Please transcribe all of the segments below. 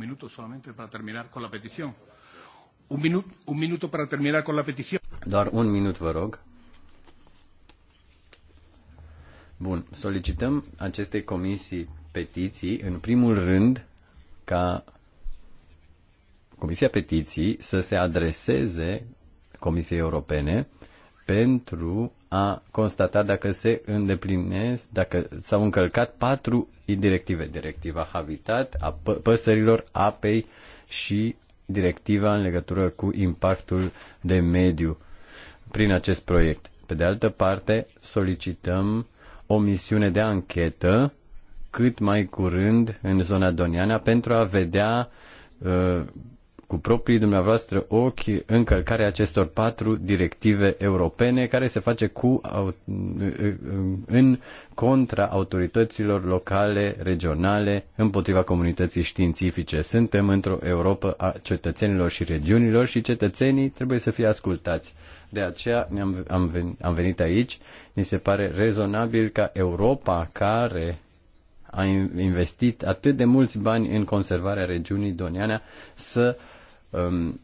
minuto solamente para terminar con la petición. Un, minut, un minuto para terminar con la petición. Doar un minut, vă rog. Bun, solicităm acestei comisii petiții, în primul rând, ca Comisia Petiții să se adreseze Comisiei Europene pentru a constatat dacă se îndeplinesc, dacă s-au încălcat patru directive. Directiva Habitat, a păsărilor, apei și directiva în legătură cu impactul de mediu prin acest proiect. Pe de altă parte, solicităm o misiune de anchetă cât mai curând în zona doniana pentru a vedea uh, cu proprii dumneavoastră ochi încălcarea acestor patru directive europene care se face cu, în contra autorităților locale, regionale, împotriva comunității științifice. Suntem într-o Europa a cetățenilor și regiunilor și cetățenii trebuie să fie ascultați. De aceea am, am, venit, am venit aici. Mi se pare rezonabil ca Europa care a investit atât de mulți bani în conservarea regiunii Doniana să um,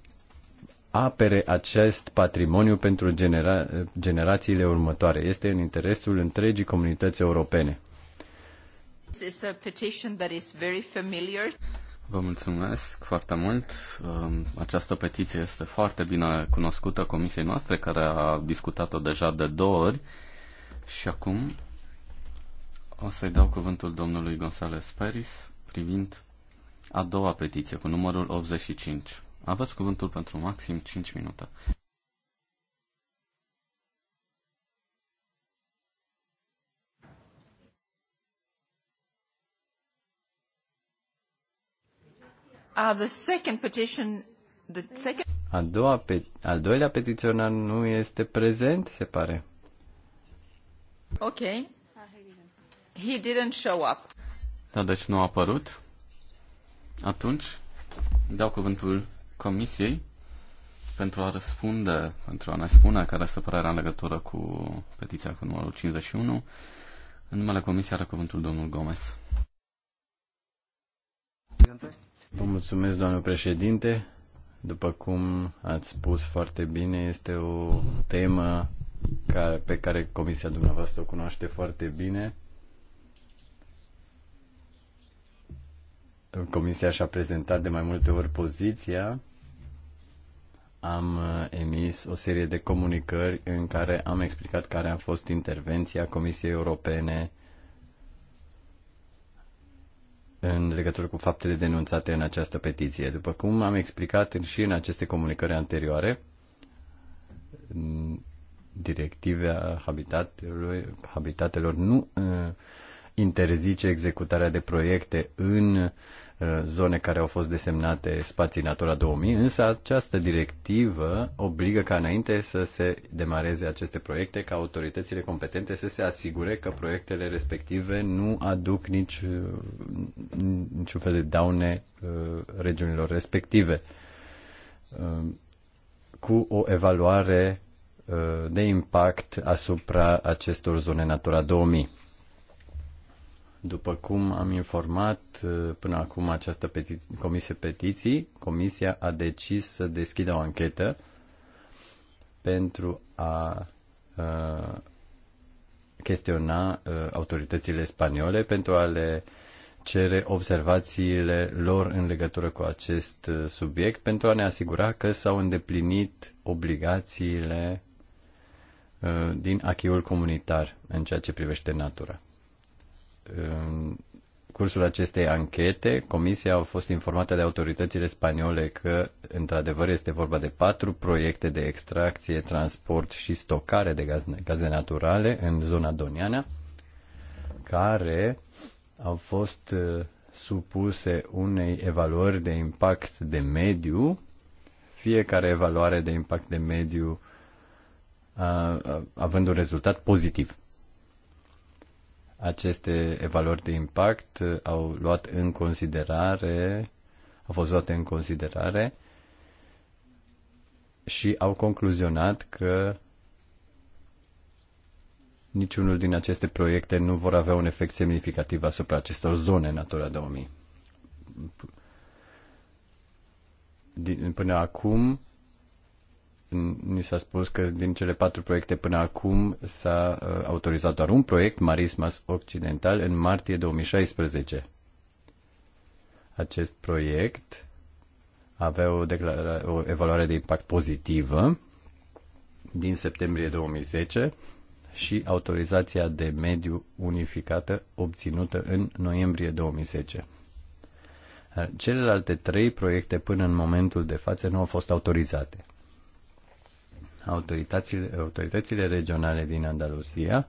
apere acest patrimoniu pentru genera- generațiile următoare. Este în interesul întregii comunități europene. Vă mulțumesc foarte mult. Um, această petiție este foarte bine cunoscută comisiei noastre, care a discutat-o deja de două ori. Și acum o să-i dau cuvântul domnului González Peris privind a doua petiție cu numărul 85. Aveți cuvântul pentru maxim 5 minute. Uh, a doua pe, al doilea petiționar nu este prezent, se pare. Ok. He didn't show up. Da, deci nu a apărut. Atunci, dau cuvântul Comisiei pentru a răspunde, pentru a ne spune care este părerea în legătură cu petiția cu numărul 51. În numele Comisiei are cuvântul domnul Gomez. Vă mulțumesc, domnul președinte. După cum ați spus foarte bine, este o temă care, pe care comisia dumneavoastră o cunoaște foarte bine. Comisia și-a prezentat de mai multe ori poziția. Am eh, emis o serie de comunicări în care am explicat care a fost intervenția Comisiei Europene în legătură cu faptele denunțate în această petiție. După cum am explicat și în aceste comunicări anterioare, mm, directivea habitatelor, habitatelor nu eh, interzice executarea de proiecte în uh, zone care au fost desemnate spații Natura 2000, însă această directivă obligă ca înainte să se demareze aceste proiecte, ca autoritățile competente să se asigure că proiectele respective nu aduc nici, uh, niciun fel de daune uh, regiunilor respective. Cu o evaluare de impact asupra acestor zone Natura 2000. După cum am informat uh, până acum această peti- comisie petiții, comisia a decis să deschidă o anchetă pentru a uh, chestiona uh, autoritățile spaniole, pentru a le cere observațiile lor în legătură cu acest uh, subiect, pentru a ne asigura că s-au îndeplinit obligațiile uh, din achiul comunitar în ceea ce privește natura în cursul acestei anchete, comisia a fost informată de autoritățile spaniole că, într-adevăr, este vorba de patru proiecte de extracție, transport și stocare de gaze naturale în zona doniana, care au fost uh, supuse unei evaluări de impact de mediu. Fiecare evaluare de impact de mediu uh, uh, având un rezultat pozitiv. Aceste evaluări de impact uh, au luat în considerare, au fost luate în considerare și au concluzionat că niciunul din aceste proiecte nu vor avea un efect semnificativ asupra acestor zone Natura 2000. Din, până acum, ni s-a spus că din cele patru proiecte până acum s-a uh, autorizat doar un proiect, Marismas Occidental, în martie 2016. Acest proiect avea o, declara- o evaluare de impact pozitivă din septembrie 2010 și autorizația de mediu unificată obținută în noiembrie 2010. Celelalte trei proiecte până în momentul de față nu au fost autorizate autoritățile, autoritățile regionale din Andalusia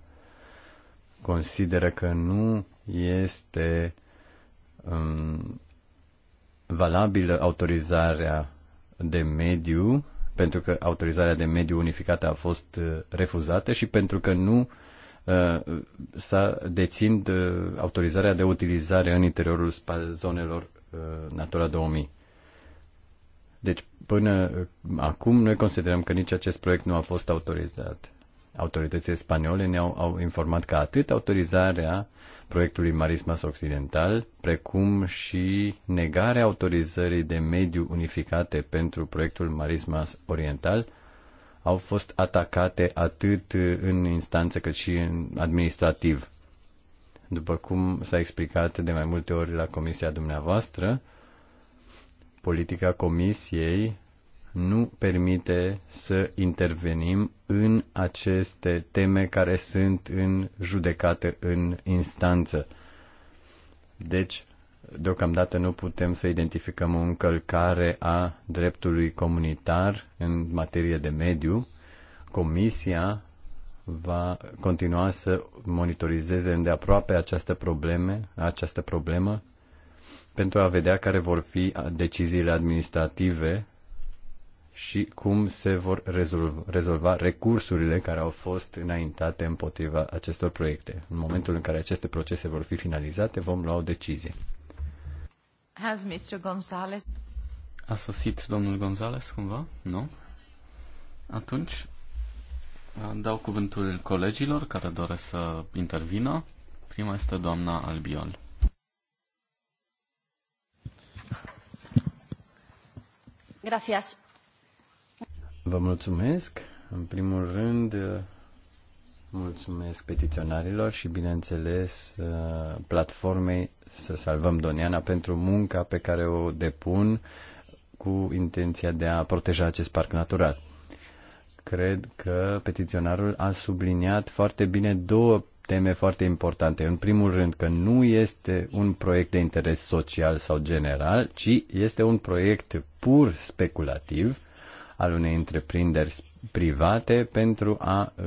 consideră că nu este um, valabilă autorizarea de mediu, pentru că autorizarea de mediu unificată a fost uh, refuzată și pentru că nu uh, s-a dețind uh, autorizarea de utilizare în interiorul zonelor uh, Natura 2000. Deci, până uh, acum, noi considerăm că nici acest proiect nu a fost autorizat. Autoritățile spaniole ne-au au informat că atât autorizarea proiectului Marismas Occidental, precum și negarea autorizării de mediu unificate pentru proiectul Marismas Oriental, au fost atacate atât în instanță cât și în administrativ. După cum s-a explicat de mai multe ori la comisia dumneavoastră, uh, politica Comisiei nu permite să intervenim în aceste teme care sunt în judecată în instanță. Deci, deocamdată nu putem să identificăm o încălcare a dreptului comunitar în materie de mediu. Comisia va continua să monitorizeze îndeaproape această, probleme, această problemă pentru a vedea care vor fi deciziile administrative și cum se vor rezolva, recursurile care au fost înaintate împotriva acestor proiecte. În momentul în care aceste procese vor fi finalizate, vom lua o decizie. Has Mr. Gonzales... A sosit domnul Gonzales cumva? Nu? Atunci dau cuvântul colegilor care doresc să intervină. Prima este doamna Albiol. Gracias. Vă mulțumesc. În primul rând, mulțumesc petiționarilor și, bineînțeles, platformei Să Salvăm Doniana pentru munca pe care o depun cu intenția de a proteja acest parc natural. Cred că petiționarul a subliniat foarte bine două teme foarte importante. În primul rând că nu este un proiect de interes social sau general, ci este un proiect pur speculativ al unei întreprinderi private pentru a uh,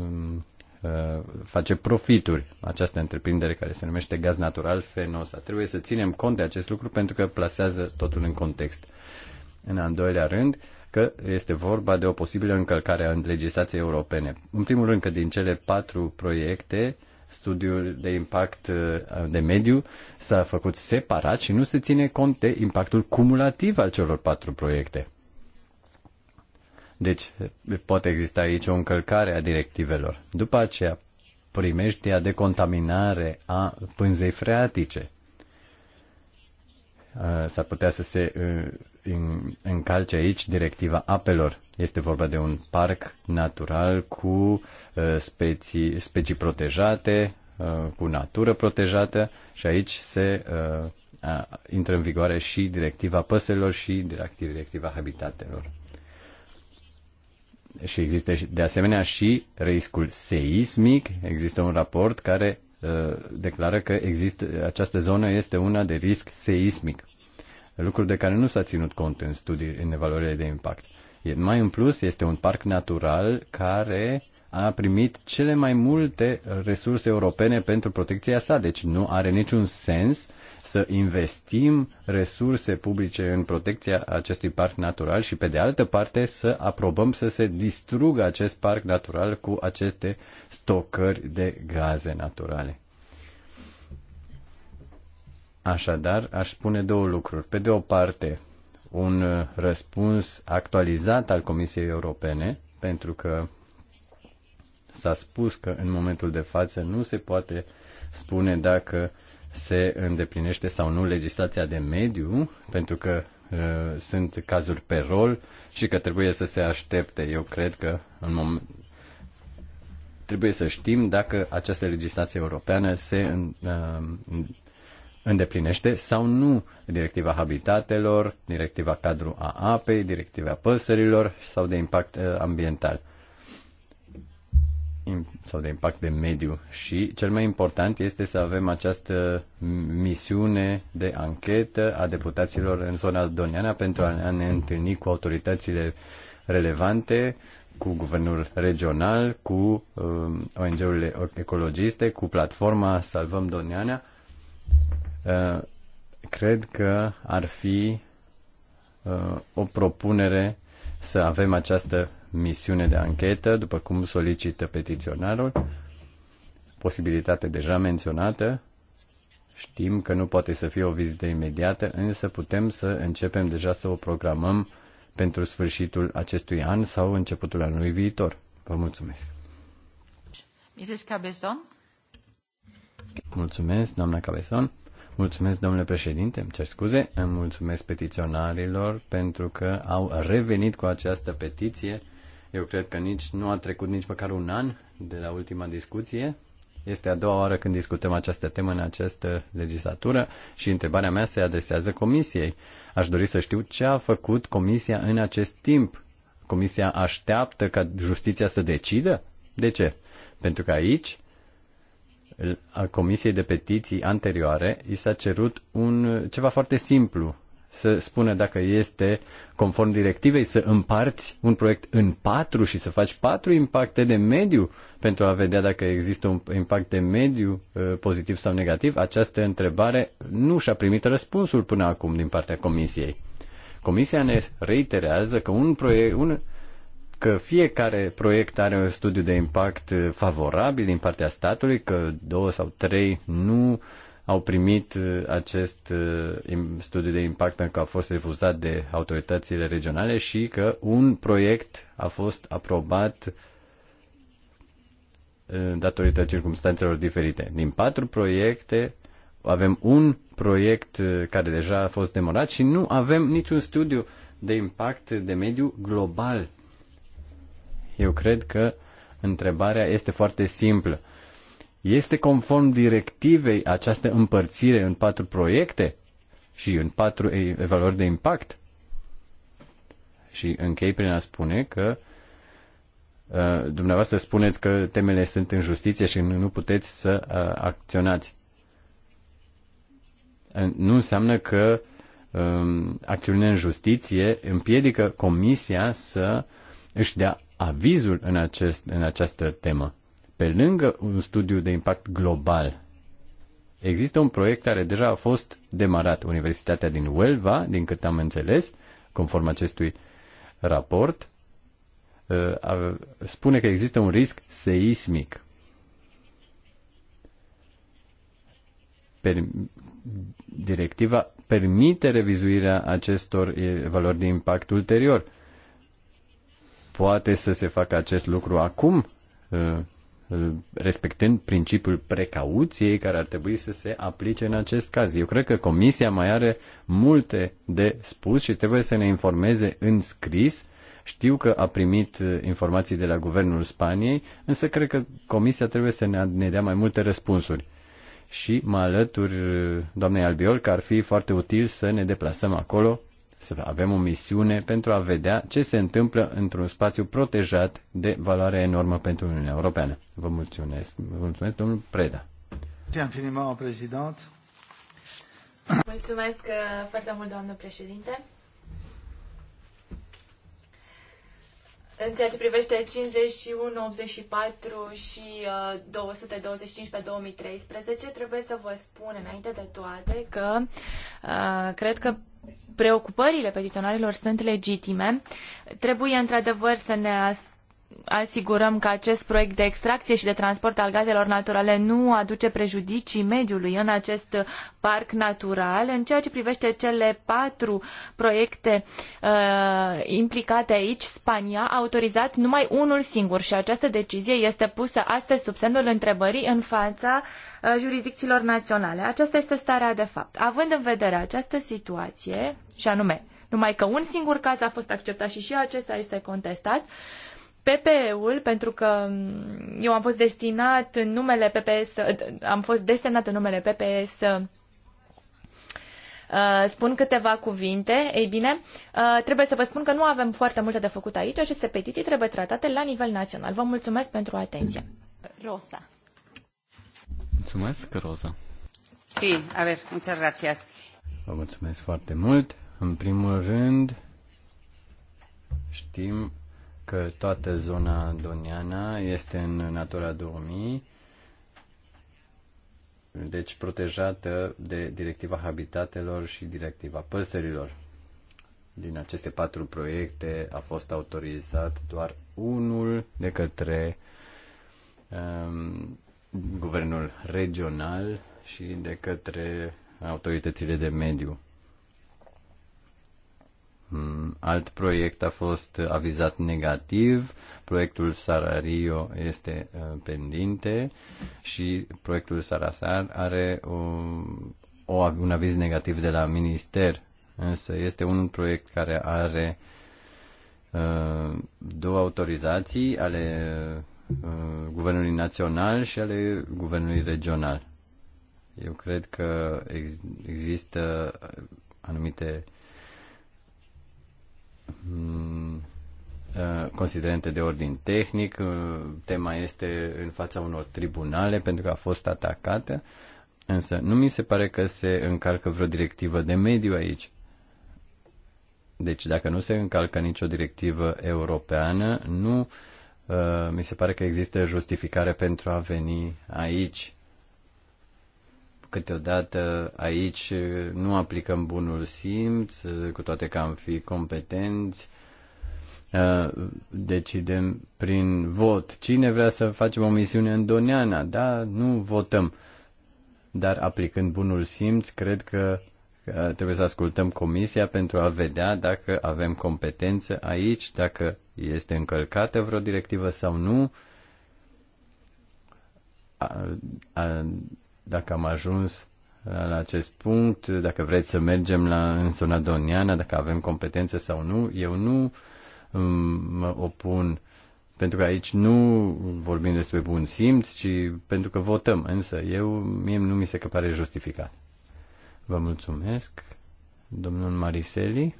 um, uh, face profituri. Această întreprindere care se numește Gaz Natural Fenosa. Trebuie să ținem cont de acest lucru pentru că plasează totul în context. În al doilea rând, că este vorba de o posibilă încălcare a legislației europene. În primul rând că din cele patru proiecte, studiul de impact uh, de mediu s-a făcut separat și nu se ține cont de impactul cumulativ al celor patru proiecte. Deci poate exista aici o încălcare a directivelor. După aceea, primeștia de contaminare a pânzei freatice. Uh, s-ar putea să se uh, încalce aici directiva apelor. Este vorba de un parc natural cu uh, specii, specii protejate, uh, cu natură protejată și aici se uh, intră în vigoare și directiva păsărilor și directiva habitatelor. Și există de asemenea și riscul seismic. Există un raport care declară că există, această zonă este una de risc seismic lucruri de care nu s-a ținut cont în studii, în evaluările de impact. Mai în plus, este un parc natural care a primit cele mai multe resurse europene pentru protecția sa, deci nu are niciun sens să investim resurse publice în protecția acestui parc natural și, pe de altă parte, să aprobăm să se distrugă acest parc natural cu aceste stocări de gaze naturale. Așadar, aș spune două lucruri. Pe de o parte, un răspuns actualizat al Comisiei Europene, pentru că s-a spus că în momentul de față nu se poate spune dacă se îndeplinește sau nu legislația de mediu, pentru că uh, sunt cazuri pe rol și că trebuie să se aștepte. Eu cred că în moment, trebuie să știm dacă această legislație europeană se uh, îndeplinește sau nu directiva habitatelor, directiva cadru a apei, directiva păsărilor sau de impact uh, ambiental sau de impact de mediu. Și cel mai important este să avem această misiune de anchetă a deputaților în zona doniana pentru a ne întâlni cu autoritățile relevante, cu guvernul regional, cu um, ONG-urile ecologiste, cu platforma Salvăm Doniana Uh, cred că ar fi uh, o propunere să avem această misiune de anchetă, după cum solicită petiționarul, posibilitate deja menționată. Știm că nu poate să fie o vizită imediată, însă putem să începem deja să o programăm pentru sfârșitul acestui an sau începutul anului viitor. Vă mulțumesc. Mrs. Cabezon. Mulțumesc, doamna Cabezon. Mulțumesc, domnule președinte, îmi cer scuze, îmi mulțumesc petiționarilor pentru că au revenit cu această petiție. Eu cred că nici nu a trecut nici măcar un an de la ultima discuție. Este a doua oară când discutăm această temă în această legislatură și întrebarea mea se adresează Comisiei. Aș dori să știu ce a făcut Comisia în acest timp. Comisia așteaptă ca justiția să decidă? De ce? Pentru că aici a Comisiei de Petiții anterioare, i s-a cerut un, ceva foarte simplu, să spună dacă este conform directivei să împarți un proiect în patru și să faci patru impacte de mediu pentru a vedea dacă există un impact de mediu uh, pozitiv sau negativ, această întrebare nu și-a primit răspunsul până acum din partea Comisiei. Comisia ne reiterează că un, proiect, un că fiecare proiect are un studiu de impact favorabil din partea statului, că două sau trei nu au primit acest uh, studiu de impact pentru că a fost refuzat de autoritățile regionale și că un proiect a fost aprobat uh, datorită circumstanțelor diferite. Din patru proiecte avem un proiect uh, care deja a fost demorat și nu avem niciun studiu de impact de mediu global eu cred că întrebarea este foarte simplă. Este conform directivei această împărțire în patru proiecte și în patru evaluări de impact? Și închei prin a spune că uh, dumneavoastră spuneți că temele sunt în justiție și nu puteți să uh, acționați. Nu înseamnă că um, acțiunile în justiție împiedică comisia să își dea avizul în, acest, în această temă. Pe lângă un studiu de impact global, există un proiect care deja a fost demarat. Universitatea din Huelva, din cât am înțeles, conform acestui raport, uh, spune că există un risc seismic. directiva permite revizuirea acestor valori de impact ulterior poate să se facă acest lucru acum, uh, uh, respectând principiul precauției care ar trebui să se aplice în acest caz. Eu cred că comisia mai are multe de spus și trebuie să ne informeze în scris. Știu că a primit uh, informații de la guvernul Spaniei, însă cred că comisia trebuie să ne dea mai multe răspunsuri. Și mă alături doamnei Albiol că ar fi foarte util să ne deplasăm acolo să avem o misiune pentru a vedea ce se întâmplă într-un spațiu protejat de valoare enormă pentru Uniunea Europeană. Vă mulțumesc, vă mulțumesc domnul Preda. Mulțumesc uh, foarte mult, doamnă președinte. În ceea ce privește 51, 84 și 225 uh, pe 2013, trebuie să vă spun înainte de toate că uh, cred că preocupările petiționarilor sunt legitime. Trebuie într-adevăr să ne as- asigurăm că acest proiect de extracție și de transport al gazelor naturale nu aduce prejudicii mediului în acest parc natural. În ceea ce privește cele patru proiecte uh, implicate aici, Spania a autorizat numai unul singur și această decizie este pusă astăzi sub semnul întrebării în fața uh, jurisdicțiilor naționale. Aceasta este starea de fapt. Având în vedere această situație, și anume numai că un singur caz a fost acceptat și și acesta este contestat, uh, PPE-ul, pentru că mm, eu am fost destinat în numele PPS, am fost desemnat în numele PPS. Uh, spun câteva cuvinte. Ei bine, uh, trebuie să vă spun că nu avem foarte multe de făcut aici. Aceste petiții trebuie tratate la nivel național. Vă mulțumesc pentru atenție. Rosa. Mulțumesc, Rosa. Sí, a ver, muchas gracias. Vă mulțumesc foarte mult. În primul rând, știm că toată zona doniană este în Natura 2000, deci protejată de Directiva Habitatelor și Directiva Păsărilor. Din aceste patru proiecte a fost autorizat doar unul de către um, guvernul regional și de către autoritățile de mediu. Mm, alt proiect a fost avizat negativ, proiectul Sarario este uh, pendinte și proiectul Sarasar are um, o, o, un aviz negativ de la minister, însă este un proiect care are uh, două autorizații ale uh, Guvernului Național și ale Guvernului Regional. Eu cred că există anumite uh, Mm, uh, considerente de ordin tehnic, uh, tema este în fața unor tribunale pentru că a fost atacată, însă nu mi se pare că se încalcă vreo directivă de mediu aici. Deci dacă nu se încalcă nicio directivă europeană, nu uh, mi se pare că există justificare pentru a veni aici Câteodată aici nu aplicăm bunul simț, cu toate că am fi competenți. Uh, decidem prin vot cine vrea să facem o misiune în Doneana, da, nu votăm. Dar aplicând bunul simț, cred că uh, trebuie să ascultăm comisia pentru a vedea dacă avem competență aici, dacă este încălcată vreo directivă sau nu dacă am ajuns uh, la acest punct, dacă vreți să mergem la, în zona doniană, dacă avem competențe sau nu, eu nu um, mă opun pentru că aici nu vorbim despre bun simț, ci pentru că votăm. Însă eu, mie nu mi se că pare justificat. Vă mulțumesc. Domnul Mariseli.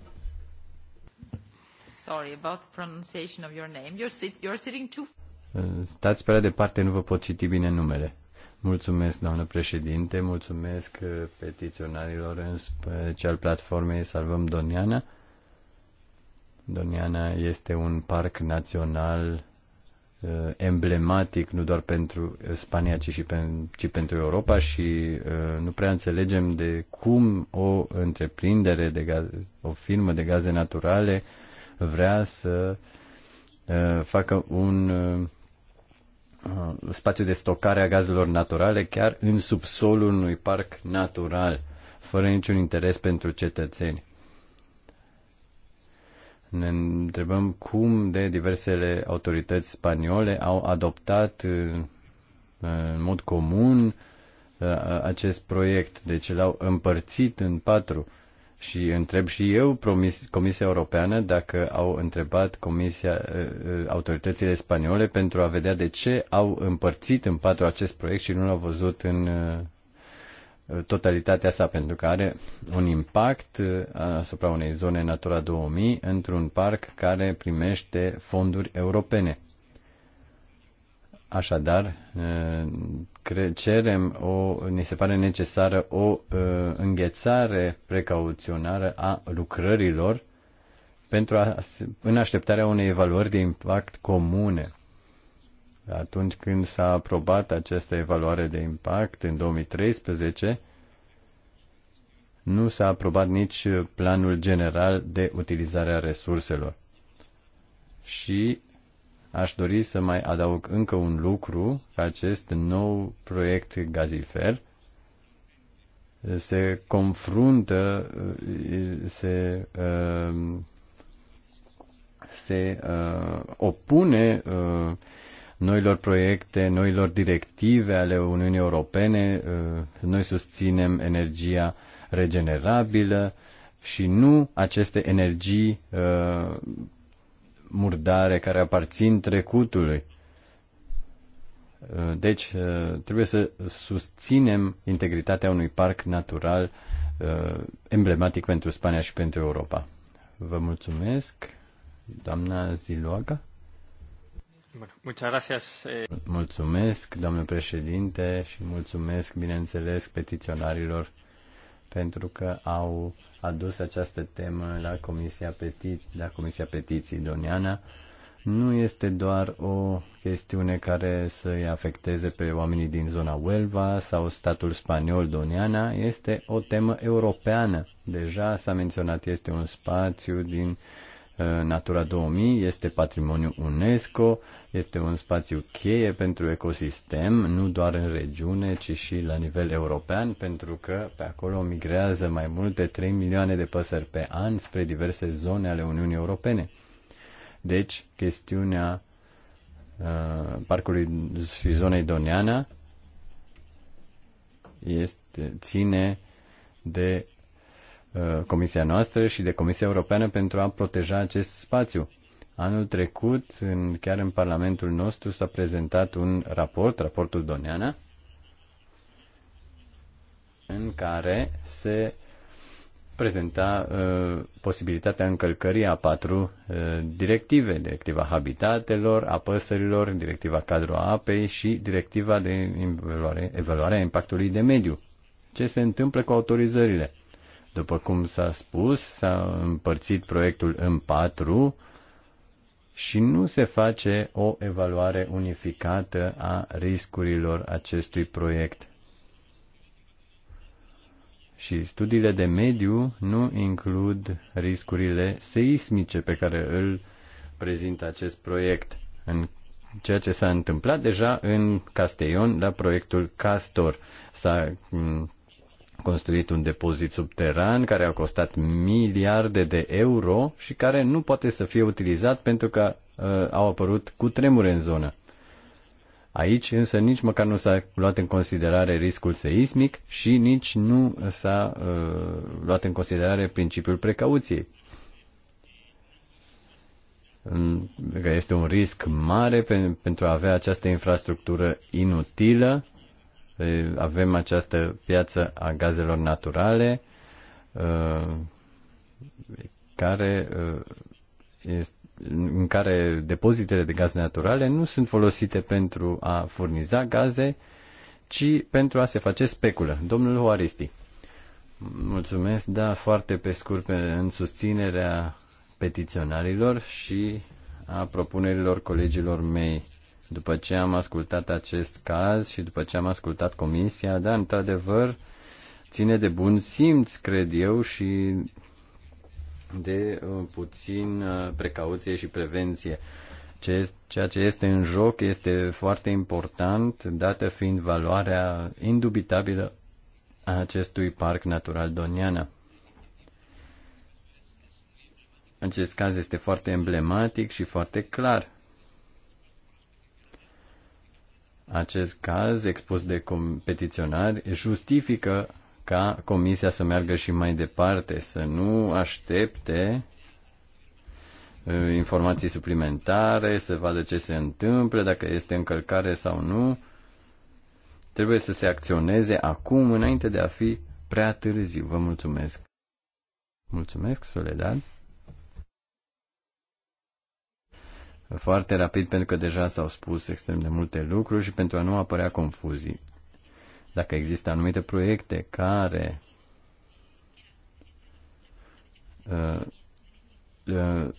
Sorry about the pronunciation of your name. You're, sit, you're sitting too... Uh, stați pe departe, nu vă pot citi bine numele. Mulțumesc, doamnă președinte, mulțumesc uh, petiționarilor, în special platformei Salvăm Doniana. Doniana este un parc național uh, emblematic nu doar pentru Spania, ci și, pe, ci pentru Europa și uh, nu prea înțelegem de cum o întreprindere, de gaz, o firmă de gaze naturale vrea să uh, facă un uh, Uh, spațiu de stocare a gazelor naturale chiar în subsolul unui parc natural, fără niciun interes pentru cetățeni. Ne întrebăm cum de diversele autorități spaniole au adoptat uh, în mod comun uh, acest proiect, deci l-au împărțit în patru și întreb și eu Comisia Europeană dacă au întrebat comisia, uh, uh, autoritățile spaniole pentru a vedea de ce au împărțit în patru acest proiect și nu l-au văzut în uh, totalitatea sa, pentru că are un impact asupra unei zone Natura 2000 într-un parc care primește fonduri europene. Așadar, cerem o, ni se pare necesară o înghețare precauționară a lucrărilor pentru a, în așteptarea unei evaluări de impact comune. Atunci când s-a aprobat această evaluare de impact în 2013, nu s-a aprobat nici planul general de utilizare a resurselor. Și Aș dori să mai adaug încă un lucru, că acest nou proiect gazifer se confruntă, se, uh, se uh, opune uh, noilor proiecte, noilor directive ale Uniunii Europene. Noi susținem energia regenerabilă și nu aceste energii murdare care aparțin trecutului. Uh, deci, uh, trebuie să susținem integritatea unui parc natural uh, emblematic pentru Spania și pentru Europa. Vă mulțumesc, doamna Ziloaga. Eh. Mulțumesc, domnule președinte, și mulțumesc, bineînțeles, petiționarilor pentru că au adus această temă la Comisia, Peti- la Comisia Petiții Doniana nu este doar o chestiune care să-i afecteze pe oamenii din zona Huelva sau statul spaniol Doniana, este o temă europeană. Deja s-a menționat, este un spațiu din uh, Uh, Natura 2000 este patrimoniu UNESCO, este un spațiu cheie pentru ecosistem, nu doar în regiune, ci și la nivel european, pentru că pe acolo migrează mai mult de 3 milioane de păsări pe an spre diverse zone ale Uniunii Europene. Deci, chestiunea uh, parcului și zonei Doniana este, ține de Uh, Comisia noastră și de Comisia Europeană pentru a proteja acest spațiu. Anul trecut, în, chiar în Parlamentul nostru, s-a prezentat un raport, raportul Doneana, în care se prezenta uh, posibilitatea încălcării a patru uh, directive, directiva habitatelor, a păsărilor, directiva cadru a apei și directiva de evaluare, evaluare a impactului de mediu. Ce se întâmplă cu autorizările? După cum s-a spus, s-a împărțit proiectul în patru și nu se face o evaluare unificată a riscurilor acestui proiect. Și studiile de mediu nu includ riscurile seismice pe care îl prezintă acest proiect în ceea ce s-a întâmplat deja în Castellon la proiectul Castor. S-a construit un depozit subteran care a costat miliarde de euro și care nu poate să fie utilizat pentru că uh, au apărut cu tremure în zonă. Aici însă nici măcar nu s-a luat în considerare riscul seismic și nici nu s-a uh, luat în considerare principiul precauției. este un risc mare pe, pentru a avea această infrastructură inutilă Păi, avem această piață a gazelor naturale uh, care uh, în care depozitele de gaze naturale nu sunt folosite pentru a furniza gaze, ci pentru a se face speculă. Domnul Hoaristi. Mulțumesc, da, foarte pe scurt pe, în susținerea petiționarilor și a propunerilor colegilor mei. După ce am ascultat acest caz și după ce am ascultat comisia, da, într-adevăr, ține de bun simț, cred eu, și de uh, puțin uh, precauție și prevenție. Ceea ce este în joc este foarte important, dată fiind valoarea indubitabilă a acestui parc natural Doniana. Acest caz este foarte emblematic și foarte clar. Acest caz expus de competiționari, justifică ca comisia să meargă și mai departe, să nu aștepte uh, informații suplimentare, să vadă ce se întâmplă, dacă este încălcare sau nu. Trebuie să se acționeze acum, înainte de a fi prea târziu. Vă mulțumesc. Mulțumesc, Soledad. foarte rapid pentru că deja s-au spus extrem de multe lucruri și pentru a nu apărea confuzii. Dacă există anumite proiecte care uh, uh,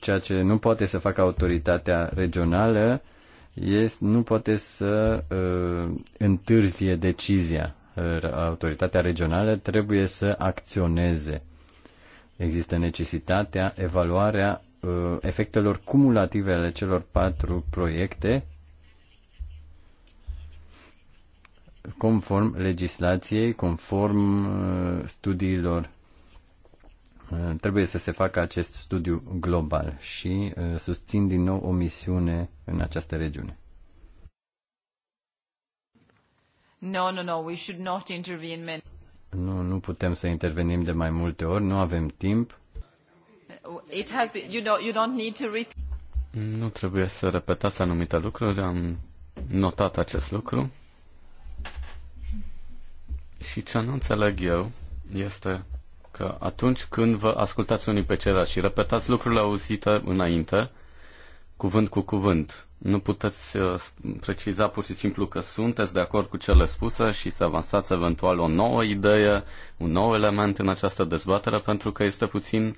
ceea ce nu poate să facă autoritatea regională este, nu poate să uh, întârzie decizia. Autoritatea regională trebuie să acționeze. Există necesitatea, evaluarea Uh, efectelor cumulative ale celor patru proiecte conform legislației, conform uh, studiilor. Uh, trebuie să se facă acest studiu global și susțin din nou o misiune în această regiune. No, no, no, we should not intervene. Nu, nu putem să intervenim de mai multe ori, nu avem timp. It has been, you, don't, you don't need to repeat. Nu trebuie să repetați anumite lucruri, am notat acest lucru. Și ce nu înțeleg eu este că atunci când vă ascultați unii pe ceilalți și repetați lucrurile auzite înainte, cuvânt cu cuvânt, nu puteți uh, preciza pur și simplu că sunteți de acord cu cele spuse și să avansați eventual o nouă idee, un nou element în această dezbatere, pentru că este puțin uh,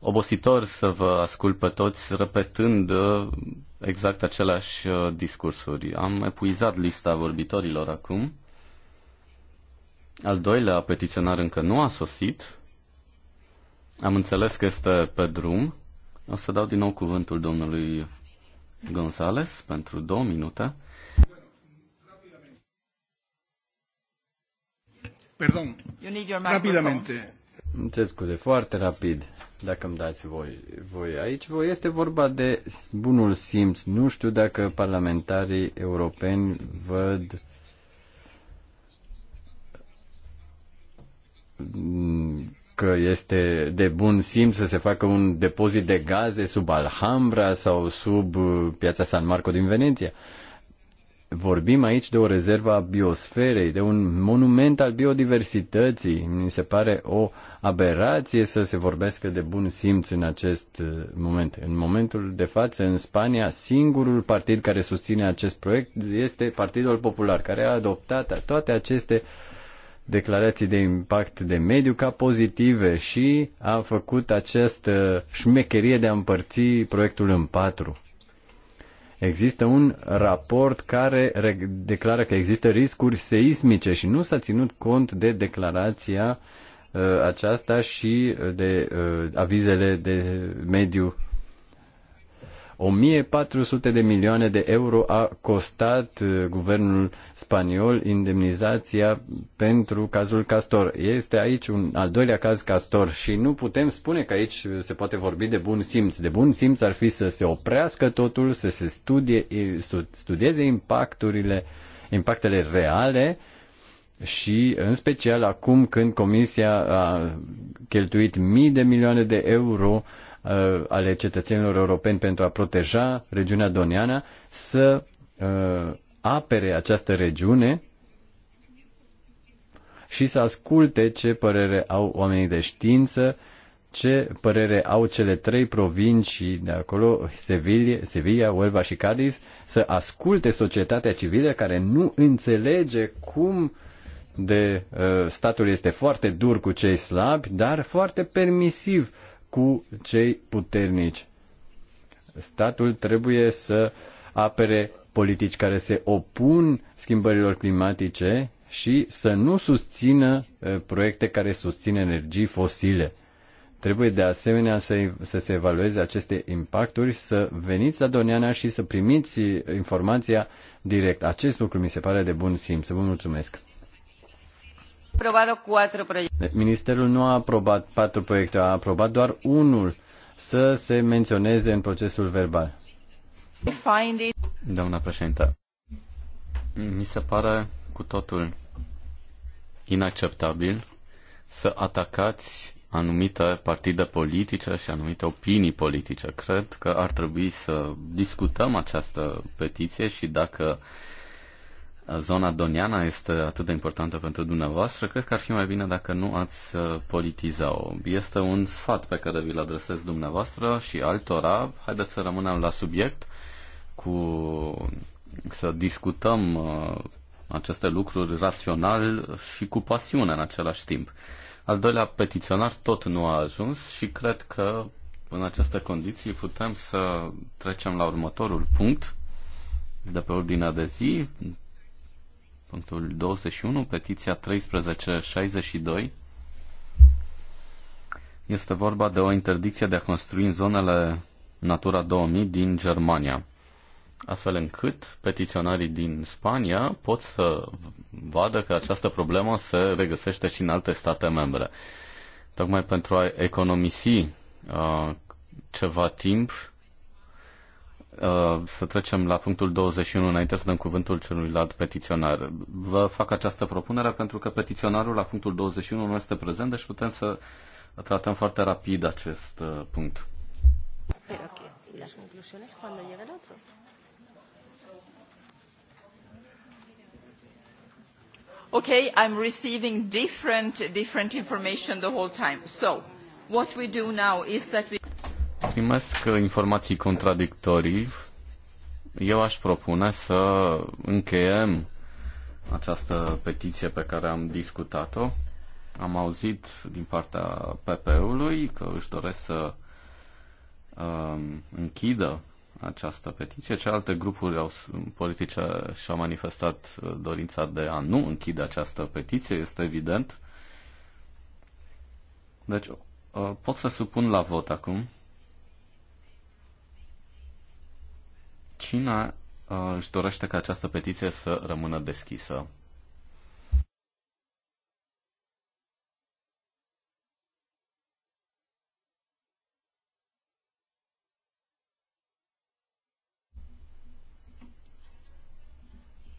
obositor să vă ascult pe toți repetând uh, exact aceleași uh, discursuri. Am epuizat lista vorbitorilor acum. Al doilea petiționar încă nu a sosit. Am înțeles că este pe drum. O să dau din nou cuvântul domnului Gonzales pentru două minute. Perdón, you Microphone. rapidamente. Îmi scuze, foarte rapid, dacă îmi dați voi, voi aici. Voi este vorba de bunul simț. Nu știu dacă parlamentarii europeni văd că este de bun simț să se facă un depozit de gaze sub Alhambra sau sub uh, piața San Marco din Veneția. Uh, Vorbim aici de o rezervă a biosferei, de un monument al biodiversității. Mi se pare o aberație să se vorbească de bun simț în acest uh, moment. În momentul de față, în Spania, singurul partid care susține acest proiect este Partidul Popular, care a adoptat toate aceste declarații de impact de mediu ca pozitive și a făcut această șmecherie de a împărți proiectul în patru Există un raport care declară că există riscuri seismice și nu s-a ținut cont de declarația uh, aceasta și uh, de uh, avizele de mediu 1400 de milioane de euro a costat uh, guvernul spaniol indemnizația pentru cazul Castor. Este aici un al doilea caz Castor și nu putem spune că aici se poate vorbi de bun simț. De bun simț ar fi să se oprească totul, să se studie, studieze impacturile, impactele reale și în special acum când Comisia a cheltuit mii de milioane de euro uh, Uh, ale cetățenilor europeni pentru a proteja regiunea doniană, să uh, apere această regiune și să asculte ce părere au oamenii de știință, ce părere au cele trei provincii de acolo, Sevilla, Sevilla Huelva și Cadiz, să asculte societatea civilă care nu înțelege cum de uh, statul este foarte dur cu cei slabi, dar foarte permisiv uh, cu cei puternici. Statul trebuie să apere politici care se opun schimbărilor climatice și să nu susțină eh, proiecte care susțin energii fosile. Trebuie de asemenea să, să se evalueze aceste impacturi, să veniți la Doneana și să primiți informația direct. Acest lucru mi se pare de bun simț. Vă mulțumesc. Eh, Ministerul nu a aprobat patru proiecte, a aprobat doar unul să se menționeze în procesul verbal. Doamna președintă, mi se pare cu totul inacceptabil să atacați anumite partide politice și anumite opinii politice. Cred că ar trebui să discutăm această petiție și dacă uh, zona doniana este atât de importantă pentru dumneavoastră, cred că ar fi mai bine dacă nu ați uh, politiza-o. Este un sfat pe care vi-l adresez dumneavoastră și altora. Haideți să rămânem la subiect cu să discutăm uh, aceste lucruri rațional și cu pasiune în același timp. Al doilea petiționar tot nu a ajuns și cred că în aceste condiții putem să trecem la următorul punct de pe ordinea de zi, Punctul 21, petiția 1362. Este vorba de o interdicție de a construi în zonele Natura 2000 din Germania, astfel încât petiționarii din Spania pot să vadă că această problemă se regăsește și în alte state membre. Tocmai pentru a economisi uh, ceva timp, Uh, să trecem la punctul 21 înainte să dăm cuvântul celuilalt petiționar. Vă fac această propunere pentru că petiționarul la punctul 21 nu este prezent, deci putem să tratăm foarte rapid acest uh, punct. Ok, okay i'm receiving different different information the whole time so what we do now is that we primesc uh, informații contradictorii, eu aș propune să încheiem această petiție pe care am discutat-o. Am auzit din partea PP-ului că își doresc să uh, închidă această petiție. Celelalte grupuri au, politice și-au manifestat uh, dorința de a nu închide această petiție, este evident. Deci, uh, pot să supun la vot acum China uh, își dorește ca această petiție să rămână deschisă?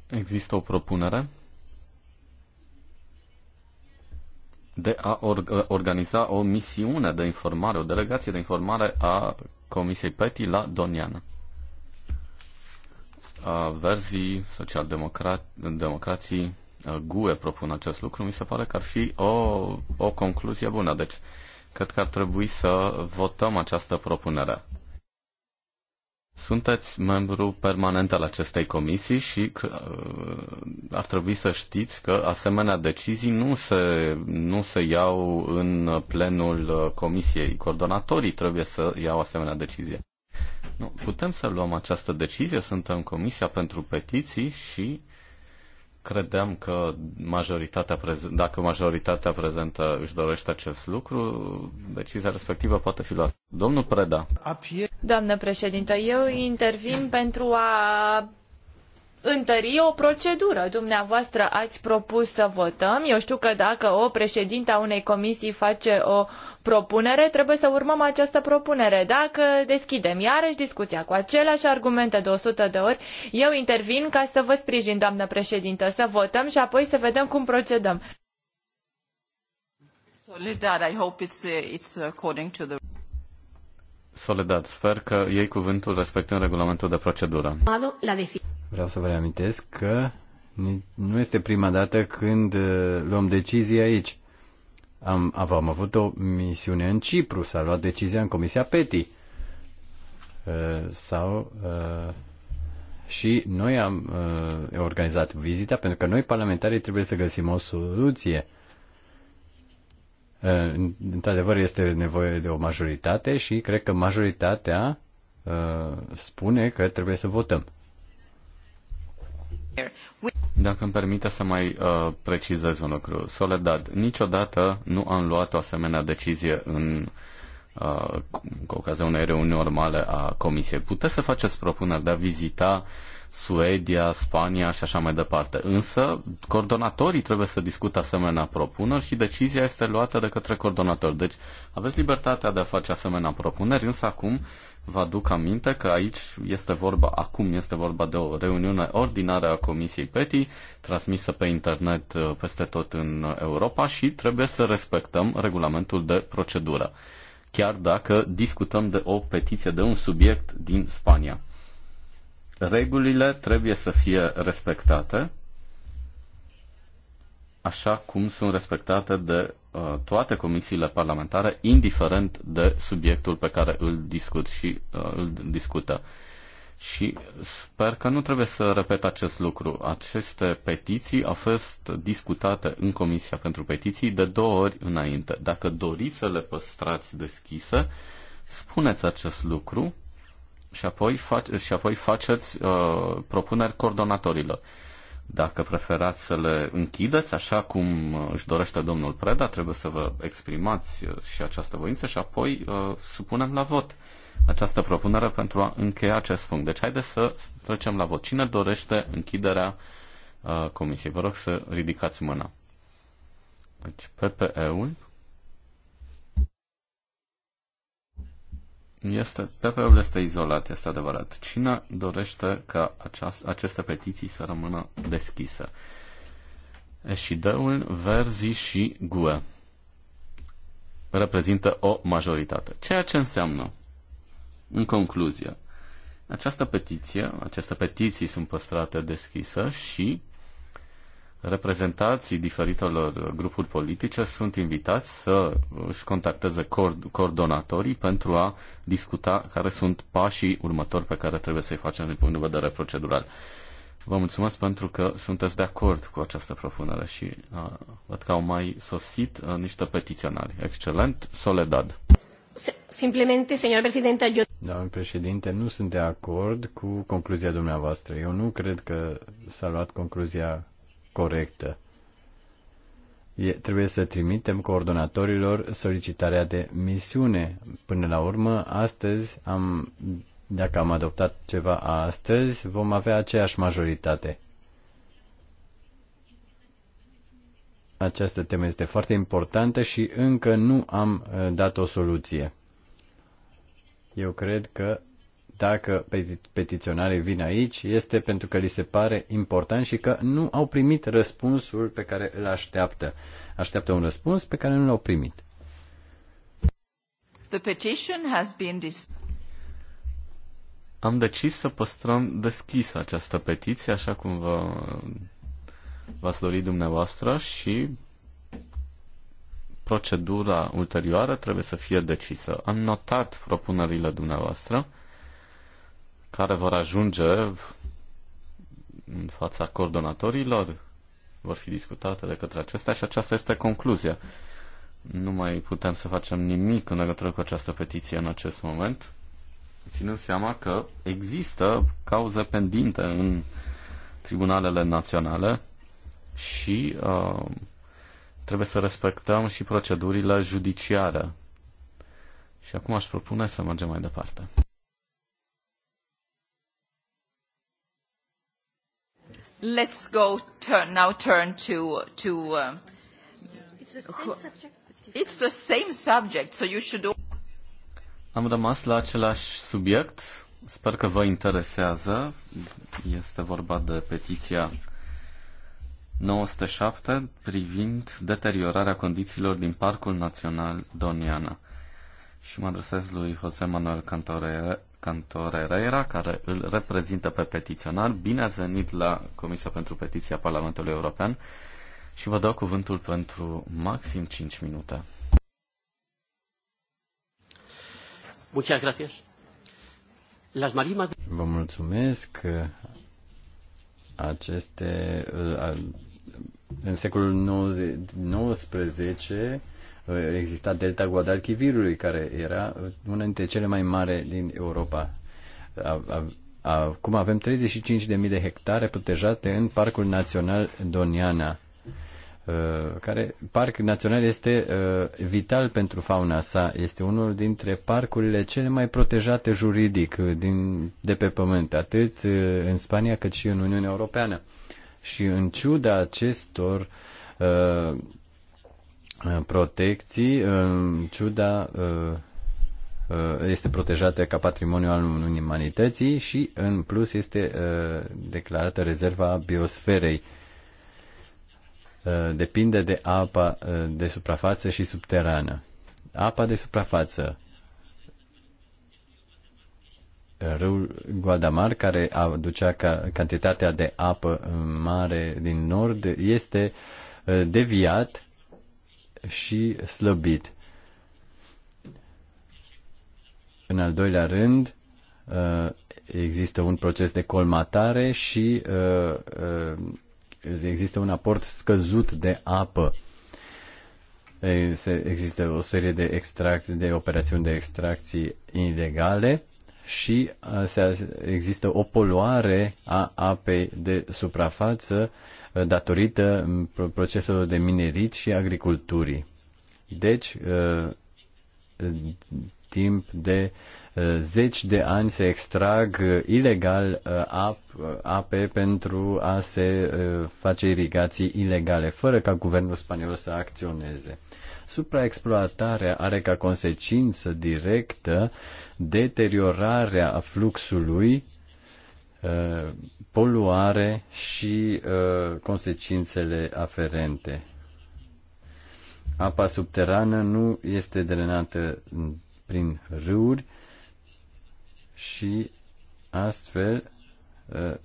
Există o propunere de a or- uh, organiza o misiune de informare, o delegație de informare a Comisiei PETI la Doniana verzii, social-democrații, GUE propun acest lucru, mi se pare că ar fi o, o concluzie bună. Deci, cred că ar trebui să votăm această propunere. Sunteți membru permanent al acestei comisii și ar trebui să știți că asemenea decizii nu se, nu se iau în plenul comisiei. Coordonatorii trebuie să iau asemenea decizie. Nu, putem să luăm această decizie, suntem Comisia pentru Petiții și credeam că majoritatea prezent, dacă majoritatea prezentă își dorește acest lucru, decizia respectivă poate fi luată. Domnul Preda. Doamnă președintă, eu intervin pentru a întări o procedură. Dumneavoastră ați propus să votăm. Eu știu că dacă o a unei comisii face o propunere, trebuie să urmăm această propunere. Dacă deschidem iarăși discuția cu aceleași argumente de 100 de ori, eu intervin ca să vă sprijin, doamnă președintă, să votăm și apoi să vedem cum procedăm. I hope it's, uh, it's according to the... Soledad, sper că iei cuvântul respectând regulamentul de procedură. Deci- Vreau să vă reamintesc că nu este prima dată când uh, luăm decizii aici. Am, am avut o misiune în Cipru, s-a luat decizia în Comisia PETI. Uh, sau uh, și noi am organizat vizita pentru că noi parlamentarii trebuie să găsim o soluție Într-adevăr, este nevoie de o majoritate și cred că majoritatea uh, spune că trebuie să votăm. Dacă îmi permite să mai uh, precizez un lucru. Soledad, niciodată nu am luat o asemenea decizie în uh, cu ocazia unei reuniuni normale a comisiei. Puteți să faceți propuneri de a vizita uh, Suedia, Spania și așa mai departe. Însă, coordonatorii trebuie să discute asemenea propuneri și decizia este luată de către coordonatori. Deci, aveți libertatea de a face asemenea propuneri, însă acum vă aduc aminte că aici este vorba, acum este vorba de o reuniune ordinară a Comisiei PETI, transmisă pe internet uh, peste tot în Europa și trebuie să respectăm regulamentul de procedură chiar dacă discutăm de o petiție de un subiect din Spania. Regulile trebuie să fie respectate așa cum sunt respectate de uh, toate comisiile parlamentare, indiferent de subiectul pe care îl discut și uh, îl discută. Și sper că nu trebuie să repet acest lucru. Aceste petiții au fost discutate în Comisia pentru Petiții de două ori înainte. Dacă doriți să le păstrați deschise, spuneți acest lucru și apoi, face, și apoi faceți uh, propuneri coordonatorilor. Dacă preferați să le închideți, așa cum uh, își dorește domnul Preda, trebuie să vă exprimați uh, și această voință și apoi uh, supunem la vot această propunere pentru a încheia acest punct. Deci haideți să trecem la vot. Cine dorește închiderea uh, comisiei? Vă rog să ridicați mâna. Deci PPE-ul Este, pp este izolat, este adevărat. Cine dorește ca aceast, aceste petiții să rămână deschise? Eșideul, Verzi și GUE reprezintă o majoritate. Ceea ce înseamnă, în concluzie, această petiție, aceste petiții sunt păstrate deschise și Reprezentanții diferitelor grupuri politice sunt invitați să își contacteze coordonatorii pentru a discuta care sunt pașii următori pe care trebuie să-i facem din punct de vedere procedural. Vă mulțumesc pentru că sunteți de acord cu această propunere și uh, văd că au mai sosit uh, niște petiționari. Excelent, Soledad. Simplemente, señor președinte, eu... Doamne președinte, nu sunt de acord cu concluzia dumneavoastră. Eu nu cred că s-a luat concluzia corectă. E, trebuie să trimitem coordonatorilor solicitarea de misiune. Până la urmă, astăzi am, dacă am adoptat ceva astăzi, vom avea aceeași majoritate. Această temă este foarte importantă și încă nu am eh, dat o soluție. Eu cred că dacă petiționarii vin aici, este pentru că li se pare important și că nu au primit răspunsul pe care îl așteaptă. Așteaptă un răspuns pe care nu l-au primit. The petition has been Am decis să păstrăm deschisă această petiție, așa cum vă, v-ați dorit dumneavoastră și procedura ulterioară trebuie să fie decisă. Am notat propunerile dumneavoastră care vor ajunge în fața coordonatorilor, vor fi discutate de către acestea și aceasta este concluzia. Nu mai putem să facem nimic în legătură cu această petiție în acest moment, ținând seama că există cauze pendinte în tribunalele naționale și uh, trebuie să respectăm și procedurile judiciare. Și acum aș propune să mergem mai departe. let's go turn, now turn to... to uh, it's the same subject. It's the same subject, so you should... Am rămas la același subiect. Sper că vă interesează. Este vorba de petiția 907 privind deteriorarea condițiilor din Parcul Național Doniana. Și mă adresez lui José Manuel Cantore Cantor care îl reprezintă pe petiționar. Bine ați venit la Comisia pentru Petiția Parlamentului European și vă dau cuvântul pentru maxim 5 minute. Vă mulțumesc. Aceste, în secolul 19 Eh, exista delta Guadalquivirului, care era eh, una dintre cele mai mari din Europa. Acum avem 35.000 de hectare protejate în Parcul Național Doniana, eh, care parc național este vital pentru fauna sa. Este unul dintre parcurile cele mai protejate juridic din, de pe pământ, atât în Spania cât și în Uniunea Europeană. Și în ciuda acestor Uh, protecții, uh, în ciuda uh, este protejată ca patrimoniu al umanității și, în plus, este declarată rezerva biosferei. Depinde de apa de suprafață și subterană. Apa de suprafață. Râul Guadamar, care aducea ca cantitatea de apă mare din nord, este deviat și slăbit. În al doilea rând, uh, există un proces de colmatare și uh, uh, există un aport scăzut de apă. Există o serie de, extract, de operațiuni de extracții ilegale și există o poluare a apei de suprafață datorită proceselor de minerit și agriculturii. Deci, uh, timp de uh, zeci de ani se extrag uh, ilegal ape pentru a se face irigații ilegale, fără ca guvernul spaniol să acționeze. Supraexploatarea are ca consecință directă deteriorarea fluxului Uh, poluare și uh, consecințele aferente. Apa subterană nu este drenată prin râuri și astfel uh,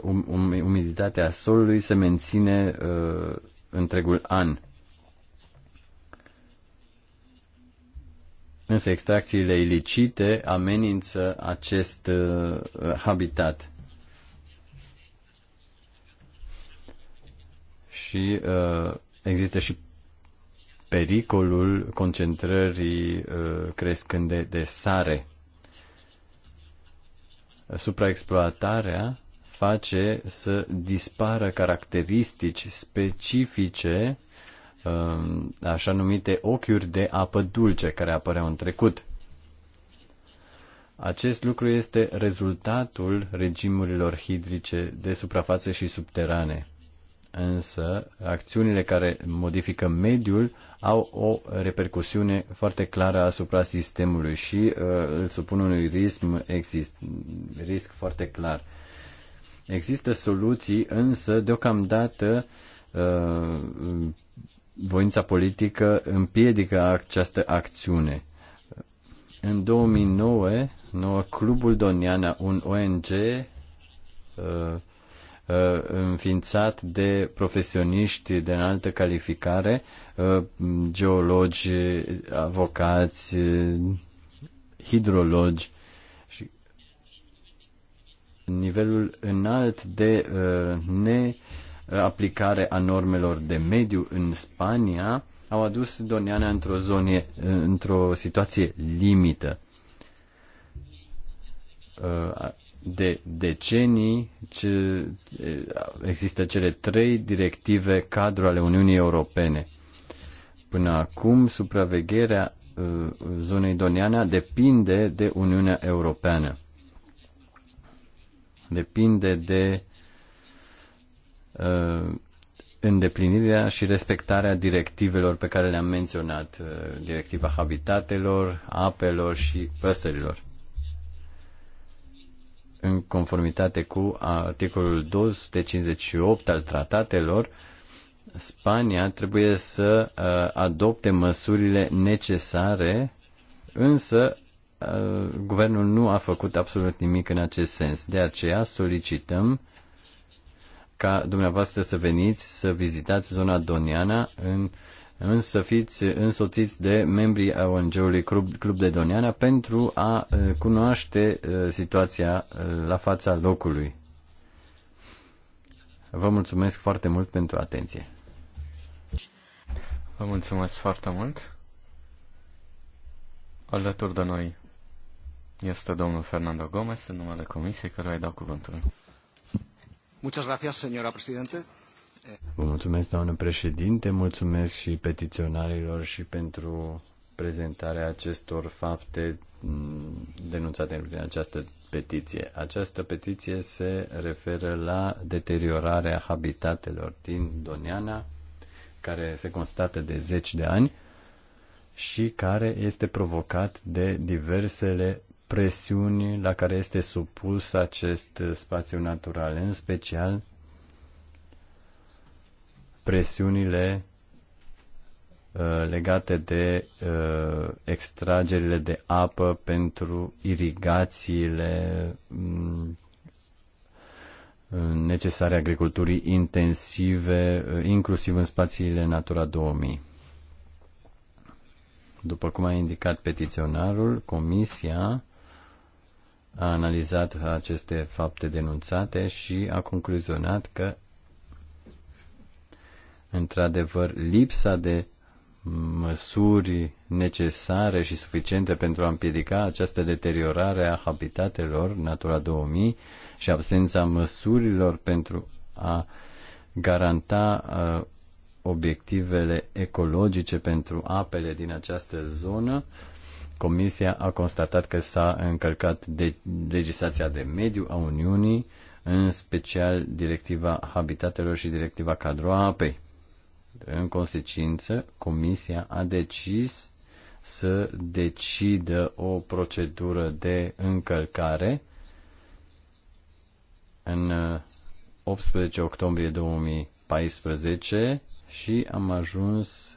um, um, umiditatea solului se menține uh, întregul an. Însă extracțiile ilicite amenință acest uh, habitat. Și uh, există și pericolul concentrării uh, crescânde de sare. Supraexploatarea face să dispară caracteristici specifice Um, așa numite ochiuri de apă dulce care apăreau în trecut. Acest lucru este rezultatul regimurilor hidrice de suprafață și subterane. Însă, acțiunile care modifică mediul au o repercusiune foarte clară asupra sistemului și uh, îl supun unui risc, exist, risc foarte clar. Există soluții, însă, deocamdată, uh, voința politică împiedică această acțiune. În 2009, Clubul Doniana, un ONG uh, uh, înființat de profesioniști de înaltă calificare, uh, geologi, avocați, hidrologi și nivelul înalt de ne aplicare a normelor de mediu în Spania au adus Doniana într-o, zone, într-o situație limită. Uh, de decenii ce există cele trei directive cadru ale Uniunii Europene. Până acum, supravegherea uh, zonei Doniana depinde de Uniunea Europeană. Depinde de uh, Uh, îndeplinirea și respectarea directivelor pe care le-am menționat, uh, directiva habitatelor, apelor și păsărilor. În conformitate cu articolul 258 al tratatelor, Spania trebuie să uh, adopte măsurile necesare, însă guvernul nu a făcut absolut nimic în acest sens. De aceea solicităm uh, ca dumneavoastră să veniți să vizitați zona Doniana în însă să fiți însoțiți de membrii ONG-ului Club, Club de Doniana pentru a uh, cunoaște uh, situația uh, la fața locului. Vă mulțumesc foarte mult pentru atenție. Vă mulțumesc foarte mult. Alături de noi este domnul Fernando Gomez, în numele comisiei, care îi dau cuvântul. Muchas gracias, Vă mulțumesc, doamnă președinte, mulțumesc și petiționarilor și pentru prezentarea acestor fapte mm, denunțate în această petiție. Această petiție se referă la deteriorarea habitatelor din Doniana, care se constată de zeci de ani și care este provocat de diversele presiuni la care este supus acest spațiu natural, în special presiunile uh, legate de uh, extragerile de apă pentru irigațiile um, necesare agriculturii intensive, uh, inclusiv în spațiile Natura 2000. După cum a indicat petiționarul, Comisia a analizat aceste fapte denunțate și a concluzionat că, într-adevăr, lipsa de măsuri necesare și suficiente pentru a împiedica această deteriorare a habitatelor Natura 2000 și absența măsurilor pentru a garanta obiectivele ecologice pentru apele din această zonă Comisia a constatat că s-a încălcat de legislația de mediu a Uniunii, în special directiva habitatelor și directiva cadru a apei. În consecință, Comisia a decis să decidă o procedură de încălcare în 18 uh, octombrie 2014 și am ajuns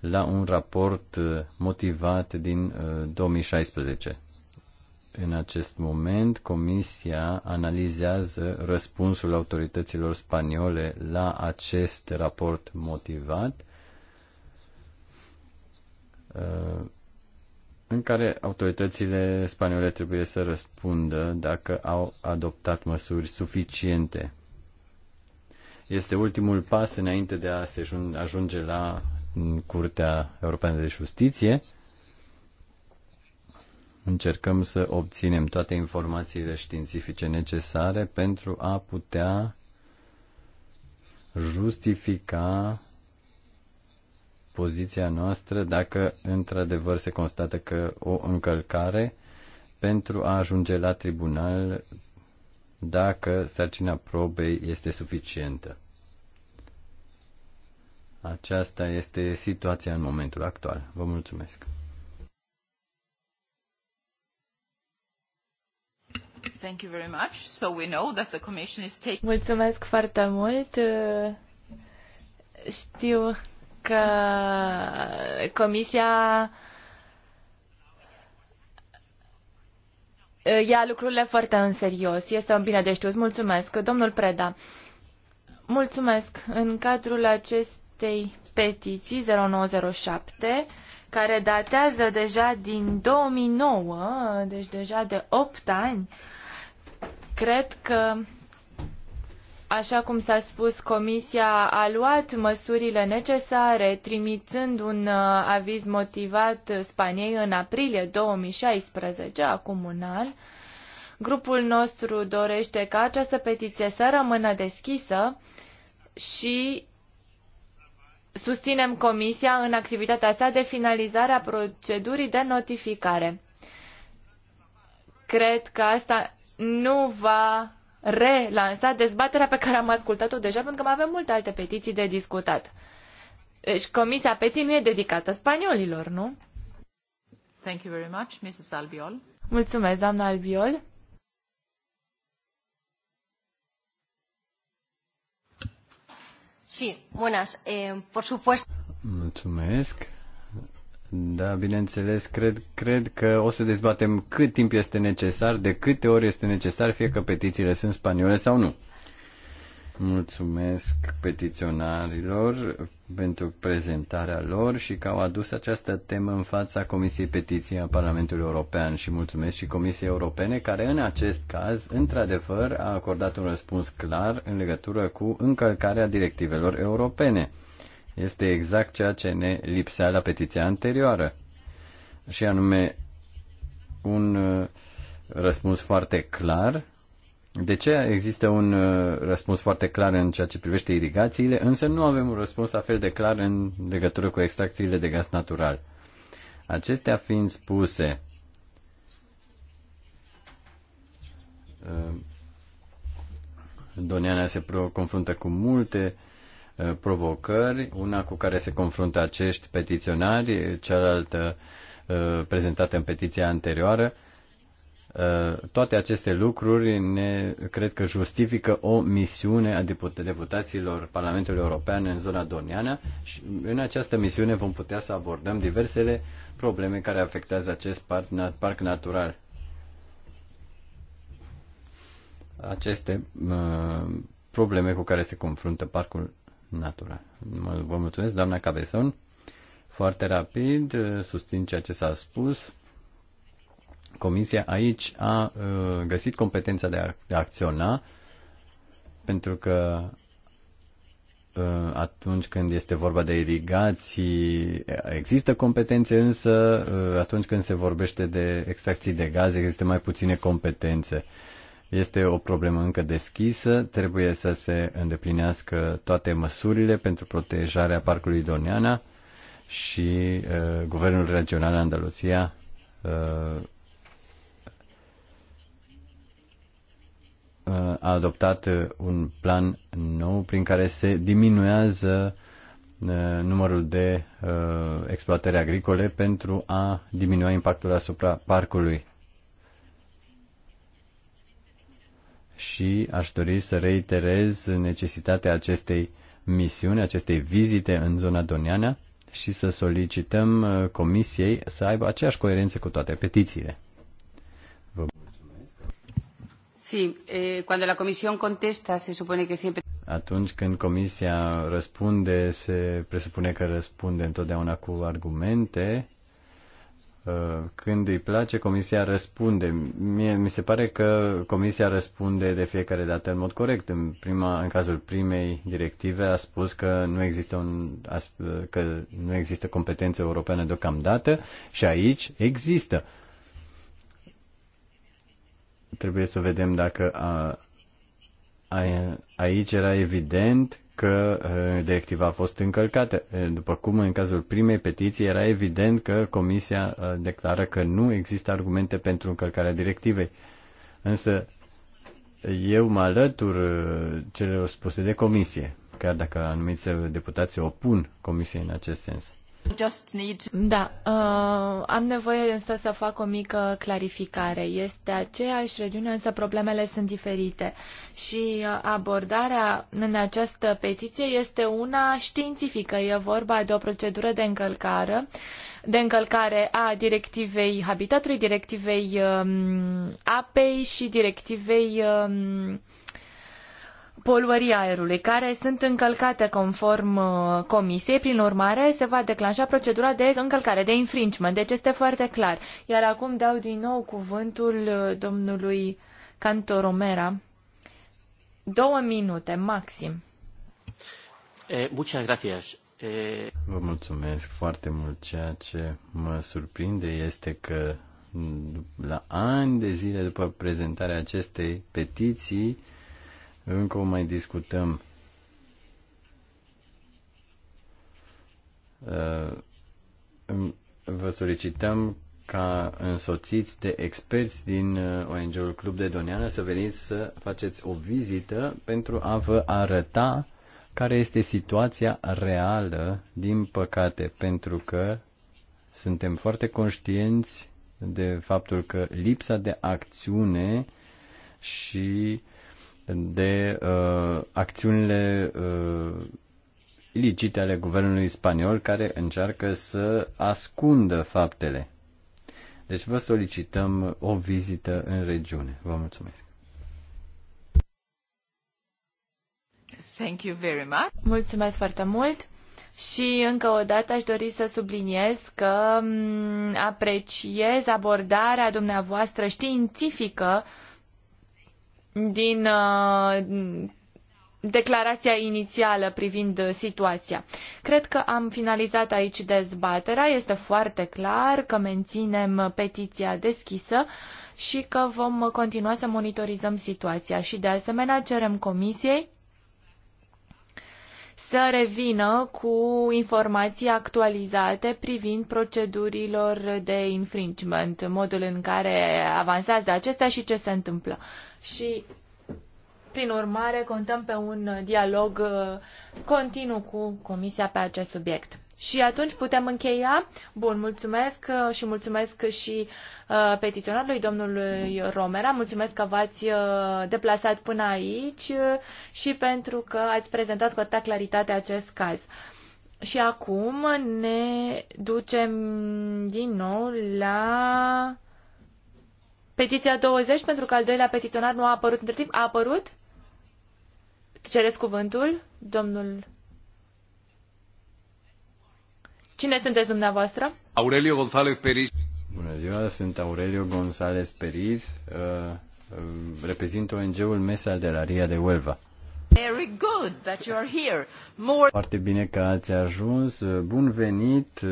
la un raport uh, motivat din 2016. Uh, în acest moment, Comisia analizează răspunsul autorităților spaniole la acest raport motivat, uh, în care autoritățile spaniole trebuie să răspundă dacă au adoptat măsuri suficiente. Este ultimul pas înainte de a se ajunge la Curtea Europeană de Justiție. Încercăm să obținem toate informațiile științifice necesare pentru a putea justifica poziția noastră dacă într-adevăr se constată că o încălcare pentru a ajunge la tribunal dacă sarcina probei este suficientă. Aceasta este situația în momentul actual. Vă mulțumesc. Thank you very much. So we know that the commission is taking Mulțumesc foarte mult. Știu că comisia ia lucrurile foarte în serios. Este un bine de știut. Mulțumesc. Domnul Preda. Mulțumesc. În cadrul acest acestei petiții 0907, care datează deja din 2009, deci deja de 8 ani, cred că, așa cum s-a spus, Comisia a luat măsurile necesare, trimițând un uh, aviz motivat Spaniei în aprilie 2016, acum un an. Grupul nostru dorește ca această petiție să rămână deschisă și susținem Comisia în activitatea sa de finalizare a procedurii de notificare. Cred că asta nu va relansa dezbaterea pe care am ascultat-o deja, pentru că mai avem multe alte petiții de discutat. Deci Comisia Peti nu e dedicată spaniolilor, nu? Thank you very much, Mrs. Albiol. Mulțumesc, doamna Albiol. Sí, buenas, eh, por supuesto. Mulțumesc. Da, bineînțeles, cred, cred că o să dezbatem cât timp este necesar, de câte ori este necesar, fie că petițiile sunt spaniole sau nu. Mulțumesc petiționarilor pentru prezentarea lor și că au adus această temă în fața Comisiei Petiției a Parlamentului European și mulțumesc și Comisiei Europene care în acest caz, într-adevăr, a acordat un răspuns clar în legătură cu încălcarea directivelor europene. Este exact ceea ce ne lipsea la petiția anterioară și anume un uh, răspuns foarte clar de ce există un uh, răspuns foarte clar în ceea ce privește irigațiile, însă nu avem un răspuns la fel de clar în legătură cu extracțiile de gaz natural. Acestea fiind spuse, uh, Doneana se confruntă cu multe uh, provocări, una cu care se confruntă acești petiționari, cealaltă prezentată în petiția anterioară, Uh, toate aceste lucruri ne cred că justifică o misiune a deputaților Parlamentului European în zona doniană și în această misiune vom putea să abordăm diversele probleme care afectează acest parc natural. Aceste uh, probleme cu care se confruntă parcul natural. Vă mulțumesc, doamna Cabezon. Foarte rapid, uh, susțin ceea ce s-a spus Comisia aici a uh, găsit competența de a, de a acționa pentru că uh, atunci când este vorba de irigații există competențe, însă uh, atunci când se vorbește de extracții de gaze există mai puține competențe. Este o problemă încă deschisă, trebuie să se îndeplinească toate măsurile pentru protejarea parcului Doneana și uh, guvernul regional Andaluția uh, Uh, a adoptat uh, un plan nou prin care se diminuează uh, numărul de exploatări agricole pentru a diminua impactul asupra parcului. Și aș dori să reiterez necesitatea acestei misiuni, acestei vizite în zona doniană și să solicităm comisiei să aibă aceeași coerență cu toate petițiile. Sí, eh, cuando la comisión contesta se supone que siempre... Atunci când comisia răspunde, se presupune că răspunde întotdeauna cu argumente. Uh, când îi place, comisia răspunde. Mie, mi se pare că comisia răspunde de fiecare dată în mod corect. În, prima, în cazul primei directive a spus că nu există, un, că nu există competență europeană deocamdată și aici există. Trebuie să vedem dacă a, a, aici era evident că directiva a fost încălcată. După cum în cazul primei petiții era evident că Comisia declară că nu există argumente pentru încălcarea directivei. Însă eu mă alătur celor spuse de Comisie, chiar dacă anumiți deputați se opun Comisiei în acest sens. Da, uh, am nevoie însă să fac o mică clarificare. Este aceeași regiune, însă problemele sunt diferite. Și uh, abordarea în această petiție este una științifică. E vorba de o procedură de încălcare de încălcare a directivei habitatului, directivei um, apei și directivei um, poluării aerului, care sunt încălcate conform uh, comisiei. Prin urmare, se va declanșa procedura de încălcare, de infringement. Deci este foarte clar. Iar acum dau din nou cuvântul uh, domnului Cantoromera. Două minute, maxim. Eh, eh, Vă mulțumesc foarte mult. Ceea ce mă surprinde este că la ani de zile după prezentarea acestei petiții, încă o mai discutăm. Uh, vă solicităm ca însoțiți de experți din uh, ONG-ul Club de Doneană să veniți să faceți o vizită pentru a vă arăta care este situația reală, din păcate, pentru că suntem foarte conștienți de faptul că lipsa de acțiune și de uh, acțiunile uh, ilicite ale guvernului spaniol care încearcă să ascundă faptele. Deci vă solicităm o vizită în regiune. Vă mulțumesc. Thank you very much. Mulțumesc foarte mult. Și încă o dată aș dori să subliniez că mm, apreciez abordarea dumneavoastră științifică uh, din uh, declarația inițială privind situația. Cred că am finalizat aici dezbaterea. Este foarte clar că menținem petiția deschisă și că vom continua să monitorizăm situația și de asemenea cerem comisiei să revină cu informații actualizate privind procedurilor de infringement, modul în care avansează acestea și ce se întâmplă. Și prin urmare, contăm pe un dialog uh, continuu cu Comisia pe acest subiect. Și atunci putem încheia. Bun, mulțumesc uh, și mulțumesc și uh, petiționarului domnului Romera. Mulțumesc că v-ați uh, deplasat până aici uh, și pentru că ați prezentat cu atâta claritate acest caz. Și acum ne ducem din nou la petiția 20, pentru că al doilea petiționar nu a apărut între timp. A apărut? Cereți cuvântul, domnul Cine sunteți dumneavoastră? Aurelio González Periz. Bună ziua, sunt Aurelio González Periz. Uh, reprezint ONG-ul Mesa de la Ria de Huelva. Very good that you are here. More... Foarte bine că ați ajuns. Bun venit. Uh,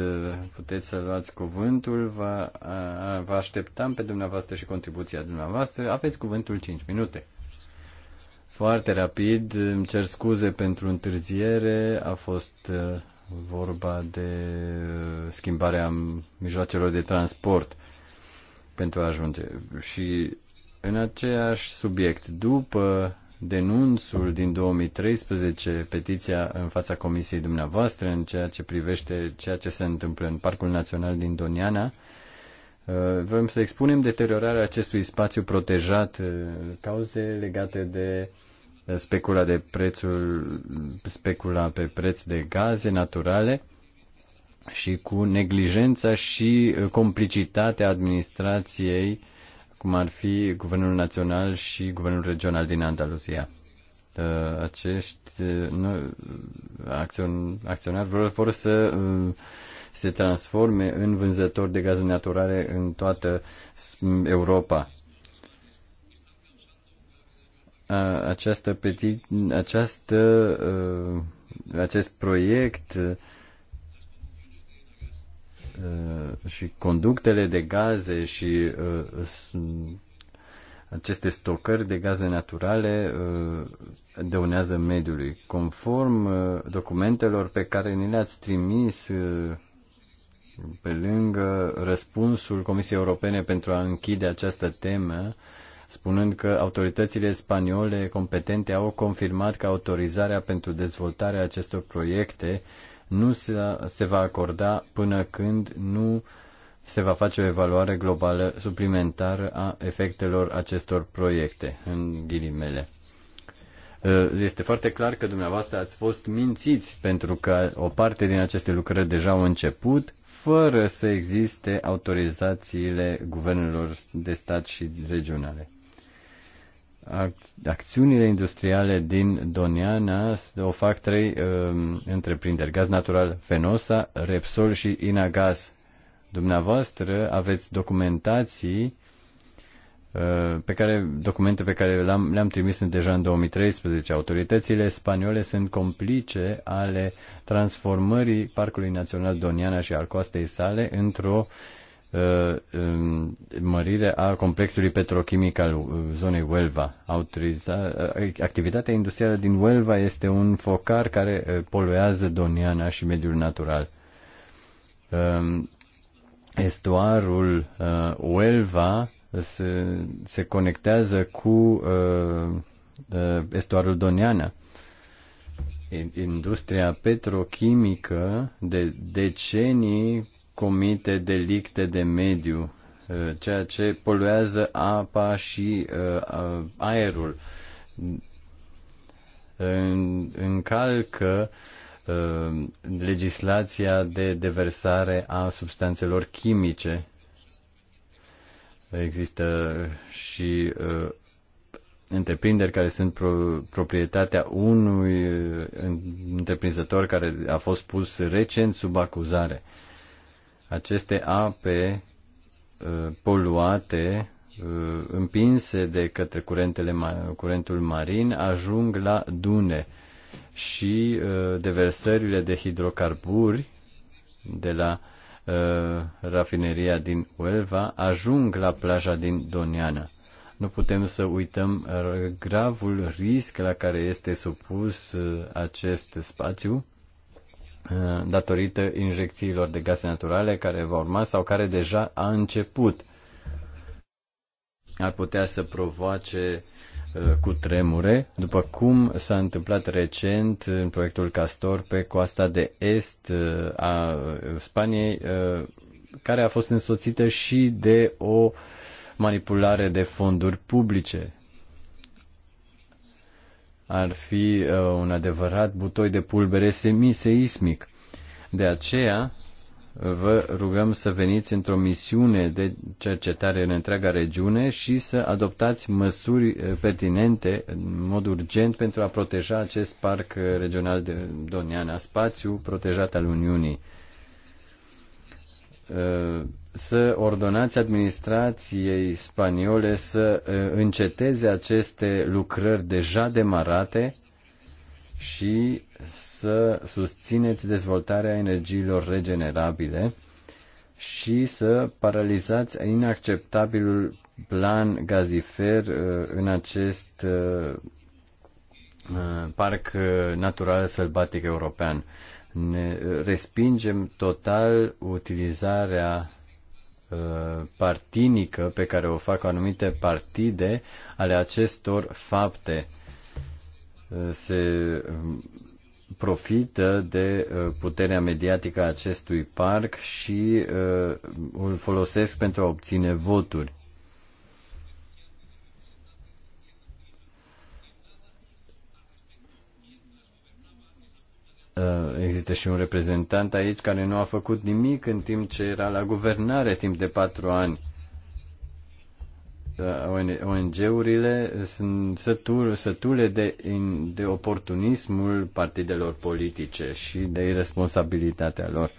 puteți să luați cuvântul. Vă, uh, vă așteptam pe dumneavoastră și contribuția dumneavoastră. Aveți cuvântul 5 minute. Foarte rapid, îmi cer scuze pentru întârziere, a fost uh, vorba de schimbarea mijloacelor de transport pentru a ajunge. Și în aceeași subiect, după denunțul din 2013, petiția în fața comisiei dumneavoastră în ceea ce privește ceea ce se întâmplă în Parcul Național din Doniana, uh, vrem să expunem deteriorarea acestui spațiu protejat, uh, cauze legate de uh, specula, de prețul, specula pe preț de gaze naturale și cu neglijența și complicitatea administrației, cum ar fi Guvernul Național și Guvernul Regional din Andaluzia ă, Acești ă, nu, acțion, acționari vor, vor să ă, se transforme în vânzători de gaze naturale în toată Europa această petit, această, acest proiect și conductele de gaze și aceste stocări de gaze naturale dăunează mediului. Conform documentelor pe care ni le-ați trimis pe lângă răspunsul Comisiei Europene pentru a închide această temă, spunând că autoritățile spaniole competente au confirmat că autorizarea pentru dezvoltarea acestor proiecte nu se, se va acorda până când nu se va face o evaluare globală suplimentară a efectelor acestor proiecte, în ghilimele. Uh, este foarte clar că dumneavoastră ați fost mințiți pentru că o parte din aceste lucrări deja au început fără să existe autorizațiile guvernelor de stat și regionale acțiunile industriale din Doniana o fac trei um, întreprinderi, Gaz Natural Fenosa, Repsol și Inagaz. Dumneavoastră aveți documentații uh, pe care, documente pe care le-am, le-am trimis deja în 2013. Autoritățile spaniole sunt complice ale transformării Parcului Național Doniana și al coastei sale într-o uh, Uh, um, mărire a complexului petrochimic al uh, zonei Huelva. Uh, activitatea industrială din Huelva este un focar care poluează Doniana și mediul natural. Um, estuarul Huelva se conectează cu estuarul Doniana industria petrochimică de decenii comite delicte de mediu, uh, ceea ce poluează apa și uh, aerul. Încalcă uh, legislația de deversare a substanțelor chimice. Există și întreprinderi care sunt pro, proprietatea unui întreprinzător care a fost pus recent sub acuzare. Uh, aceste ape uh, poluate, uh, împinse de către curentele, curentul marin, ajung la dune și uh, deversările de hidrocarburi de la rafineria din Uelva ajung la plaja din Doniana. Nu putem să uităm gravul risc la care este supus acest spațiu Uh, datorită injecțiilor de gaze naturale care vor urma sau care deja a început. Ar putea să provoace uh, cu tremure, după cum s-a întâmplat recent în proiectul Castor pe coasta de est uh, a Spaniei, care a fost însoțită și de o manipulare de fonduri publice ar fi uh, un adevărat butoi de pulbere semiseismic. De aceea, vă rugăm să veniți într-o misiune de cercetare în întreaga regiune și să adoptați măsuri uh, pertinente în mod urgent pentru a proteja acest parc uh, regional de Doniana, spațiu protejat al Uniunii să ordonați administrației spaniole să înceteze aceste lucrări deja demarate și să susțineți dezvoltarea energiilor regenerabile și să paralizați inacceptabilul plan gazifer în acest parc natural sălbatic european ne respingem total utilizarea uh, partinică pe care o fac anumite partide ale acestor fapte. Uh, se um, profită de uh, puterea mediatică a acestui parc și îl folosesc pentru a obține voturi. Uh, există și un reprezentant aici care nu a făcut nimic în timp ce era la guvernare timp de patru ani. Uh, ONG-urile sunt sătul, sătule de, de oportunismul partidelor politice și de irresponsabilitatea lor.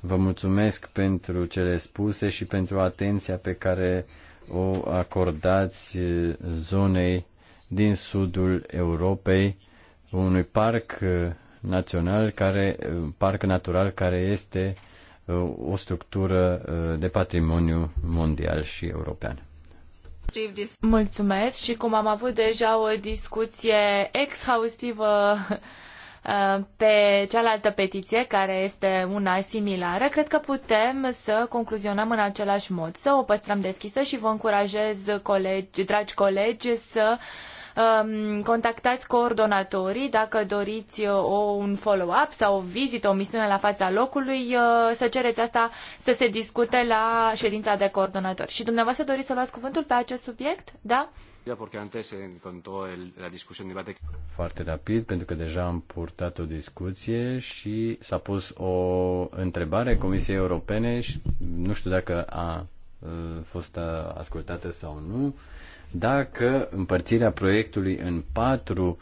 Vă mulțumesc pentru cele spuse și pentru atenția pe care o acordați zonei din sudul Europei, unui parc uh, național care, parc natural care este uh, o structură uh, de patrimoniu mondial și european. Mulțumesc și cum am avut deja o discuție exhaustivă uh, pe cealaltă petiție, care este una similară, cred că putem să concluzionăm în același mod, să o păstrăm deschisă și vă încurajez, colegi, dragi colegi, să uh, Um, contactați coordonatorii dacă doriți uh, o, un follow-up sau o vizită, o misiune la fața locului, uh, să cereți asta să se discute la ședința de coordonatori. Și dumneavoastră doriți să luați cuvântul pe acest subiect? Da? da se Foarte rapid, pentru că deja am purtat o discuție și s-a pus o întrebare Comisiei Europene și nu știu dacă a uh, fost ascultată sau nu. Dacă împărțirea proiectului în patru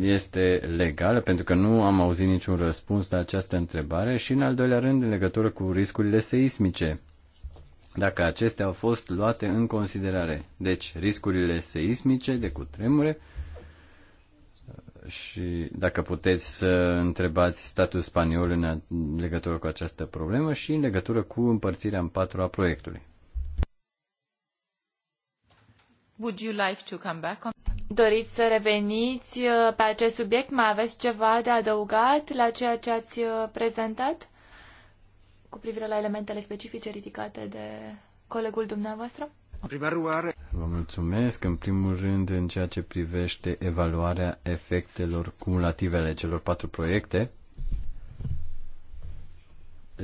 este legală, pentru că nu am auzit niciun răspuns la această întrebare, și în al doilea rând în legătură cu riscurile seismice, dacă acestea au fost luate în considerare. Deci riscurile seismice de cutremure, și dacă puteți să întrebați statul spaniol în legătură cu această problemă și în legătură cu împărțirea în patru a proiectului. Would you like to come back on... Doriți să reveniți uh, pe acest subiect? Mai aveți ceva de adăugat la ceea ce ați uh, prezentat cu privire la elementele specifice ridicate de colegul dumneavoastră? Vă mulțumesc. În primul rând, în ceea ce privește evaluarea efectelor cumulative ale celor patru proiecte,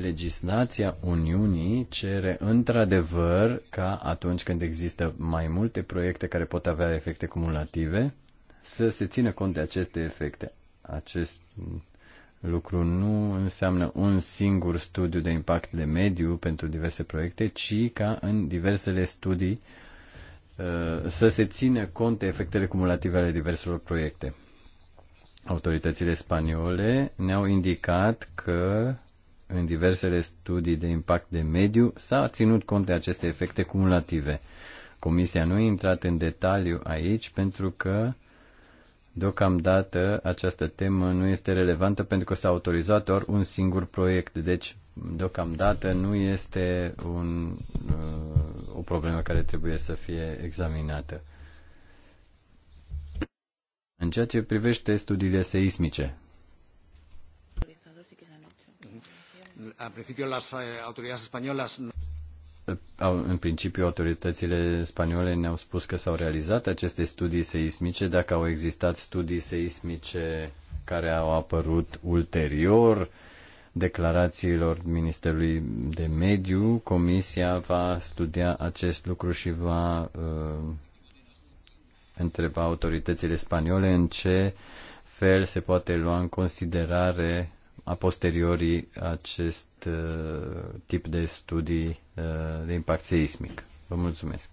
legislația Uniunii cere într-adevăr ca atunci când există mai multe proiecte care pot avea efecte cumulative, să se țină cont de aceste efecte. Acest lucru nu înseamnă un singur studiu de impact de mediu pentru diverse proiecte, ci ca în diversele studii uh, să se țină cont de efectele cumulative ale diverselor proiecte. Autoritățile spaniole ne-au indicat că în diversele studii de impact de mediu s-a ținut cont de aceste efecte cumulative. Comisia nu a intrat în detaliu aici pentru că deocamdată această temă nu este relevantă pentru că s-a autorizat doar un singur proiect, deci deocamdată nu este un, uh, o problemă care trebuie să fie examinată. În ceea ce privește studiile seismice, al principio las eh, autoridades españolas în principiu, autoritățile spaniole ne-au spus că s-au realizat aceste studii seismice, dacă au existat studii seismice care au apărut ulterior declarațiilor Ministerului de Mediu, Comisia va studia acest lucru și va uh, întreba autoritățile spaniole în ce fel se poate lua în considerare a posteriori acest uh, tip de studii uh, de impact seismic. Vă mulțumesc!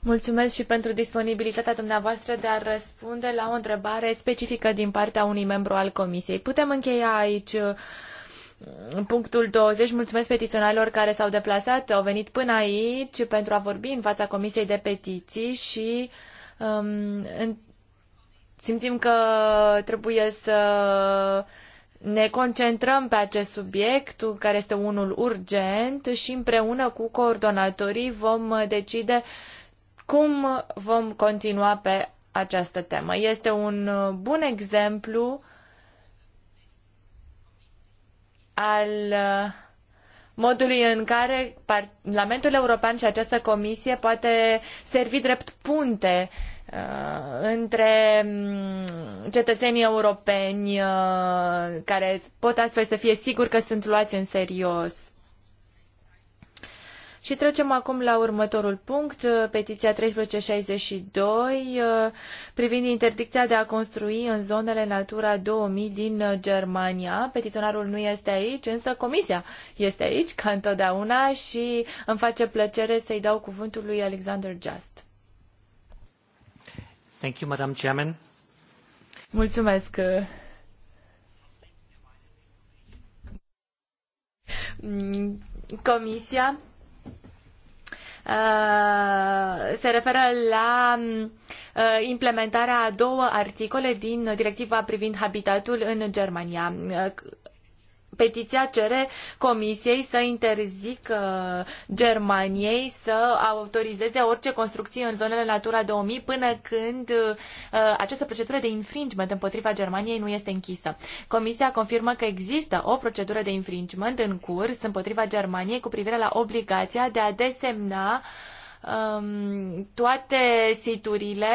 Mulțumesc și pentru disponibilitatea dumneavoastră de a răspunde la o întrebare specifică din partea unui membru al Comisiei. Putem încheia aici uh, punctul 20. Mulțumesc petiționarilor care s-au deplasat, au venit până aici pentru a vorbi în fața Comisiei de Petiții și um, simțim că trebuie să ne concentrăm pe acest subiect, care este unul urgent, și împreună cu coordonatorii vom decide cum vom continua pe această temă. Este un bun exemplu al modului în care Parlamentul European și această comisie poate servi drept punte Uh, între mm, cetățenii europeni uh, care pot astfel să fie siguri că sunt luați în serios. Și trecem acum la următorul punct, uh, petiția 1362, privind interdicția de a construi în zonele Natura 2000 din Germania. Petiționarul nu este aici, însă comisia este aici, ca întotdeauna, și îmi face plăcere să-i dau cuvântul lui Alexander Just. Thank you, Madam Chairman. Mulțumesc. Comisia uh, se referă la uh, implementarea a două articole din directiva privind habitatul în Germania. Uh, petiția cere Comisiei să interzică Germaniei să autorizeze orice construcție în zonele Natura 2000 până când uh, această procedură de infringement împotriva Germaniei nu este închisă. Comisia confirmă că există o procedură de infringement în curs împotriva Germaniei cu privire la obligația de a desemna uh, Um, toate siturile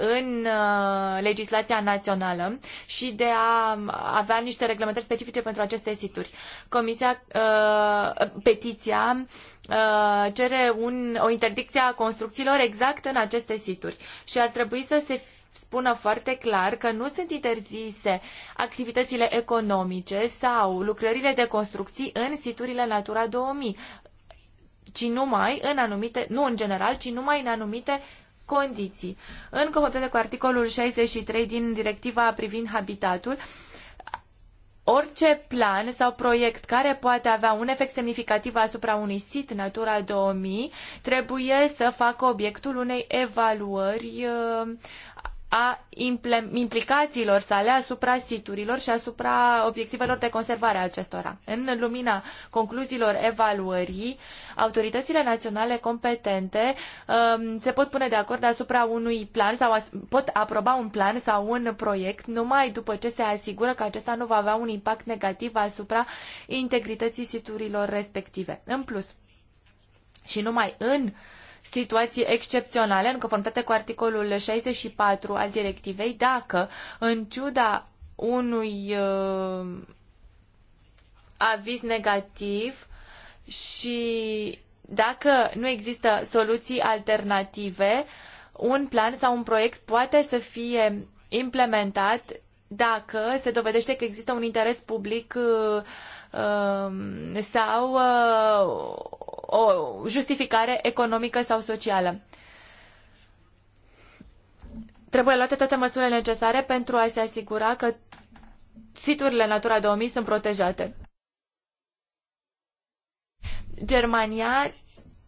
în uh, legislația națională și de a avea niște reglementări specifice pentru aceste situri. Comisia, uh, petiția uh, cere un, o interdicție a construcțiilor exact în aceste situri și ar trebui să se spună foarte clar că nu sunt interzise activitățile economice sau lucrările de construcții în siturile Natura 2000 ci numai în anumite, nu în general, ci numai în anumite condiții. În cohotele cu articolul 63 din directiva privind habitatul, orice plan sau proiect care poate avea un efect semnificativ asupra unui sit Natura 2000 trebuie să facă obiectul unei evaluări uh, a implicațiilor sale asupra siturilor și asupra obiectivelor de conservare a acestora. În lumina concluziilor evaluării, autoritățile naționale competente um, se pot pune de acord asupra unui plan sau pot aproba un plan sau un proiect numai după ce se asigură că acesta nu va avea un impact negativ asupra integrității siturilor respective. În plus, și numai în uh, situații excepționale, în conformitate cu articolul 64 al directivei, dacă, în ciuda unui uh, aviz negativ și dacă nu există soluții alternative, un plan sau un proiect poate să fie implementat dacă se dovedește că există un interes public uh, um, sau uh, o justificare economică sau socială. Trebuie luate toate măsurile necesare pentru a se asigura că siturile Natura 2000 sunt protejate. Germania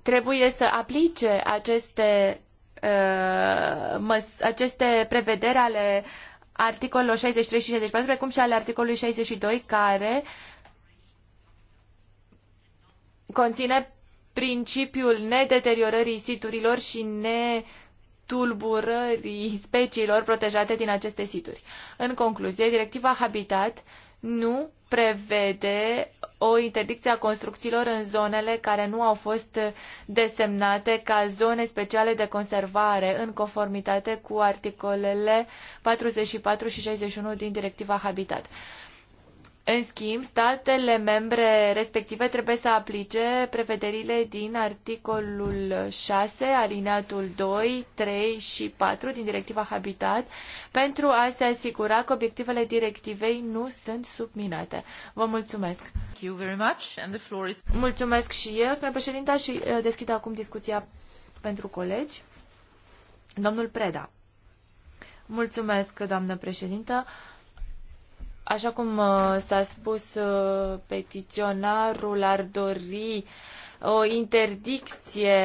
trebuie să aplice aceste, uh, măs- aceste prevederi ale articolelor 63 și 64, precum și ale articolului 62, care conține principiul nedeteriorării siturilor și ne tulburării speciilor protejate din aceste situri. În concluzie, directiva Habitat nu prevede o interdicție a construcțiilor în zonele care nu au fost desemnate ca zone speciale de conservare în conformitate cu articolele 44 și 61 din Directiva Habitat. În schimb, statele membre respective trebuie să aplice prevederile din articolul 6, alineatul 2, 3 și 4 din directiva Habitat pentru a se asigura că obiectivele directivei nu sunt subminate. Vă mulțumesc! Thank you very much and the floor is... Mulțumesc și eu, spune președinta, și uh, deschid acum discuția pentru colegi. Domnul Preda. Mulțumesc, doamnă președintă. Așa cum uh, s-a spus, uh, petiționarul ar dori uh, o interdicție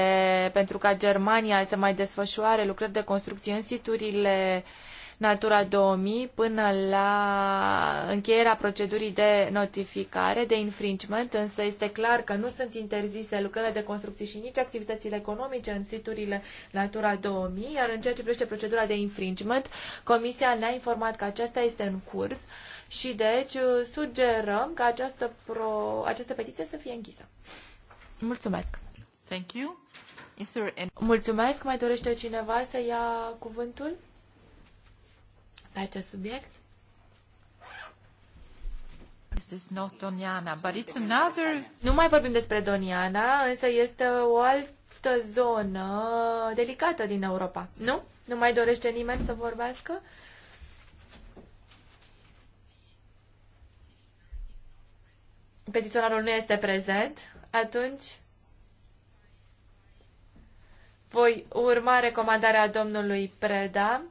pentru ca Germania să mai desfășoare lucrări de construcție în siturile Natura 2000 până la încheierea procedurii de notificare, de infringement, însă este clar că nu sunt interzise lucrările de construcții și nici activitățile economice în siturile Natura 2000, iar în ceea ce privește procedura de infringement, Comisia ne-a informat că aceasta este în curs și deci sugerăm ca această, pro, această petiție să fie închisă. Mulțumesc! Thank you. Is there any... Mulțumesc! Mai dorește cineva să ia cuvântul pe acest subiect? This is not Doniana, but it's another... Nu mai vorbim despre Doniana, însă este o altă zonă delicată din Europa, nu? Nu mai dorește nimeni să vorbească? petiționarul nu este prezent, atunci voi urma recomandarea domnului Preda.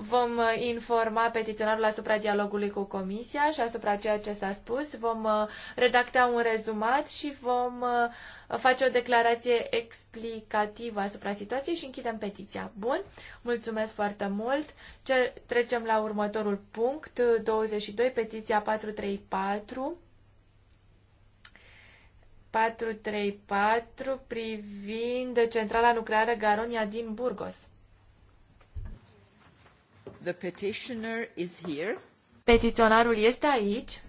Vom informa petiționarul asupra dialogului cu comisia și asupra ceea ce s-a spus. Vom uh, redacta un rezumat și vom uh, face o declarație explicativă asupra situației și închidem petiția. Bun, mulțumesc foarte mult. Trecem la următorul punct, 22, uh, petiția 434 434 privind centrala nucleară Garonia din Burgos. The petitioner is here. Petiționarul este aici.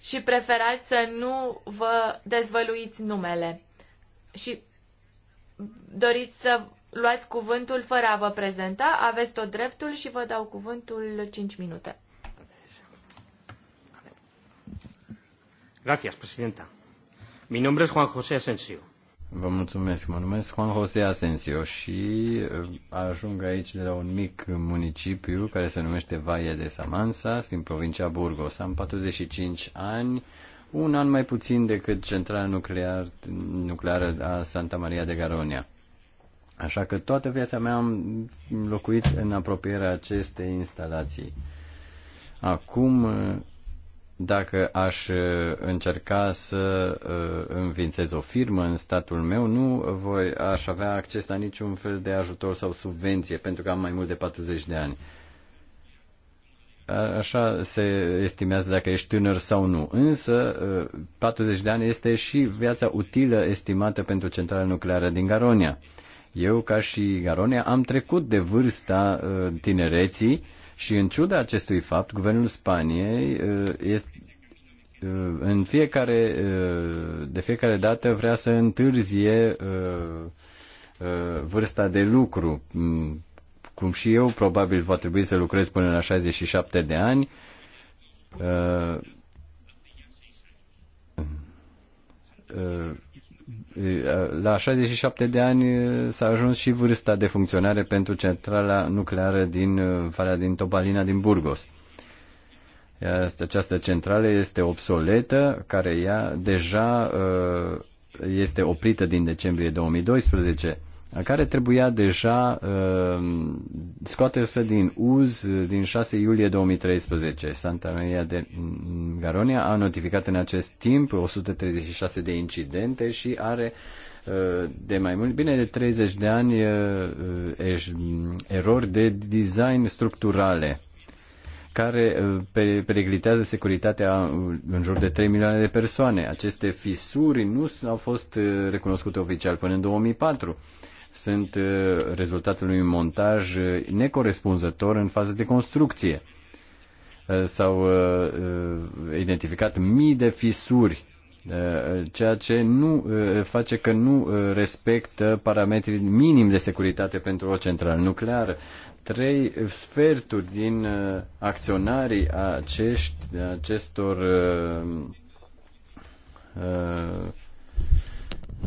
Și preferați să nu vă dezvăluiți numele. Și doriți să luați cuvântul fără a vă prezenta, aveți tot dreptul și vă dau cuvântul 5 minute. Gracias, presidenta. Mi nombre es Juan José Asensio. Vă mulțumesc. Mă numesc Juan José Asensio și eh, ajung aici de la un mic municipiu care se numește Valle de Samansa, din provincia Burgos. Am 45 ani, un an mai puțin decât centrala nuclear, nucleară a Santa Maria de Garonia. Așa că toată viața mea am locuit în apropierea acestei instalații. Acum eh, dacă aș uh, încerca să uh, înființez o firmă în statul meu, nu voi, aș avea acces la niciun fel de ajutor sau subvenție, pentru că am mai mult de 40 de ani. Așa se estimează dacă ești tânăr sau nu. Însă, 40 uh, de ani este și viața utilă estimată pentru centrala nucleară din Garonia. Eu, ca și Garonia, am trecut de vârsta tinereții și în ciuda acestui fapt, guvernul Spaniei uh, este uh, în fiecare, uh, de fiecare dată vrea să întârzie vârsta de lucru. Mm, cum și eu, probabil va trebui să lucrez până la 67 de ani. Uh, Eh, la 67 de ani eh, s-a ajuns și vârsta de funcționare pentru centrala nucleară din eh, Valea din Topalina din Burgos. Această centrală este obsoletă, care ea deja este oprită din decembrie 2012 care trebuia deja uh, scoatersă din uz din 6 iulie 2013. Santa Maria de Garonia a notificat în acest timp 136 de incidente și are uh, de mai mult, bine de 30 de ani uh, uh erori de design structurale care uh, periglitează securitatea uh, în jur de 3 milioane de persoane. Aceste fisuri nu au fost recunoscute oficial până în 2004 sunt uh, rezultatul unui montaj uh, necorespunzător în fază de construcție. Uh, s-au identificat mii de fisuri ceea ce nu face că nu respectă parametrii minimi de securitate pentru o centrală nucleară. Trei sferturi din acționarii acești, acestor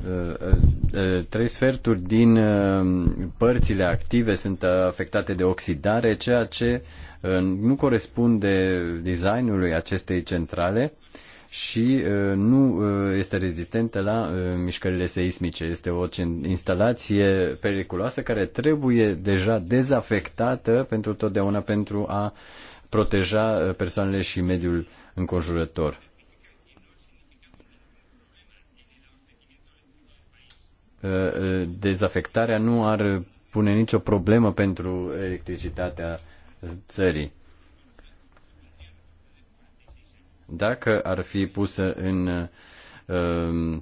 Uh, uh, trei sferturi din uh, părțile active sunt afectate de oxidare, ceea ce nu corespunde designului acestei centrale și nu este rezistentă la mișcările seismice. Este o instalație periculoasă care trebuie deja dezafectată pentru totdeauna pentru a proteja persoanele și mediul înconjurător Uh, uh, dezafectarea nu ar pune nicio problemă pentru electricitatea țării. Dacă ar fi pusă în um,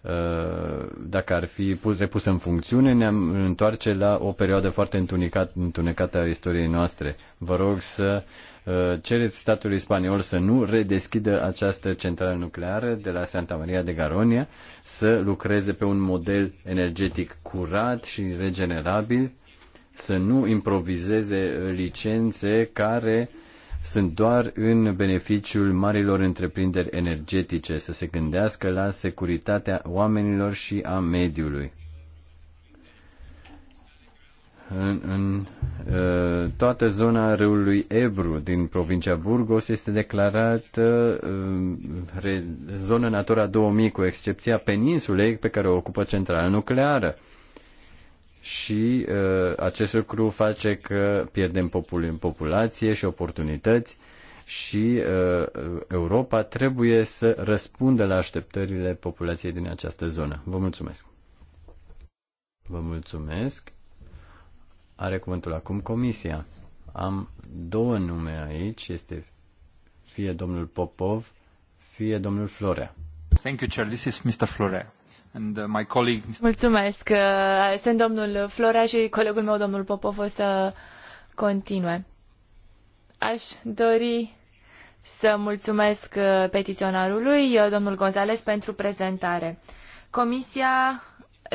uh, dacă ar fi pus, repusă în funcțiune, ne-am întoarce la o perioadă foarte întunecată, întunecată a istoriei noastre. Vă rog să uh, Uh, cereți statului spaniol să nu redeschidă această centrală nucleară de la Santa Maria de Garonia, să lucreze pe un model energetic curat și regenerabil, să nu improvizeze licențe care sunt doar în beneficiul marilor întreprinderi energetice, să se gândească la securitatea oamenilor și a mediului în, în ă, toată zona râului Ebru din provincia Burgos este declarată ă, zonă Natura 2000 cu excepția peninsulei pe care o ocupă centrala nucleară. Și ă, acest lucru face că pierdem popul, populație și oportunități și Europa trebuie să răspundă la așteptările populației din această zonă. Vă mulțumesc! Vă mulțumesc! Are cuvântul acum comisia. Am două nume aici, este fie domnul Popov, fie domnul Florea. Thank you, Chair. This is Mr. Florea. And uh, my colleague... Mulțumesc. Uh, sunt domnul Florea și colegul meu, domnul Popov, o să continue. Aș dori să mulțumesc uh, petiționarului, domnul Gonzales, pentru prezentare. Comisia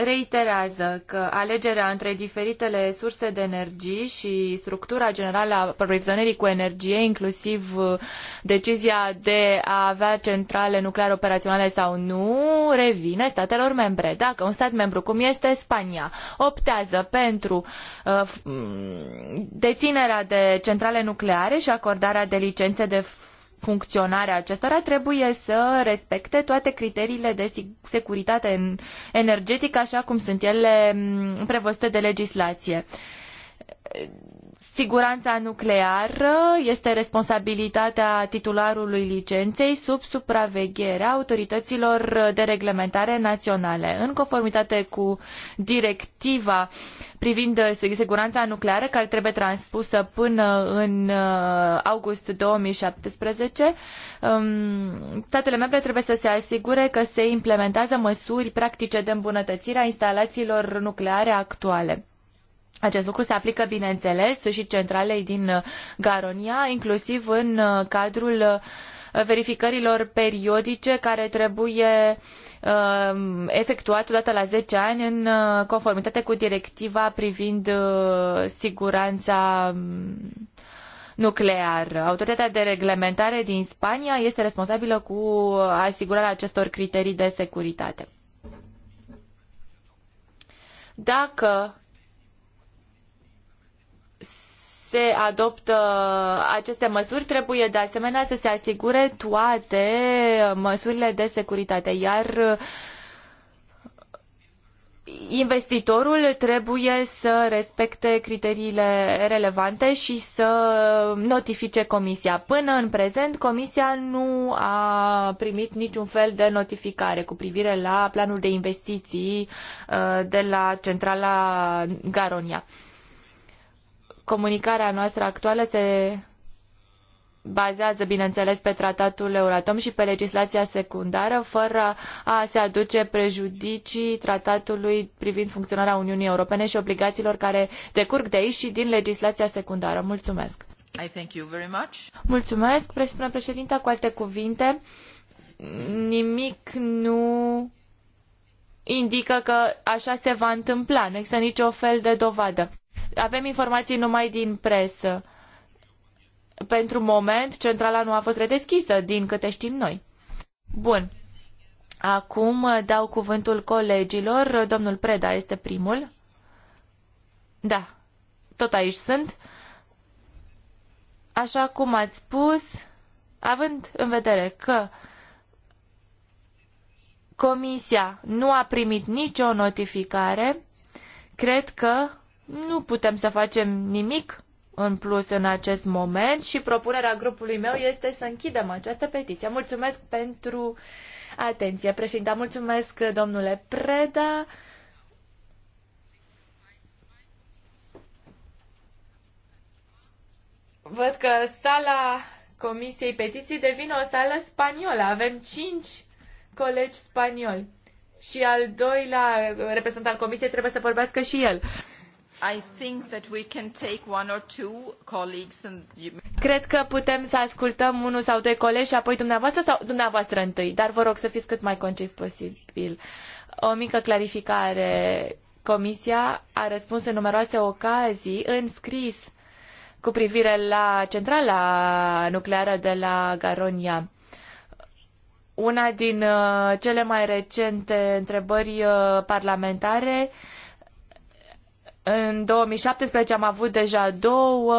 reiterează că alegerea între diferitele surse de energie și structura generală a aprovizionării cu energie, inclusiv uh, decizia de a avea centrale nucleare operaționale sau nu, revine statelor membre. Dacă un stat membru, cum este Spania, optează pentru uh, deținerea de centrale nucleare și acordarea de licențe de funcționarea acestora trebuie să respecte toate criteriile de securitate energetică, așa cum sunt ele mm, prevăzute de legislație Siguranța nucleară este responsabilitatea titularului licenței sub supravegherea autorităților de reglementare naționale. În conformitate cu directiva privind siguranța nucleară, care trebuie transpusă până în uh, august 2017, um, statele membre trebuie să se asigure că se implementează măsuri practice de îmbunătățire a instalațiilor nucleare actuale. Acest lucru se aplică, bineînțeles, și centralei din uh, Garonia, inclusiv în uh, cadrul uh, verificărilor periodice care trebuie efectuat odată la zece ani în conformitate cu directiva privind siguranța um, nucleară. Autoritatea de reglementare din Spania este responsabilă cu asigurarea acestor criterii de securitate. Dacă se adoptă aceste măsuri, trebuie de asemenea să se asigure toate măsurile de securitate, iar uh, investitorul trebuie să respecte criteriile relevante și să notifice comisia. Până în prezent, comisia nu a primit niciun fel de notificare cu privire la planul de investiții uh, de la centrala Garonia. Comunicarea noastră actuală se bazează, bineînțeles, pe tratatul Euratom și pe legislația secundară, fără a se aduce prejudicii tratatului privind funcționarea Uniunii Europene și obligațiilor care decurg de aici și din legislația secundară. Mulțumesc! I thank you very much. Mulțumesc, președinta, cu alte cuvinte, nimic nu indică că așa se va întâmpla, nu există nicio fel de dovadă. Avem informații numai din presă. Pentru moment, centrala nu a fost redeschisă, din câte știm noi. Bun. Acum uh, dau cuvântul colegilor. Domnul Preda este primul. Da, tot aici sunt. Așa cum ați spus, având în vedere că Comisia nu a primit nicio notificare, cred că nu putem să facem nimic în plus în acest moment și propunerea grupului meu este să închidem această petiție. Mulțumesc pentru atenție, președinte. Mulțumesc, domnule Preda. Văd că sala Comisiei Petiții devine o sală spaniolă. Avem cinci colegi spanioli. Și al doilea reprezentant al Comisiei trebuie să vorbească și el. Cred că putem să ascultăm unul sau doi colegi și apoi dumneavoastră sau dumneavoastră întâi, dar vă rog să fiți cât mai concis posibil. O mică clarificare. Comisia a răspuns în numeroase ocazii în scris cu privire la centrala nucleară de la Garonia. Una din uh, cele mai recente întrebări uh, parlamentare uh, în 2017 am avut deja două,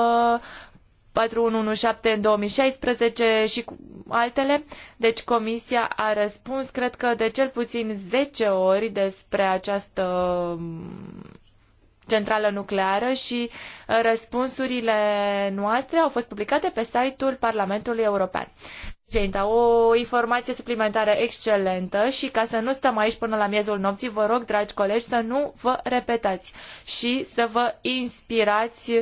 4117 în 2016 și altele. Deci comisia a răspuns, cred că de cel puțin zece ori despre această mm, centrală nucleară și uh, răspunsurile noastre au fost publicate pe site-ul Parlamentului European. Genta, o informație suplimentară excelentă și ca să nu stăm aici până la miezul nopții, vă rog, dragi colegi, să nu vă repetați și să vă inspirați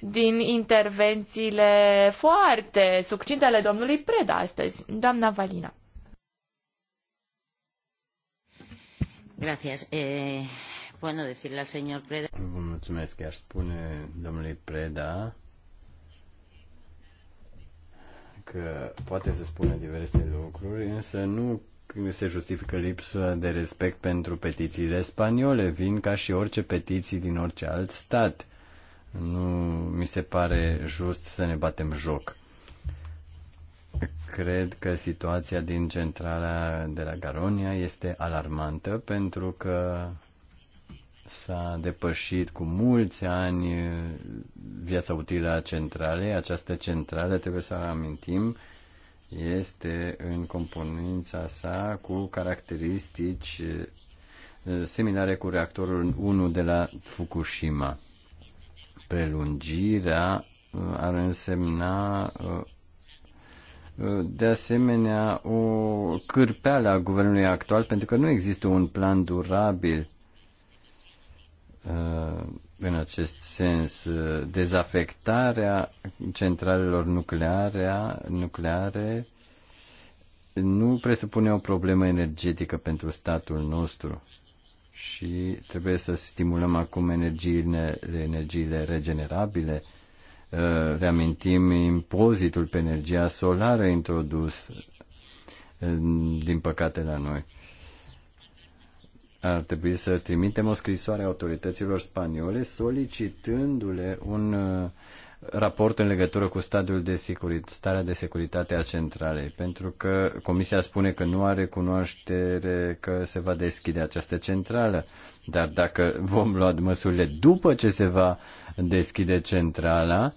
din intervențiile foarte succintele domnului Preda astăzi. Doamna Valina. Gracias. Eh, bueno, decirle al señor Preda. Vă mulțumesc, aș spune domnului Preda că poate să spună diverse lucruri, însă nu se justifică lipsa de respect pentru petițiile spaniole. Vin ca și orice petiții din orice alt stat. Nu mi se pare just să ne batem joc. Cred că situația din centrala de la Garonia este alarmantă pentru că s-a depășit cu mulți ani viața utilă a centralei. Această centrală, trebuie să amintim, este în componența sa cu caracteristici similare cu reactorul 1 de la Fukushima. Prelungirea ar însemna de asemenea o cârpeală a guvernului actual pentru că nu există un plan durabil în acest sens dezafectarea centralelor nucleare, nucleare nu presupune o problemă energetică pentru statul nostru și trebuie să stimulăm acum energiile, energiile regenerabile. Uh, reamintim impozitul pe energia solară introdus, uh, din păcate, la noi ar trebui să trimitem o scrisoare autorităților spaniole solicitându-le un uh, raport în legătură cu stadiul de starea de securitate a centralei, pentru că Comisia spune că nu are cunoaștere că se va deschide această centrală, dar dacă vom lua măsurile după ce se va deschide centrala,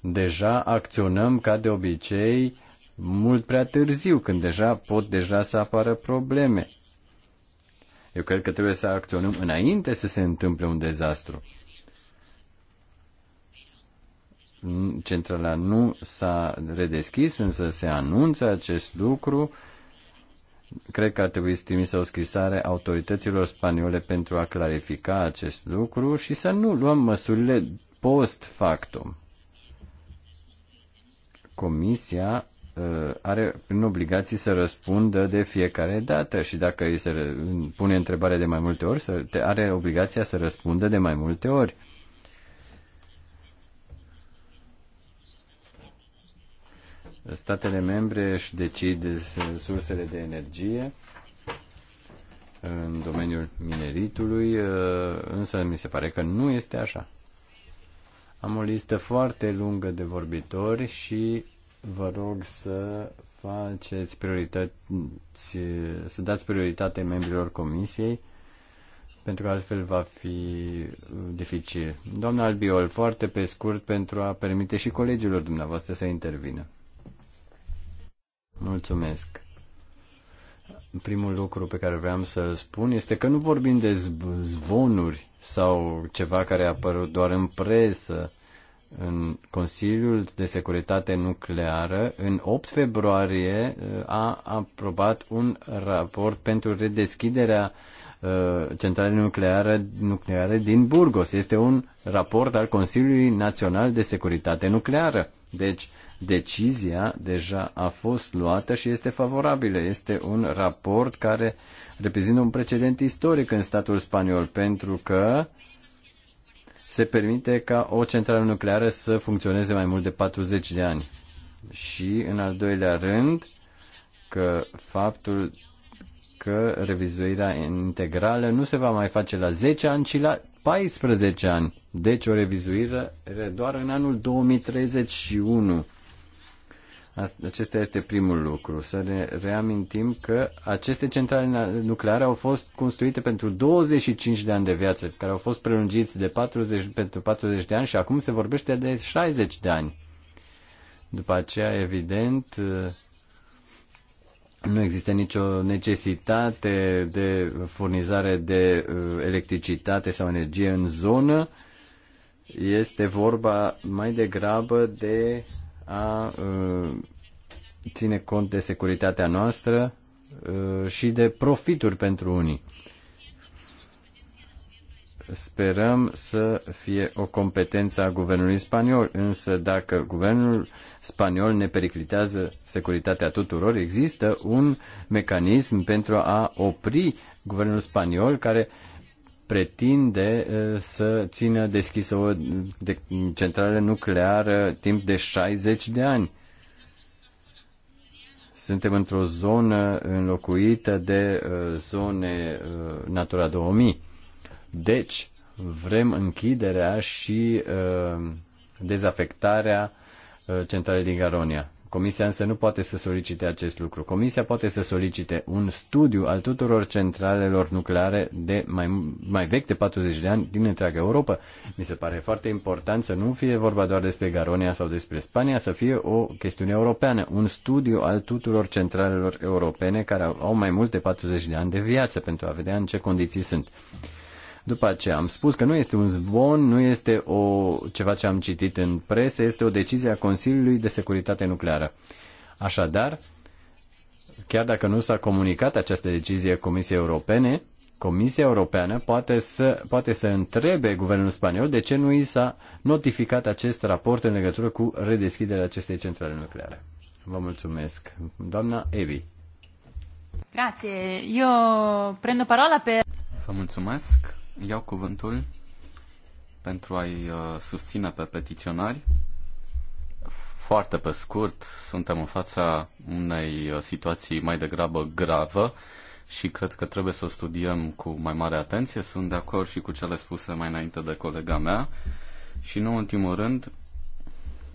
deja acționăm ca de obicei mult prea târziu, când deja pot deja să apară probleme. Eu cred că trebuie să acționăm înainte să se întâmple un dezastru. Centrala nu s-a redeschis, însă se anunță acest lucru. Cred că ar trebui să trimisă o scrisare autorităților spaniole pentru a clarifica acest lucru și să nu luăm măsurile post factum. Comisia Uh, are prin obligații să răspundă de fiecare dată și dacă îi se pune întrebare de mai multe ori, să, are obligația să răspundă de mai multe ori. Statele membre își decid sursele de energie în domeniul mineritului, uh, însă mi se pare că nu este așa. Am o listă foarte lungă de vorbitori și vă rog să faceți priorități, să dați prioritate membrilor comisiei, pentru că altfel va fi uh, dificil. Doamna Albiol, foarte pe scurt pentru a permite și colegilor dumneavoastră să intervină. Mulțumesc. Primul lucru pe care vreau să-l spun este că nu vorbim de zvonuri sau ceva care a apărut doar în presă în Consiliul de Securitate Nucleară, în 8 februarie, uh, a aprobat un raport pentru redeschiderea uh, centralei nucleare, nucleare din Burgos. Este un raport al Consiliului Național de Securitate Nucleară. Deci, decizia deja a fost luată și este favorabilă. Este un raport care reprezintă un precedent istoric în statul spaniol, pentru că se permite ca o centrală nucleară să funcționeze mai mult de 40 de ani. Și, în al doilea rând, că faptul că revizuirea integrală nu se va mai face la 10 ani, ci la 14 ani. Deci o revizuire doar în anul 2031. Acesta este primul lucru, să ne reamintim că aceste centrale nucleare au fost construite pentru 25 de ani de viață, care au fost prelungiți de 40, pentru 40 de ani și acum se vorbește de 60 de ani. După aceea, evident, uh, nu există nicio necesitate de furnizare de uh, electricitate sau energie în zonă. Este vorba mai degrabă de a uh, ține cont de securitatea noastră uh, și de profituri pentru unii. Sperăm să fie o competență a guvernului spaniol, însă dacă guvernul spaniol ne periclitează securitatea tuturor, există un mecanism pentru a opri guvernul spaniol care uh, pretinde să țină deschisă o de centrală nucleară timp de 60 de ani. Suntem într-o zonă înlocuită de zone Natura 2000. Deci, vrem închiderea și dezafectarea centralei din Garonia. Comisia însă nu poate să solicite acest lucru. Comisia poate să solicite un studiu al tuturor centralelor nucleare de mai, mai vechi de 40 de ani din întreaga Europa. Mi se pare foarte important să nu fie vorba doar despre Garonia sau despre Spania, să fie o chestiune europeană, un studiu al tuturor centralelor europene care au mai mult de 40 de ani de viață pentru a vedea în ce condiții sunt. După aceea am spus că nu este un zvon, nu este o, ceva ce am citit în presă, este o decizie a Consiliului de Securitate Nucleară. Așadar, chiar dacă nu s-a comunicat această decizie Comisiei Europene, Comisia Europeană poate să, poate să întrebe guvernul spaniol de ce nu i s-a notificat acest raport în legătură cu redeschiderea acestei centrale nucleare. Vă mulțumesc. Doamna Evi. Grazie. Eu prendo parola pe... Vă mulțumesc. Iau cuvântul pentru a-i uh, susține pe petiționari. Foarte pe scurt, suntem în fața unei uh, situații mai degrabă gravă și cred că trebuie să o studiem cu mai mare atenție. Sunt de acord și cu cele spuse mai înainte de colega mea. Și nu în ultimul rând,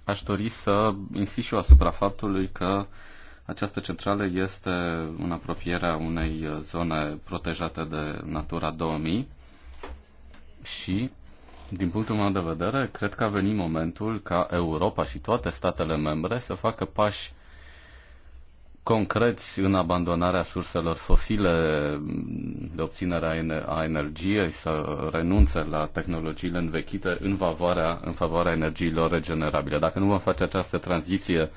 aș dori să insist și eu asupra faptului că această centrală este în apropierea unei uh, zone protejate de Natura 2000 și, din punctul meu de vedere, cred că a venit momentul ca Europa și toate statele membre să facă pași concreți în abandonarea surselor fosile de obținere a energiei, să renunțe la tehnologiile învechite în favoarea, în favoarea energiilor regenerabile. Dacă nu vom face această tranziție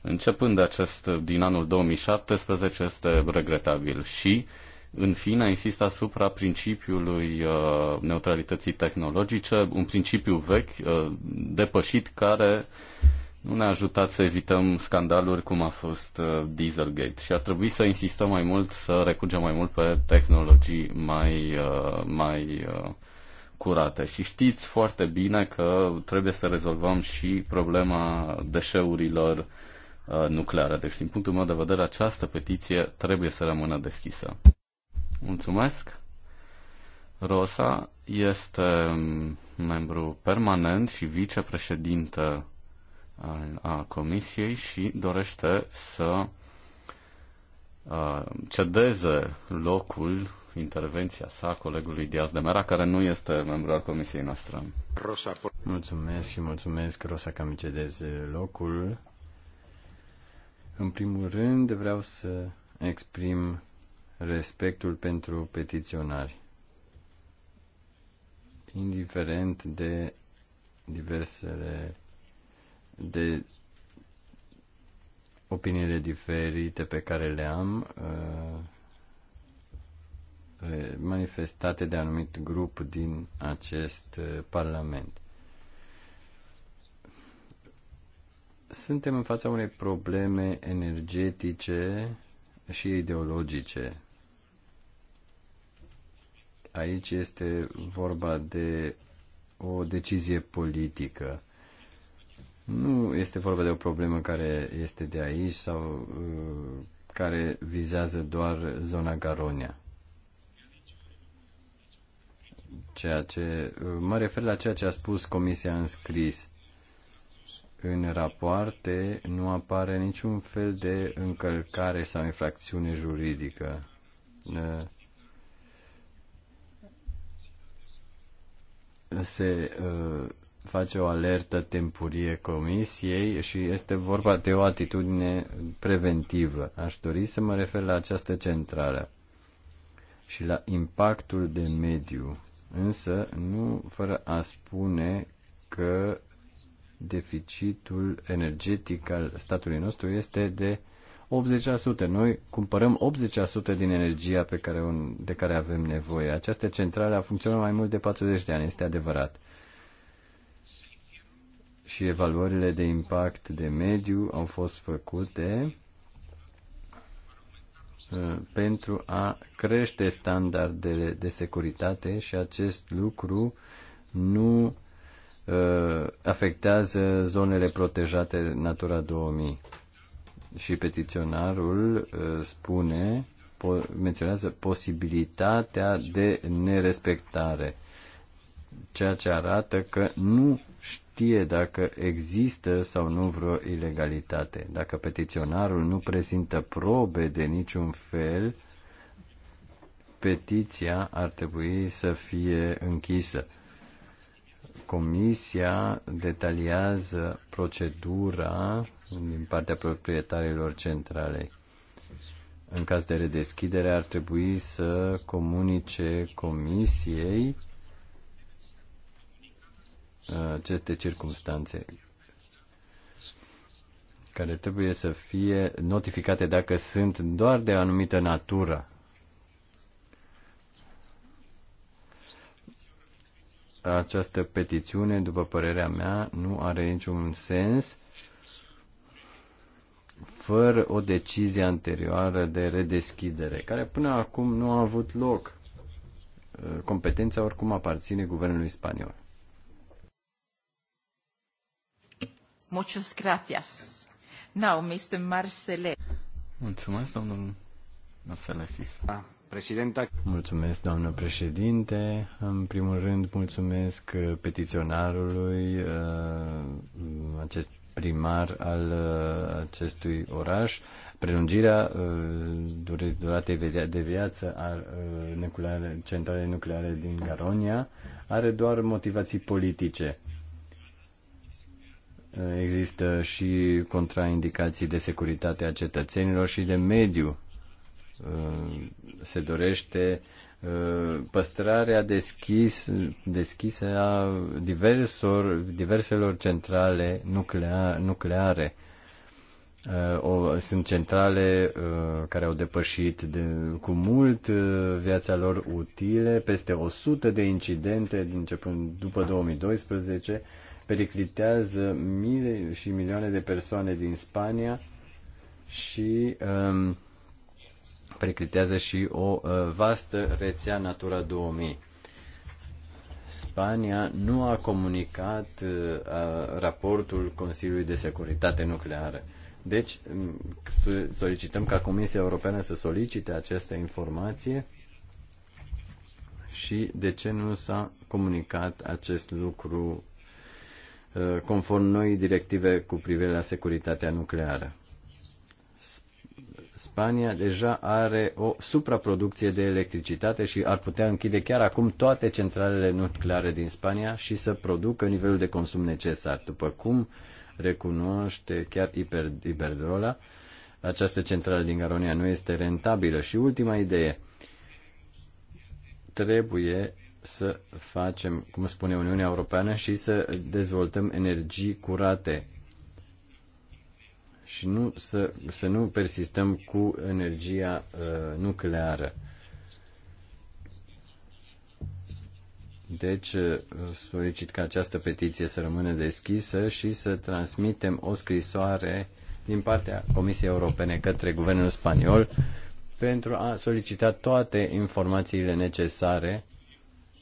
începând de acest, din anul 2017, este regretabil și uh, în fine, insist asupra principiului uh, neutralității tehnologice, un principiu vechi, uh, depășit, care nu ne-a ajutat să evităm scandaluri cum a fost uh, Dieselgate și ar trebui să insistăm mai mult, să recurgem mai mult pe tehnologii mai, mai curate. Și știți foarte bine că trebuie să rezolvăm și problema deșeurilor nucleare. Deci, din punctul meu de vedere, această petiție trebuie să rămână deschisă. Mulțumesc. Rosa este um, membru permanent și vicepreședinte uh, a Comisiei și dorește să uh, cedeze locul intervenția sa colegului Diaz de Mera, care nu este membru al comisiei noastre. Rosa. Mulțumesc și mulțumesc, Rosa, că mi cedez locul. În primul rând, vreau să exprim respectul pentru petiționari, indiferent de diversele de opiniile diferite pe care le am uh, uh, manifestate de anumit grup din acest uh, parlament. Suntem în fața unei probleme energetice și ideologice aici este vorba de o decizie politică. Nu este vorba de o problemă care este de aici sau uh, care vizează doar zona Garonia. Ceea ce, uh, mă refer la ceea ce a spus Comisia în scris. În rapoarte nu apare niciun fel de încălcare sau infracțiune juridică. Uh, se uh, face o alertă temporie comisiei și este vorba de o atitudine preventivă. Aș dori să mă refer la această centrală și la impactul de mediu, însă nu fără a spune că deficitul energetic al statului nostru este de 80%. Noi cumpărăm 80% din energia pe care un, de care avem nevoie. Această centrală a funcționat mai mult de 40 de ani, este adevărat. Și evaluările de impact de mediu au fost făcute uh, pentru a crește standardele de securitate și acest lucru nu uh, afectează zonele protejate Natura 2000 și petiționarul uh, spune, menționează posibilitatea de nerespectare, ceea ce arată că nu știe dacă există sau nu vreo ilegalitate. Dacă petiționarul nu prezintă probe de niciun fel, petiția ar trebui să fie închisă. Comisia detaliază procedura din partea proprietarilor centralei. În caz de redeschidere ar trebui să comunice comisiei uh, aceste circumstanțe care trebuie să fie notificate dacă sunt doar de anumită natură. Această petițiune, după părerea mea, nu are niciun sens fără o decizie anterioară de redeschidere, care până acum nu a avut loc. Uh, competența oricum aparține guvernului spaniol. Muchas gracias. Now, Mr. Marcele. Mulțumesc, domnul Marcelesis. Da. Președinta. Mulțumesc, doamnă președinte. În primul rând, mulțumesc petiționarului. Uh, acest primar al uh, acestui oraș, prelungirea uh, duratei de viață a uh, nucleare, centralei nucleare din Garonia are doar motivații politice. Există și contraindicații de securitate a cetățenilor și de mediu. Se dorește uh, păstrarea deschis, deschisă a diversor, diverselor centrale nuclea, nucleare. Uh, o, sunt centrale uh, care au depășit de, cu mult uh, viața lor utile, peste 100 de incidente începând după 2012, periclitează mii și milioane de persoane din Spania și um, preclitează și o uh, vastă rețea Natura 2000. Spania nu a comunicat uh, raportul Consiliului de Securitate Nucleară. Deci solicităm ca Comisia Europeană să solicite această informație și de ce nu s-a comunicat acest lucru uh, conform noii directive cu privire la securitatea nucleară. Spania deja are o supraproducție de electricitate și ar putea închide chiar acum toate centralele nucleare din Spania și să producă nivelul de consum necesar. După cum recunoaște chiar Iberdrola, această centrală din Garonia nu este rentabilă. Și ultima idee, trebuie să facem, cum spune Uniunea Europeană, și să dezvoltăm energii curate, și nu să, să nu persistăm cu energia uh, nucleară. Deci uh, solicit ca această petiție să rămână deschisă și să transmitem o scrisoare din partea Comisiei Europene către Guvernul Spaniol pentru a solicita toate informațiile necesare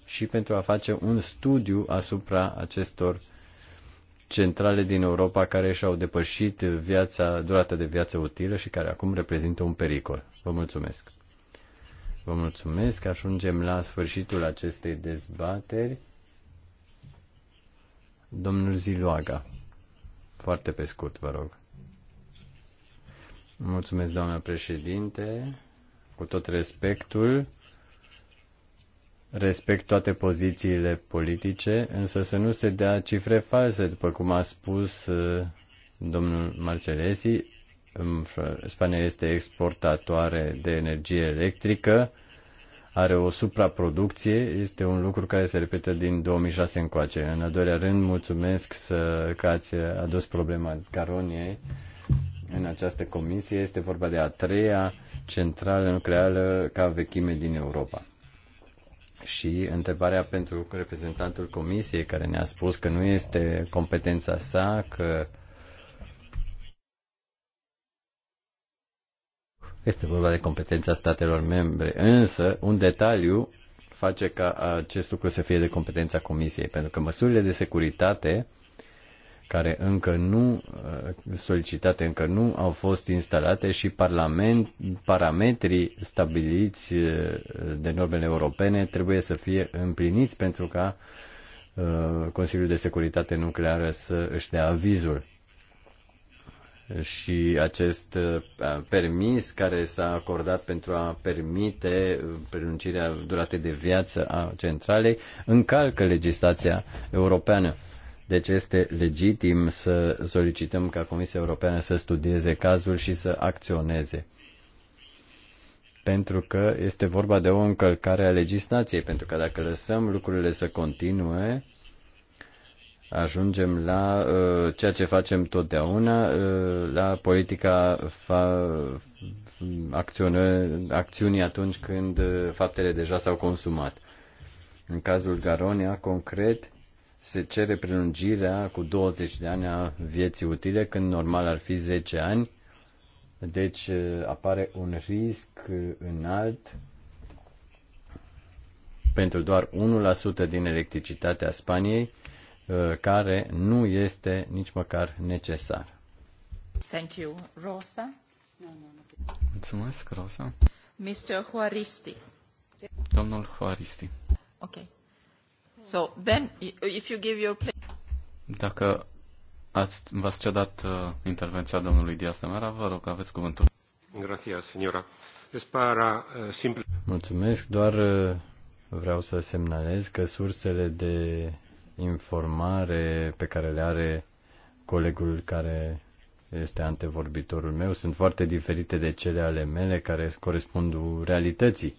și pentru a face un studiu asupra acestor centrale din Europa care și-au depășit viața, durata de viață utilă și care acum reprezintă un pericol. Vă mulțumesc! Vă mulțumesc! Ajungem la sfârșitul acestei dezbateri. Domnul Ziluaga, foarte pe scurt, vă rog. Mulțumesc, doamnă președinte, cu tot respectul respect toate pozițiile politice, însă să nu se dea cifre false, după cum a spus uh, domnul Marcelesi, um, Spania este exportatoare de energie electrică, are o supraproducție, este un lucru care se repetă din 2006 încoace. În al doilea rând, mulțumesc să, că ați adus problema Caroniei în această comisie. Este vorba de a treia centrală nucleară ca vechime din Europa. Și întrebarea pentru reprezentantul comisiei care ne-a spus că nu este competența sa, că este vorba de competența statelor membre. Însă, un detaliu face ca acest lucru să fie de competența comisiei, pentru că măsurile de securitate care încă nu uh, solicitate încă nu au fost instalate și parlament, parametrii stabiliți uh, de normele europene trebuie să fie împliniți pentru ca uh, Consiliul de Securitate Nucleară să își dea avizul. Și acest permis care s-a acordat pentru a permite prelungirea duratei de viață a centralei încalcă legislația europeană deci este legitim să solicităm ca Comisia Europeană să studieze cazul și să acționeze. Pentru că este vorba de o încălcare a legislației, pentru că dacă lăsăm lucrurile să continue, ajungem la uh, ceea ce facem totdeauna, uh, la politica fa- acțiune, acțiunii atunci când uh, faptele deja s-au consumat. În cazul Garonia, concret, se cere prelungirea cu 20 de ani a vieții utile, când normal ar fi 10 ani. Deci uh, apare un risc înalt pentru doar 1% din electricitatea Spaniei, uh, care nu este nici măcar necesar. Thank you, Rosa. Mulțumesc, Rosa. Mr. Juaristi. Domnul Juaristi. Okay. So then, if you give your Dacă ați, v-ați cedat uh, intervenția domnului Dias de Mera, vă rog, aveți cuvântul. Gracias, señora. Es para, uh, simple... Mulțumesc, doar uh, vreau să semnalez că sursele de informare pe care le are colegul care este antevorbitorul meu sunt foarte diferite de cele ale mele care corespund realității.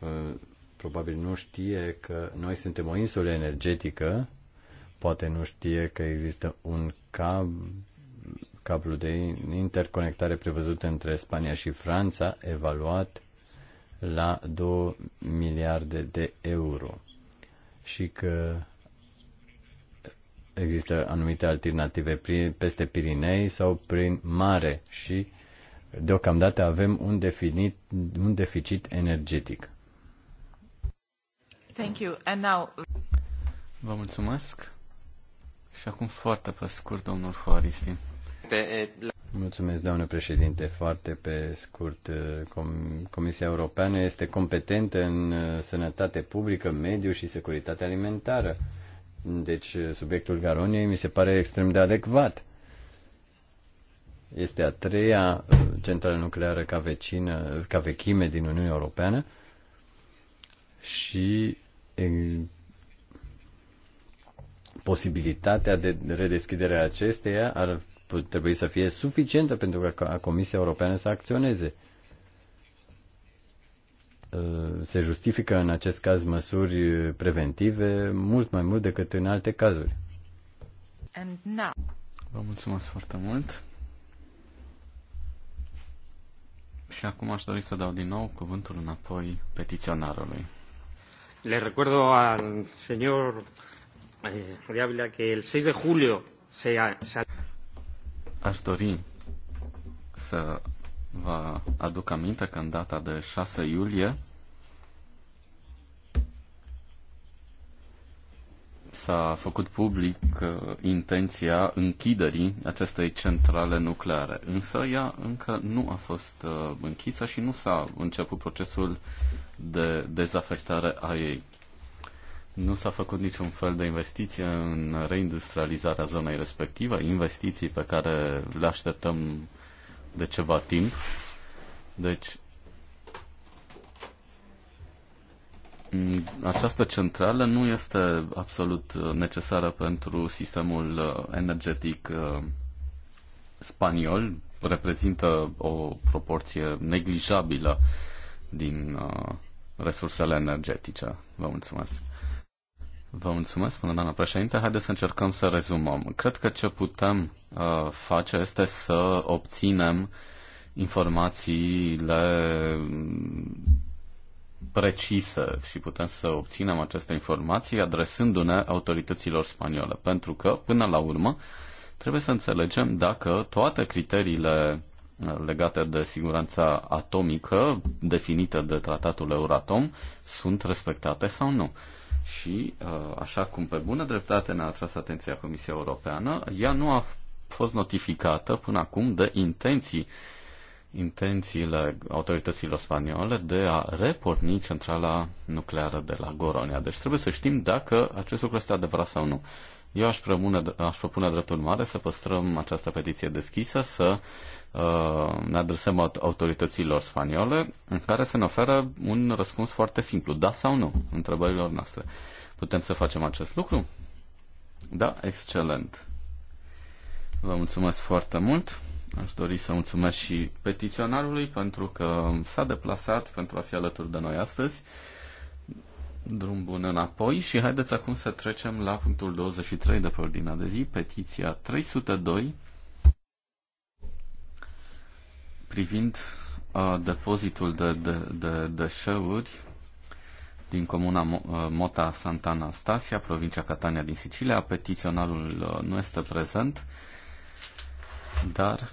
Uh, probabil nu știe că noi suntem o insulă energetică, poate nu știe că există un cab, cablu de interconectare prevăzut între Spania și Franța, evaluat la 2 miliarde de euro și că există anumite alternative prin, peste Pirinei sau prin mare și deocamdată avem un, definit, un deficit energetic. Vă mulțumesc. Și acum foarte pe scurt, domnul Foaristi. Mulțumesc, doamne președinte. Foarte pe scurt, Com- Comisia Europeană este competentă în sănătate publică, mediu și securitate alimentară. Deci, subiectul Garoniei mi se pare extrem de adecvat. Este a treia centrală nucleară ca, vecină, ca vechime din Uniunea Europeană și posibilitatea de redeschidere a acesteia ar trebui să fie suficientă pentru ca Comisia Europeană să acționeze. Uh, se justifică în acest caz măsuri preventive mult mai mult decât în alte cazuri. Vă mulțumesc foarte mult. Și acum aș dori să dau din nou cuvântul înapoi petiționarului. Le recuerdo al señor de eh, Ávila que el 6 de julio se... Aș dori să vă aduc aminte că în data de 6 iulie s-a făcut public uh, intenția închiderii acestei centrale nucleare, însă ea încă nu a fost uh, închisă și nu s-a început procesul de dezafectare a ei. Nu s-a făcut niciun fel de investiție în reindustrializarea zonei respective, investiții pe care le așteptăm de ceva timp. Deci, mm, această centrală nu este absolut necesară pentru sistemul uh, energetic uh, spaniol, reprezintă o proporție neglijabilă din uh, resursele energetice. Vă mulțumesc. Vă mulțumesc, până doamna președinte. Haideți să încercăm să rezumăm. Cred că ce putem uh, face este să obținem informațiile mm, precise și putem să obținem aceste informații adresându-ne autorităților spaniole. Pentru că, până la urmă, trebuie să înțelegem dacă toate criteriile legate de siguranța atomică definită de tratatul Euratom sunt respectate sau nu. Și, uh, așa cum pe bună dreptate ne-a atras atenția Comisia Europeană, ea nu a fost notificată până acum de intenții intențiile autorităților spaniole de a reporni centrala nucleară de la Goronia. Deci trebuie să știm dacă acest lucru este adevărat sau nu. Eu aș, prămune, aș propune dreptul mare să păstrăm această petiție deschisă, să Uh, ne adresăm autorităților spaniole, în care se ne oferă un răspuns foarte simplu, da sau nu, întrebărilor noastre. Putem să facem acest lucru? Da, excelent. Vă mulțumesc foarte mult. Aș dori să mulțumesc și petiționarului pentru că s-a deplasat pentru a fi alături de noi astăzi. Drum bun înapoi și haideți acum să trecem la punctul 23 de pe ordinea de zi, petiția 302 privind uh, depozitul de, de, de deșeuri din comuna uh, Mota Santa Anastasia, provincia Catania din Sicilia. Petiționarul uh, nu este prezent, dar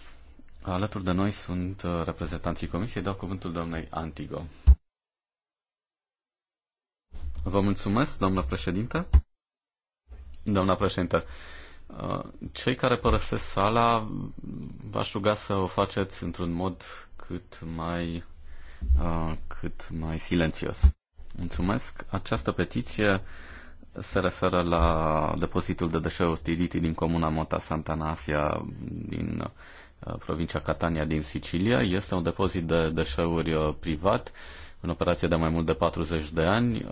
alături de noi sunt uh, reprezentanții comisiei. Dau cuvântul doamnei Antigo. Vă mulțumesc, doamnă președinte. Doamna președinte, Uh, cei care părăsesc sala, v-aș ruga să o faceți într-un mod cât mai, uh, cât mai silențios. Mulțumesc. Această petiție se referă la depozitul de deșeuri Tiriti din comuna Mota Santana din uh, provincia Catania din Sicilia. Este un depozit de deșeuri privat în operație de mai mult de 40 de ani.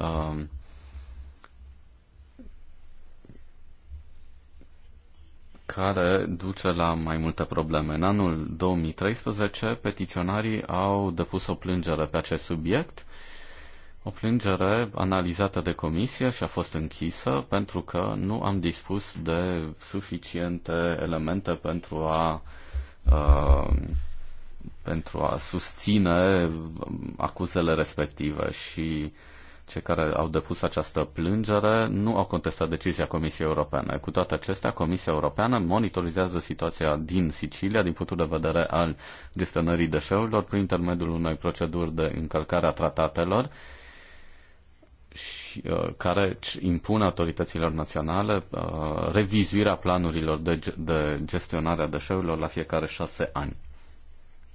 care duce la mai multe probleme. În anul 2013, petiționarii au depus o plângere pe acest subiect, o plângere analizată de comisie și a fost închisă pentru că nu am dispus de suficiente elemente pentru a uh, pentru a susține um, acuzele respective și cei care au depus această plângere nu au contestat decizia Comisiei Europene. Cu toate acestea, Comisia Europeană monitorizează situația din Sicilia din punctul de vedere al gestionării deșeurilor prin intermediul unei proceduri de încălcare a tratatelor și, uh, care impune autorităților naționale uh, revizuirea planurilor de, de gestionare a deșeurilor la fiecare șase ani.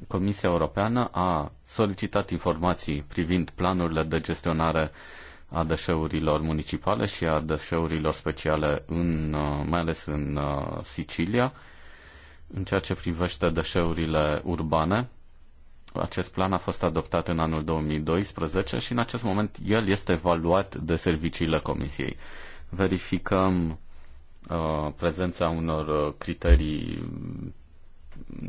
Comisia Europeană a solicitat informații privind planurile de gestionare a deșeurilor municipale și a deșeurilor speciale, în, uh, mai ales în uh, Sicilia. În ceea ce privește deșeurile urbane, acest plan a fost adoptat în anul 2012 și în acest moment el este evaluat de serviciile Comisiei. Verificăm uh, prezența unor criterii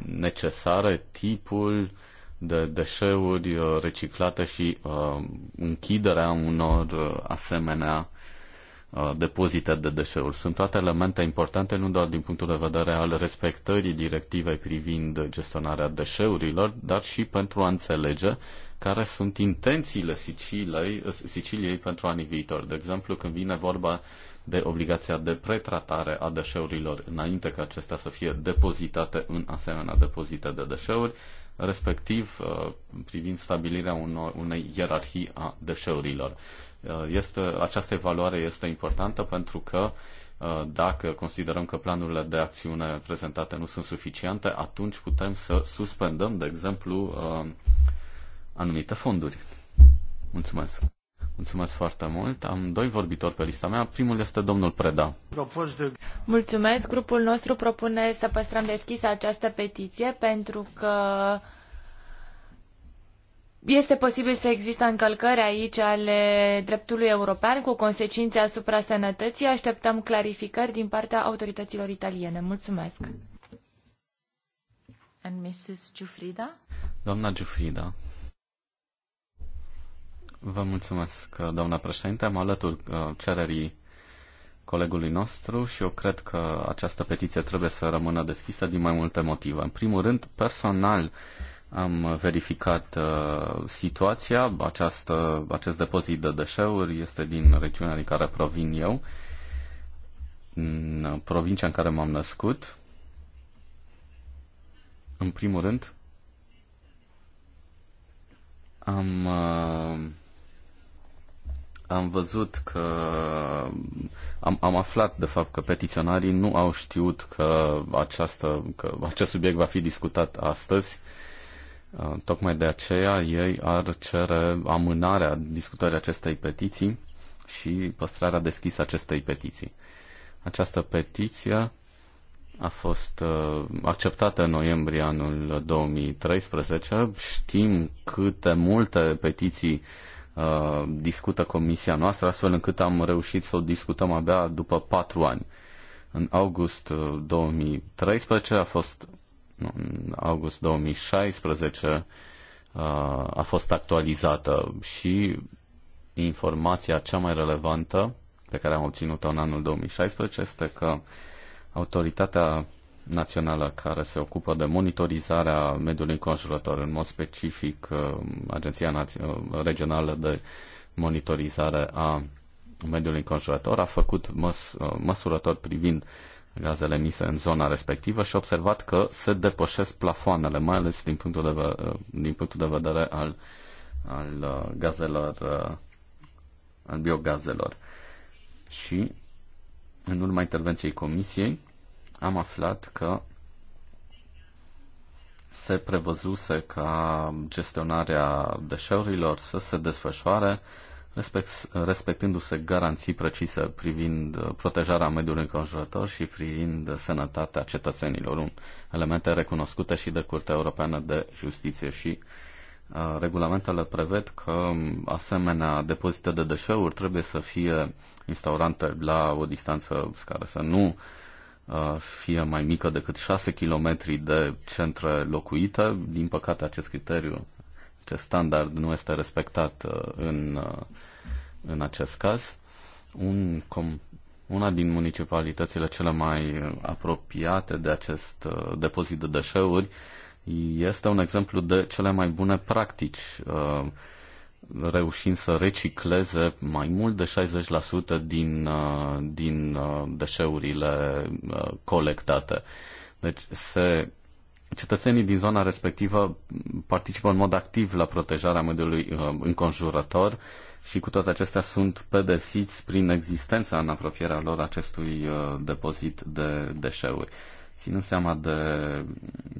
necesare, tipul de deșeuri uh, reciclate și uh, închiderea unor uh, asemenea uh, depozite de deșeuri. Sunt toate elemente importante, nu doar din punctul de vedere al respectării directivei privind gestionarea deșeurilor, dar și pentru a înțelege care sunt intențiile Siciliei, Siciliei pentru anii viitori De exemplu, când vine vorba de obligația de pretratare a deșeurilor înainte ca acestea să fie depozitate în asemenea depozite de deșeuri, respectiv uh, privind stabilirea unor, unei ierarhii a deșeurilor. Uh, este, această evaluare este importantă pentru că uh, dacă considerăm că planurile de acțiune prezentate nu sunt suficiente, atunci putem să suspendăm, de exemplu, anumite fonduri. Mulțumesc! Mulțumesc foarte mult. Am doi vorbitori pe lista mea. Primul este domnul Preda. Mulțumesc. Grupul nostru propune să păstrăm deschisă această petiție pentru că este posibil să existe încălcări aici ale dreptului european cu consecințe asupra sănătății. Așteptăm clarificări din partea autorităților italiene. Mulțumesc. And Mrs. Giuffrida? Doamna Giuffrida. Vă mulțumesc, doamna președinte. Am alături uh, cererii colegului nostru și eu cred că această petiție trebuie să rămână deschisă din mai multe motive. În primul rând, personal am verificat uh, situația. Această, acest depozit de deșeuri este din regiunea din care provin eu, în provincia în care m-am născut. În primul rând, am uh, am văzut că am, am aflat de fapt că petiționarii nu au știut că, această, că acest subiect va fi discutat astăzi. Uh, tocmai de aceea ei ar cere amânarea discutării acestei petiții și păstrarea deschisă acestei petiții. Această petiție a fost uh, acceptată în noiembrie anul 2013. Știm câte multe petiții Uh, discută comisia noastră, astfel încât am reușit să o discutăm abia după patru ani. În august 2013 uh, a fost, nu, în august 2016 uh, a fost actualizată și informația cea mai relevantă pe care am obținut-o în anul 2016 este că autoritatea națională care se ocupă de monitorizarea mediului înconjurător, în mod specific uh, Agenția uh, Regională de Monitorizare a Mediului Înconjurător, a făcut măs- uh, măsurători privind gazele emise în zona respectivă și a observat că se depășesc plafoanele, mai ales din punctul de, din punctul de vedere al, al gazelor, al biogazelor. Și în urma intervenției Comisiei, am aflat că se prevăzuse ca gestionarea deșeurilor să se desfășoare respect, respectându-se garanții precise privind protejarea mediului înconjurător și privind sănătatea cetățenilor, un elemente recunoscute și de Curtea Europeană de Justiție și uh, regulamentele prevăd că asemenea depozite de deșeuri trebuie să fie instaurante la o distanță care să nu uh, fie mai mică decât 6 km de centre locuite. Din păcate, acest criteriu, acest standard nu este respectat uh, în, uh, în acest caz. Un com- una din municipalitățile cele mai apropiate de acest uh, depozit de deșeuri este un exemplu de cele mai bune practici reușind să recicleze mai mult de 60% din, uh, din uh, deșeurile uh, colectate. Deci se, cetățenii din zona respectivă participă în mod activ la protejarea mediului înconjurător și cu toate acestea sunt pedepsiți prin existența în apropierea lor acestui depozit de deșeuri ținând seama de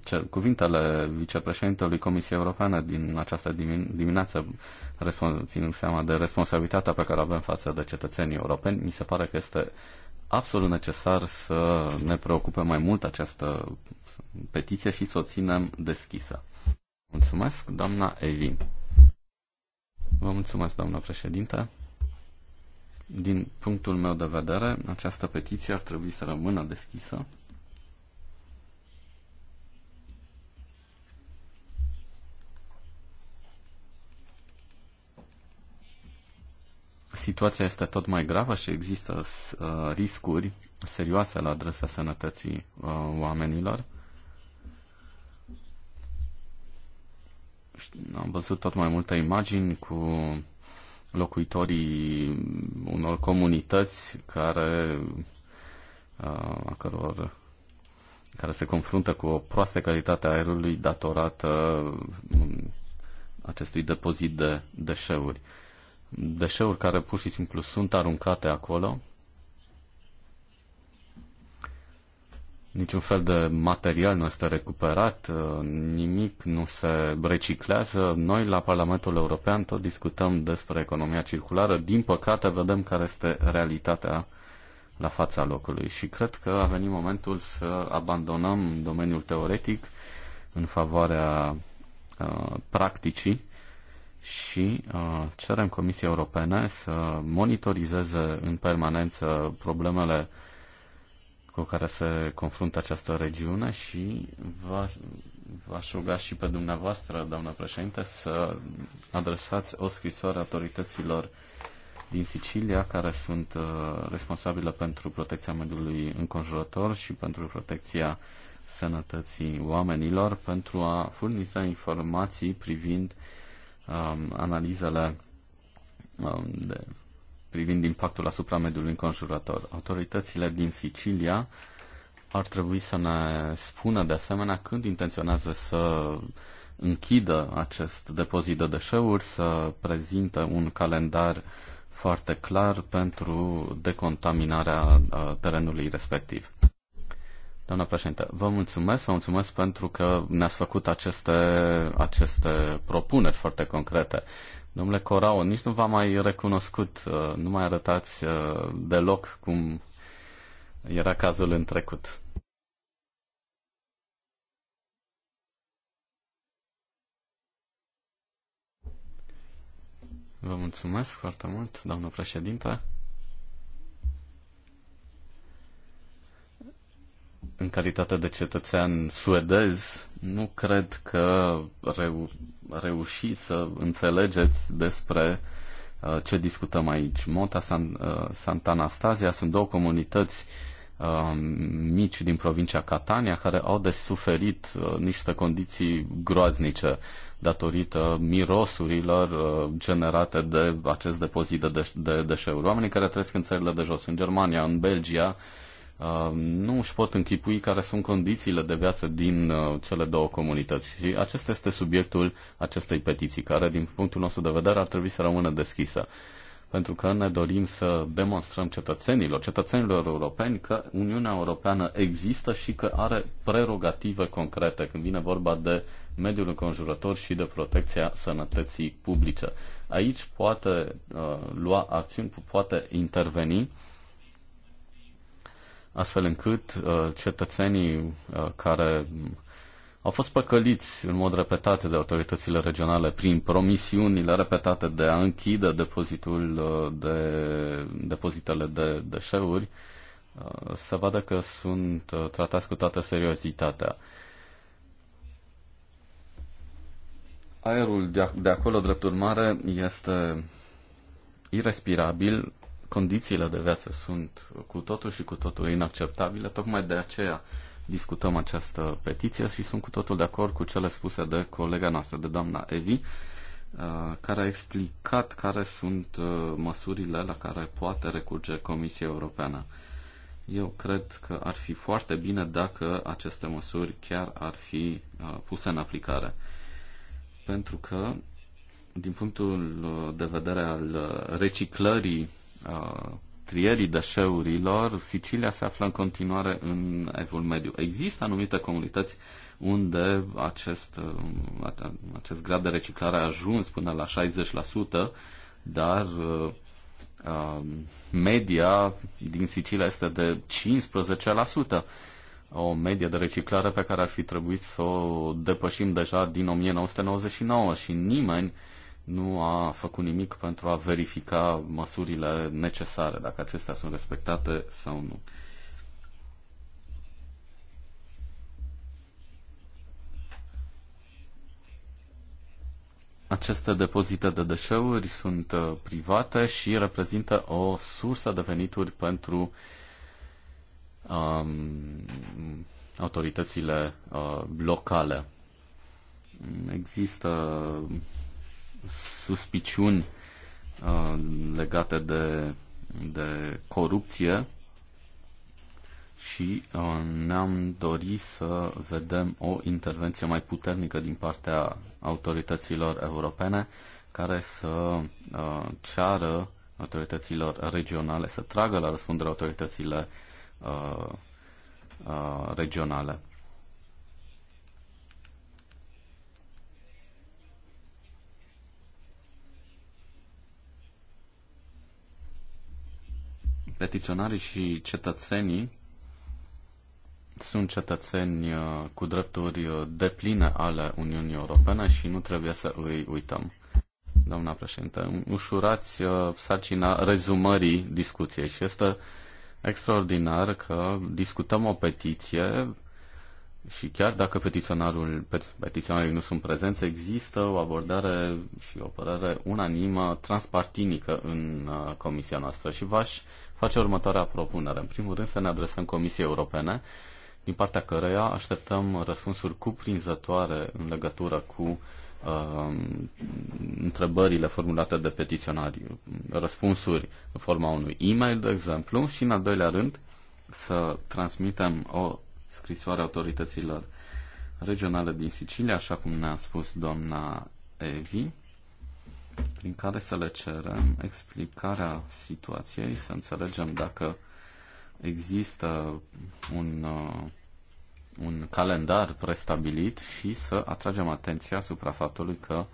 ce, cuvintele vicepreședintelui Comisiei Europene din această dimineață, respons- ținând seama de responsabilitatea pe care o avem față de cetățenii europeni, mi se pare că este absolut necesar să ne preocupe mai mult această petiție și să o ținem deschisă. Mulțumesc, doamna Evi. Vă mulțumesc, doamna președinte. Din punctul meu de vedere, această petiție ar trebui să rămână deschisă situația este tot mai gravă și există uh, riscuri serioase la adresa sănătății uh, oamenilor. Am văzut tot mai multe imagini cu locuitorii unor comunități care, uh, a căror, care se confruntă cu o proastă calitate a aerului datorată uh, acestui depozit de deșeuri deșeuri care pur și simplu sunt aruncate acolo, niciun fel de material nu este recuperat, nimic nu se reciclează. Noi la Parlamentul European tot discutăm despre economia circulară, din păcate vedem care este realitatea la fața locului și cred că a venit momentul să abandonăm domeniul teoretic în favoarea uh, practicii și uh, cerem Comisiei Europene să monitorizeze în permanență problemele cu care se confruntă această regiune și va, v-aș ruga și pe dumneavoastră, doamnă președinte, să adresați o scrisoare autorităților din Sicilia, care sunt uh, responsabile pentru protecția mediului înconjurător și pentru protecția sănătății oamenilor, pentru a furniza informații privind uh, um, analizele um, de, privind impactul asupra mediului înconjurător. Autoritățile din Sicilia ar trebui să ne spună de asemenea când intenționează să închidă acest depozit de deșeuri, să prezintă un calendar foarte clar pentru decontaminarea uh, terenului respectiv. Doamna președinte, vă mulțumesc, vă mulțumesc pentru că ne-ați făcut aceste, aceste propuneri foarte concrete. Domnule Corao, nici nu v-am mai recunoscut, uh, nu mai arătați uh, deloc cum era cazul în trecut. Vă mulțumesc foarte mult, doamnă președinte. în calitate de cetățean suedez, nu cred că reu- reușiți să înțelegeți despre uh, ce discutăm aici. Mota San, uh, Santa Anastasia sunt două comunități uh, mici din provincia Catania care au de suferit uh, niște condiții groaznice datorită mirosurilor uh, generate de acest depozit de, de, de deșeuri. Oamenii care trăiesc în țările de jos, în Germania, în Belgia, uh, Uh, nu își pot închipui care sunt condițiile de viață din uh, cele două comunități. Și acesta este subiectul acestei petiții, care, din punctul nostru de vedere, ar trebui să rămână deschisă. Pentru că ne dorim să demonstrăm cetățenilor, cetățenilor europeni, că Uniunea Europeană există și că are prerogative concrete când vine vorba de mediul înconjurător și de protecția sănătății publice. Aici poate uh, lua acțiuni, poate interveni astfel încât uh, cetățenii uh, care au fost păcăliți în mod repetat de autoritățile regionale prin promisiunile repetate de a închide depozitul uh, de depozitele de deșeuri, să vadă că sunt tratați cu toată seriozitatea. Aerul de, de acolo, drept urmare, este irrespirabil, condițiile de viață sunt cu totul și cu totul inacceptabile, tocmai de aceea discutăm această petiție și sunt cu totul de acord cu cele spuse de colega noastră, de doamna Evi, uh, care a explicat care sunt uh, măsurile la care poate recurge Comisia Europeană. Eu cred că ar fi foarte bine dacă aceste măsuri chiar ar fi uh, puse în aplicare. Pentru că, din punctul de vedere al reciclării trierii deșeurilor, Sicilia se află în continuare în evul mediu. Există anumite comunități unde acest, acest grad de reciclare a ajuns până la 60%, dar media din Sicilia este de 15%, o medie de reciclare pe care ar fi trebuit să o depășim deja din 1999 și nimeni nu a făcut nimic pentru a verifica măsurile necesare, dacă acestea sunt respectate sau nu. Aceste depozite de deșeuri sunt uh, private și reprezintă o sursă de venituri pentru um, autoritățile uh, locale. Există suspiciuni uh, legate de, de corupție și uh, ne-am dorit să vedem o intervenție mai puternică din partea autorităților europene care să uh, ceară autorităților regionale, să tragă la răspundere autoritățile uh, uh, regionale. Petiționarii și cetățenii sunt cetățeni uh, cu drepturi uh, depline ale Uniunii Europene și nu trebuie să îi uităm. Doamna președinte, um, ușurați uh, sarcina rezumării discuției și este extraordinar că discutăm o petiție și chiar dacă petiționarul, petiționarii nu sunt prezenți, există o abordare și o părere unanimă, transpartinică în comisia noastră și v-aș face următoarea propunere. În primul rând să ne adresăm Comisiei Europene, din partea căreia așteptăm răspunsuri cuprinzătoare în legătură cu uh, întrebările formulate de petiționari, răspunsuri în forma unui e-mail, de exemplu, și în al doilea rând să transmitem o scrisoare autorităților regionale din Sicilia, așa cum ne-a spus doamna Evi, prin care să le cerem explicarea situației, să înțelegem dacă există un, uh, un calendar prestabilit și să atragem atenția asupra faptului că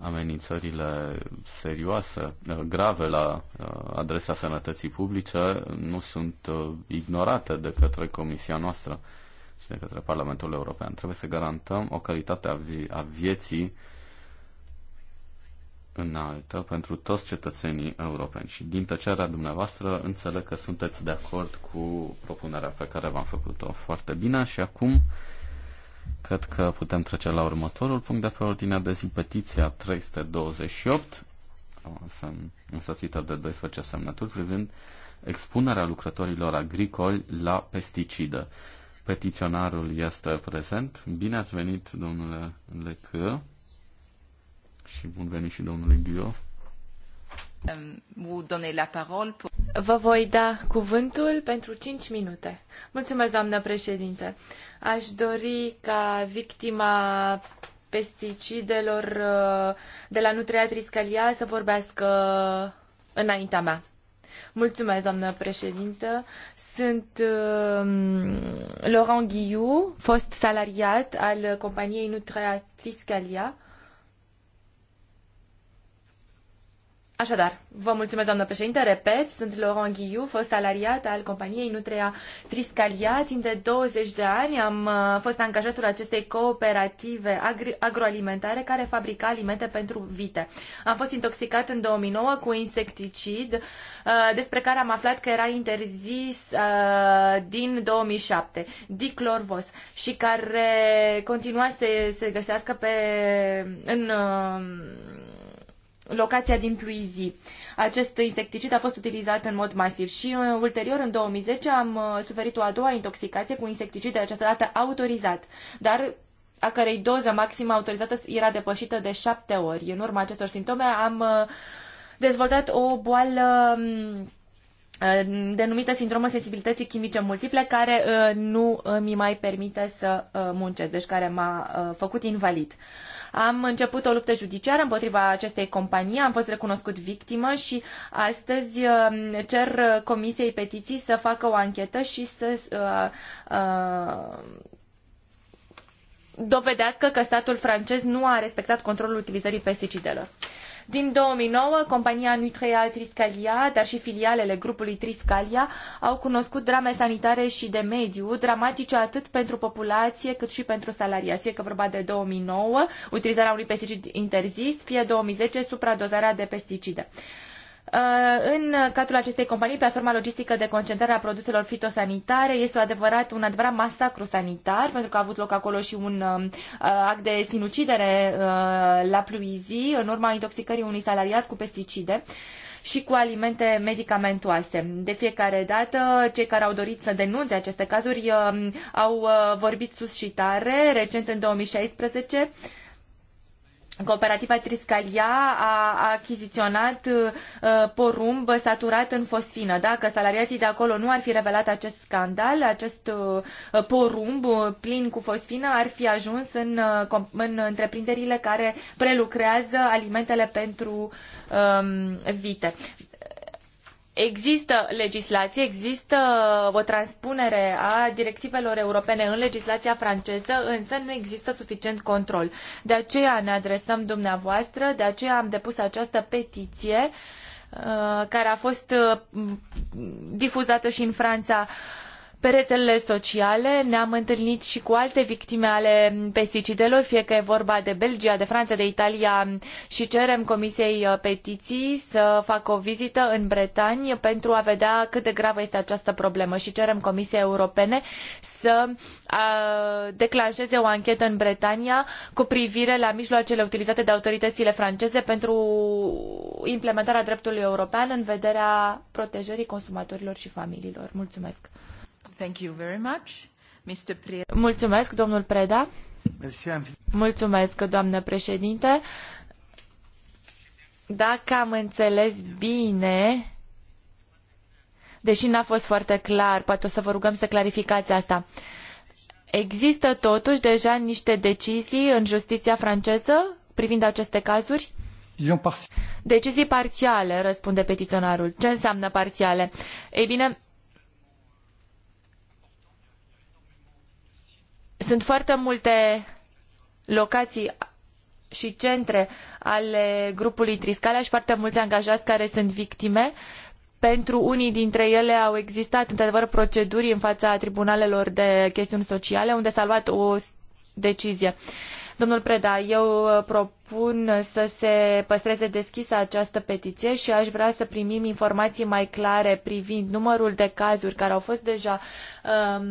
amenințările serioase, uh, grave la uh, adresa sănătății publice nu sunt ignorate de către Comisia noastră și de către Parlamentul European. Trebuie să garantăm o calitate a, vi- a vieții înaltă pentru toți cetățenii europeni și din tăcerea dumneavoastră înțeleg că sunteți de acord cu propunerea pe care v-am făcut-o foarte bine și acum cred că putem trece la următorul punct de pe ordinea de zi, petiția 328, însoțită de 12 semnături privind expunerea lucrătorilor agricoli la pesticide. Petiționarul este prezent. Bine ați venit, domnule Lecă. Și bun venit și domnului Bio. Vă voi da cuvântul pentru 5 minute. Mulțumesc, doamnă președinte. Aș dori ca victima pesticidelor uh, de la Nutriatris Calia să vorbească înaintea mea. Mulțumesc, doamnă președintă. Sunt uh, Laurent Ghiu, fost salariat al companiei Nutriatris Calia Așadar, vă mulțumesc, doamnă președinte. Repet, sunt Laurent Ghiu, fost salariat al companiei Nutrea Triscalia. Timp de 20 de ani am uh, fost angajatul acestei cooperative agroalimentare care fabrica alimente pentru vite. Am fost intoxicat în 2009 cu insecticid, uh, despre care am aflat că era interzis uh, din 2007, diclorvos, și care continua să se găsească pe, în locația din Pluizi. Acest insecticid a fost utilizat în mod masiv și uh, ulterior, în 2010, am uh, suferit o a doua intoxicație cu insecticid de această dată autorizat, dar a cărei doză maximă autorizată era depășită de șapte ori. În urma acestor simptome am uh, dezvoltat o boală denumită sindromă sensibilității chimice multiple, care nu mi mai permite să muncesc, deci care m-a făcut invalid. Am început o luptă judiciară împotriva acestei companii, am fost recunoscut victimă și astăzi um, cer Comisiei Petiții să facă o anchetă și să uh, uh, dovedească că statul francez nu a respectat controlul utilizării pesticidelor. Din 2009, compania Nutrea Triscalia, dar și filialele grupului Triscalia au cunoscut drame sanitare și de mediu, dramatice atât pentru populație cât și pentru salariați. Fie că vorba de 2009, utilizarea unui pesticid interzis, fie 2010, supradozarea de pesticide. Uh, în cadrul acestei companii, platforma logistică de concentrare a produselor fitosanitare este o adevărat, un adevărat masacru sanitar, pentru că a avut loc acolo și un um, uh, act de sinucidere uh, la Pluizi, în urma intoxicării unui salariat cu pesticide și cu alimente medicamentoase. De fiecare dată, cei care au dorit să denunțe aceste cazuri um, au vorbit sus și tare. Recent, în 2016, Cooperativa Triscalia a achiziționat uh, porumb saturat în fosfină. Dacă salariații de acolo nu ar fi revelat acest scandal, acest uh, porumb uh, plin cu fosfină ar fi ajuns în, în întreprinderile care prelucrează alimentele pentru um, vite. Există legislație, există uh, o transpunere a directivelor europene în legislația franceză, însă nu există suficient control. De aceea ne adresăm dumneavoastră, de aceea am depus această petiție uh, care a fost uh, difuzată și în Franța uh, pe rețelele sociale ne-am întâlnit și cu alte victime ale pesticidelor, fie că e vorba de Belgia, de Franța, de Italia și cerem Comisiei uh, Petiții să facă o vizită în Bretanie pentru a vedea cât de gravă este această problemă și cerem Comisiei Europene să uh, declanșeze o anchetă în Bretania cu privire la mijloacele utilizate de autoritățile franceze pentru implementarea dreptului european în vederea protejării consumatorilor și familiilor. Mulțumesc! Mulțumesc, domnul Preda. Mulțumesc, doamnă președinte. Dacă am înțeles bine, deși n-a fost foarte clar, poate o să vă rugăm să clarificați asta. Există totuși deja niște decizii în justiția franceză privind aceste cazuri? Decizii parțiale, răspunde petiționarul. Ce înseamnă parțiale? Ei bine, Sunt foarte multe locații și centre ale grupului Triscala și foarte mulți angajați care sunt victime. Pentru unii dintre ele au existat, într-adevăr, proceduri în fața tribunalelor de chestiuni sociale, unde s-a luat o decizie. Uh, Domnul Preda, eu uh, propun să se păstreze deschisă această petiție și aș vrea să primim informații mai clare privind numărul de cazuri care au fost deja um,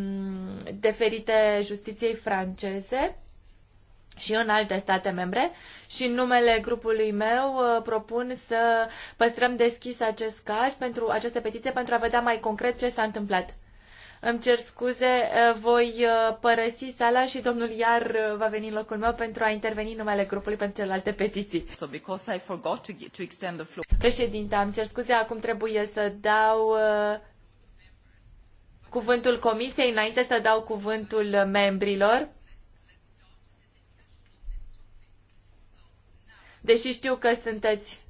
deferite justiției franceze și în alte state membre și în numele grupului meu uh, propun să păstrăm deschis acest caz pentru această petiție pentru a vedea mai concret ce s-a întâmplat. Îmi cer scuze, uh, voi uh, părăsi sala și domnul Iar uh, va veni în locul meu pentru a interveni în numele grupului pentru celelalte petiții. So because I forgot to, to extend the floor. Președinte, am cer scuze, acum trebuie să dau cuvântul comisiei înainte să dau cuvântul membrilor. Deși știu că sunteți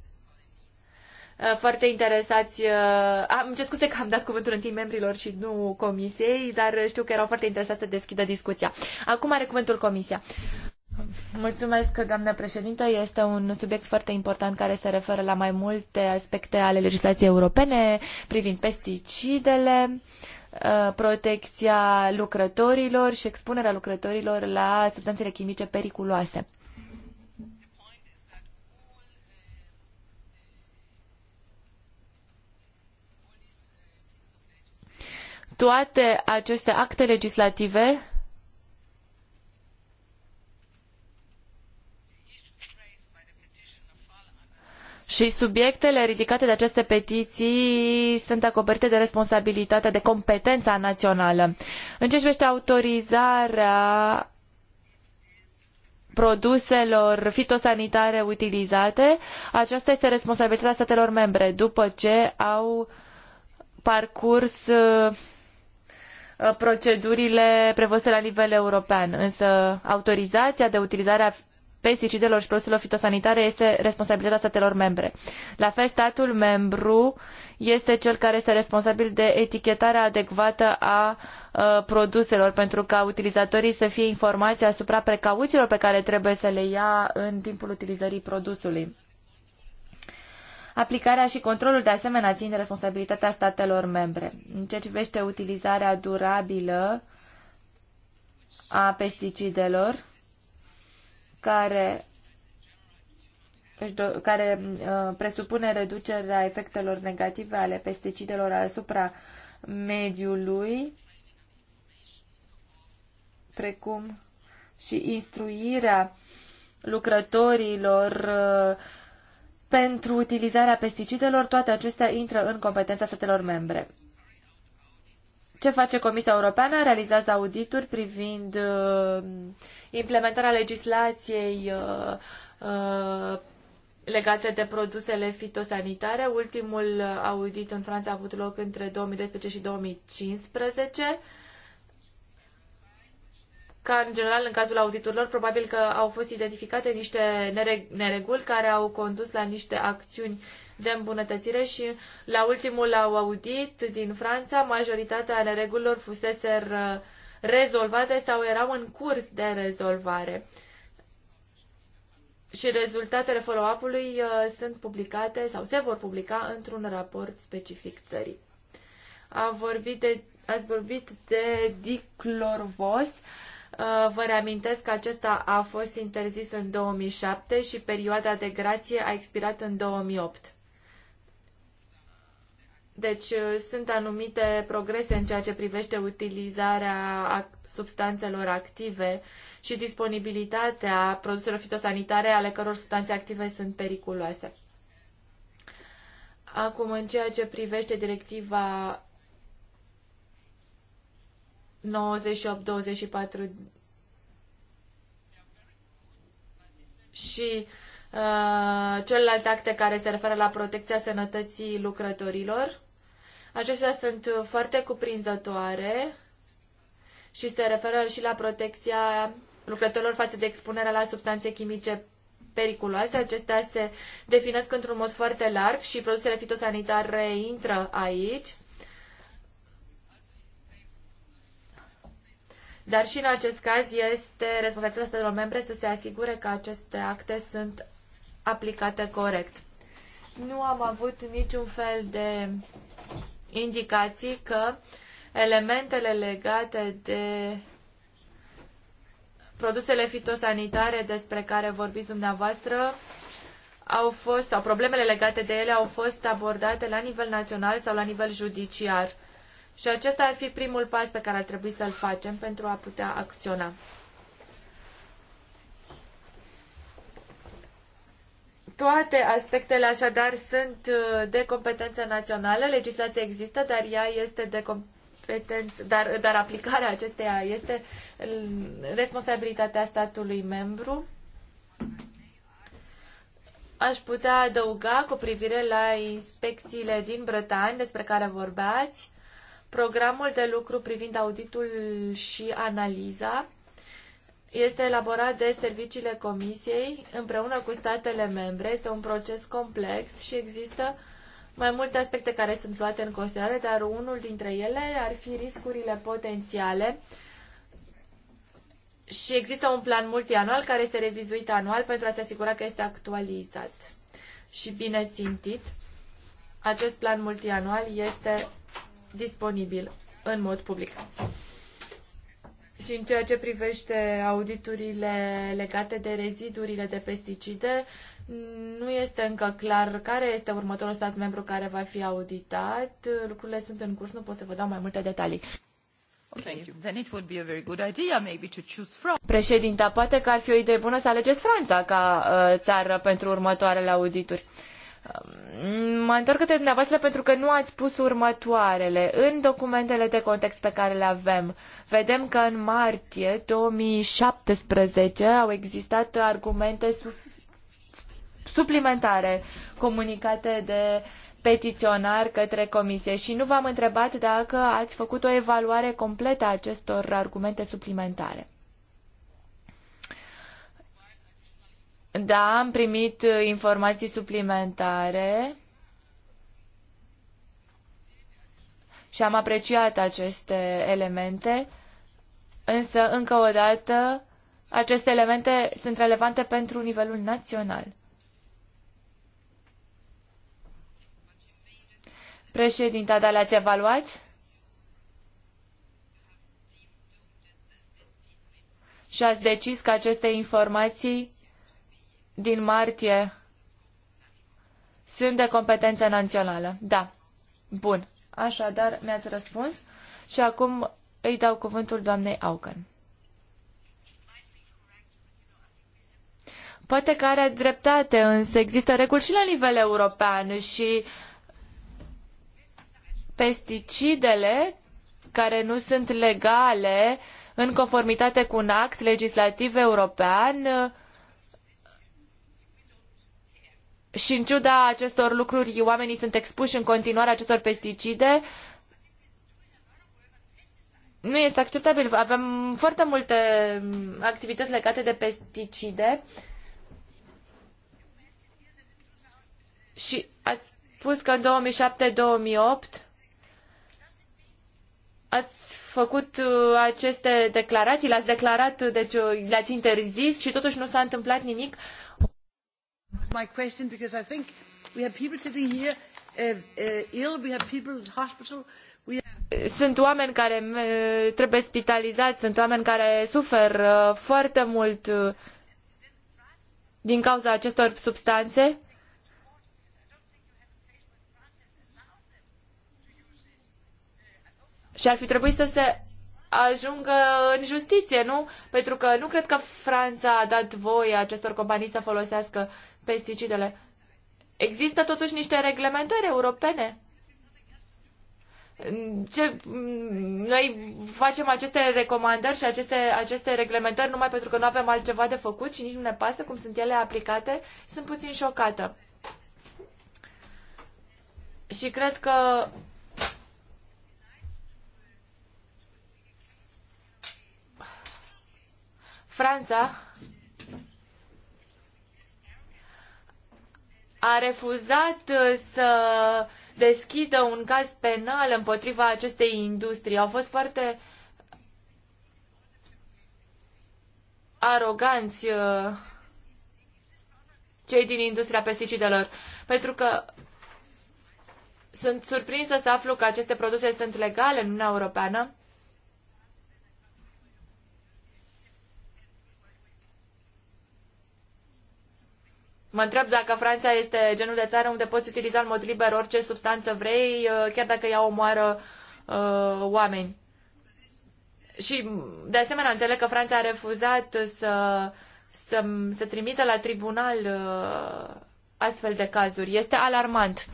Uh, foarte interesați. Uh, am încet scuze că am dat cuvântul întâi membrilor și nu comisiei, dar știu că erau foarte interesați să deschidă discuția. Acum are cuvântul comisia. Mulțumesc, doamnă președintă. Este un subiect foarte important care se referă la mai multe aspecte ale legislației europene privind pesticidele, uh, protecția lucrătorilor și expunerea lucrătorilor la substanțele chimice periculoase. toate aceste acte legislative și subiectele ridicate de aceste petiții sunt acoperite de responsabilitatea, de competența națională. În ce privește autorizarea produselor fitosanitare utilizate, aceasta este responsabilitatea statelor membre după ce au parcurs uh, Uh, procedurile prevăzute la nivel european, însă autorizația de utilizare a pesticidelor și produselor fitosanitare este responsabilitatea statelor membre. La fel, statul membru este cel care este responsabil de etichetarea adecvată a, uh, produselor pentru ca utilizatorii să fie informați asupra precauțiilor pe care trebuie să le ia în timpul utilizării produsului. Aplicarea și controlul de asemenea țin de responsabilitatea statelor membre. În ceea ce privește utilizarea durabilă a pesticidelor, care, care uh, presupune reducerea efectelor negative ale pesticidelor asupra mediului, precum și instruirea lucrătorilor uh, pentru utilizarea pesticidelor, toate acestea intră în competența statelor membre. Ce face Comisia Europeană? Realizează audituri privind uh, implementarea legislației uh, uh, legate de produsele fitosanitare. Ultimul audit în Franța a avut loc între 2012 și 2015 ca în general în cazul auditurilor, probabil că au fost identificate niște nereguli care au condus la niște acțiuni de îmbunătățire și la ultimul audit din Franța, majoritatea neregulilor fusese rezolvate sau erau în curs de rezolvare. Și rezultatele follow-up-ului uh, sunt publicate sau se vor publica într-un raport specific țării. A vorbit de, ați vorbit de diclorvos. Uh, vă reamintesc că acesta a fost interzis în 2007 și perioada de grație a expirat în 2008. Deci uh, sunt anumite progrese în ceea ce privește utilizarea substanțelor active și disponibilitatea produselor fitosanitare ale căror substanțe active sunt periculoase. Acum, în ceea ce privește directiva 98-24 și uh, celelalte acte care se referă la protecția sănătății lucrătorilor. Acestea sunt foarte cuprinzătoare și se referă și la protecția lucrătorilor față de expunerea la substanțe chimice periculoase. Acestea se definesc într-un mod foarte larg și produsele fitosanitare intră aici. Dar și în acest caz este responsabilitatea statelor membre să se asigure că aceste acte sunt aplicate corect. Nu am avut niciun fel de indicații că elementele legate de produsele fitosanitare despre care vorbiți dumneavoastră au fost, sau problemele legate de ele au fost abordate la nivel național sau la nivel judiciar. Și acesta ar fi primul pas pe care ar trebui să-l facem pentru a putea acționa. Toate aspectele așadar sunt uh, de competență națională, legislația există, dar ea este de competență, dar, dar aplicarea acesteia este uh, responsabilitatea statului membru. Aș putea adăuga cu privire la inspecțiile din Bretagne despre care vorbeați, Programul de lucru privind auditul și analiza este elaborat de serviciile Comisiei împreună cu statele membre. Este un proces complex și există mai multe aspecte care sunt luate în considerare, dar unul dintre ele ar fi riscurile potențiale. Și există un plan multianual care este revizuit anual pentru a se asigura că este actualizat și bine țintit. Acest plan multianual este disponibil în mod public. Și în ceea ce privește auditurile legate de rezidurile de pesticide, nu este încă clar care este următorul stat membru care va fi auditat. Lucrurile sunt în curs, nu pot să vă dau mai multe detalii. Okay. Președinta, poate că ar fi o idee bună să alegeți Franța ca uh, țară pentru următoarele audituri. Uh, Mă întorc către dumneavoastră pentru că nu ați spus următoarele. În documentele de context pe care le avem, vedem că în martie 2017 au existat argumente suplimentare comunicate de petiționar către comisie și nu v-am întrebat dacă ați făcut o evaluare completă a acestor argumente suplimentare. Da, am primit uh, informații suplimentare și am apreciat aceste elemente, însă, încă o dată, aceste elemente sunt relevante pentru nivelul național. Președinta, dar le-ați evaluat? Și ați decis că aceste informații din martie sunt de competență națională. Da. Bun. Așadar, mi-ați răspuns și acum îi dau cuvântul doamnei Auken. Poate că are dreptate, însă există reguli și la nivel european și pesticidele care nu sunt legale în conformitate cu un act legislativ european Și în ciuda acestor lucruri, oamenii sunt expuși în continuare acestor pesticide. Nu este acceptabil. Avem foarte multe mm, activități legate de pesticide. Și ați spus că în 2007-2008 ați făcut uh, aceste declarații, le-ați declarat, deci uh, le-ați interzis și totuși nu s-a întâmplat nimic. Uh, My question because I think we have people sitting here uh, uh, ill, we have people in hospital. We have... Sunt oameni care uh, trebuie spitalizați, sunt oameni care suferă uh, foarte mult uh, din cauza acestor substanțe. Și ar fi trebuit să se ajungă în justiție, nu? Pentru că nu cred că Franța a dat voie acestor companii să folosească uh, pesticidele. Există totuși niște reglementări europene ce, noi facem aceste recomandări și aceste, aceste reglementări numai pentru că nu avem altceva de făcut și nici nu ne pasă cum sunt ele aplicate, sunt puțin șocată. Și cred că Franța a refuzat uh, să deschidă un caz penal împotriva acestei industrii. Au fost foarte aroganți uh, cei din industria pesticidelor, pentru că sunt surprinsă să aflu că aceste produse sunt legale în Uniunea Europeană Mă întreb dacă Franța este genul de țară unde poți utiliza în mod liber orice substanță vrei, uh, chiar dacă ea omoară uh, oameni. Și, de asemenea, înțeleg că Franța a refuzat să, să, să trimită la tribunal uh, astfel de cazuri. Este alarmant.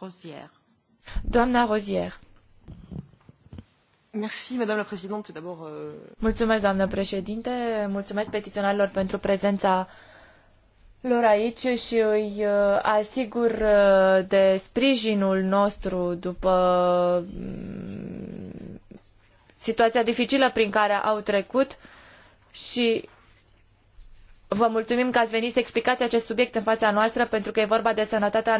Rosier. Doamna Rozier. Euh, Mulțumesc, doamnă președinte. Mulțumesc petiționarilor pentru prezența lor aici și îi uh, asigur uh, de sprijinul nostru după mm, situația dificilă prin care au trecut și vă mulțumim că ați venit să explicați acest subiect în fața noastră pentru că e vorba de sănătatea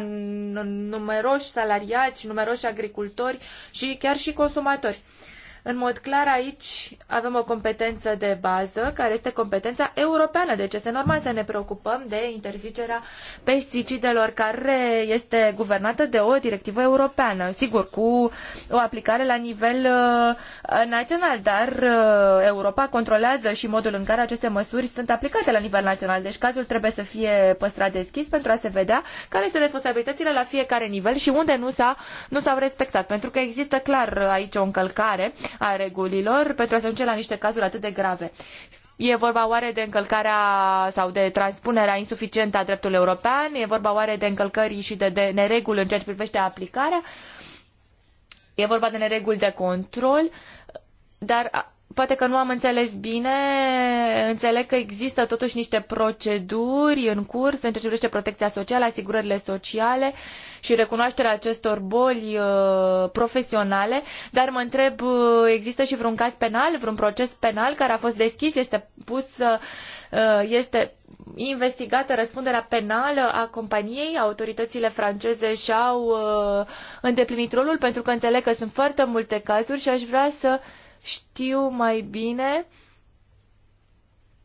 numeroși salariați, numeroși agricultori și chiar și consumatori. În mod clar, aici avem o competență de bază, care este competența europeană, deci este normal să ne preocupăm de interzicerea pesticidelor, care este guvernată de o directivă europeană, sigur, cu o aplicare la nivel uh, național, dar uh, Europa controlează și modul în care aceste măsuri sunt aplicate la nivel național, deci cazul trebuie să fie păstrat deschis pentru a se vedea care sunt responsabilitățile la fiecare nivel și unde nu s-au respectat, pentru că există clar uh, aici o încălcare a regulilor pentru a se ajunge la niște cazuri atât de grave. E vorba oare de încălcarea sau de transpunerea insuficientă a dreptului european? E vorba oare de încălcări și de, de nereguli în ceea ce privește aplicarea? E vorba de nereguli de control? Dar Poate că nu am înțeles bine, înțeleg că există totuși niște proceduri în curs în ceea ce privește protecția socială, asigurările sociale și recunoașterea acestor boli uh, profesionale, dar mă întreb, uh, există și vreun caz penal, vreun proces penal care a fost deschis, este pus, uh, este investigată răspunderea penală a companiei, autoritățile franceze și-au uh, îndeplinit rolul, pentru că înțeleg că sunt foarte multe cazuri și aș vrea să știu mai bine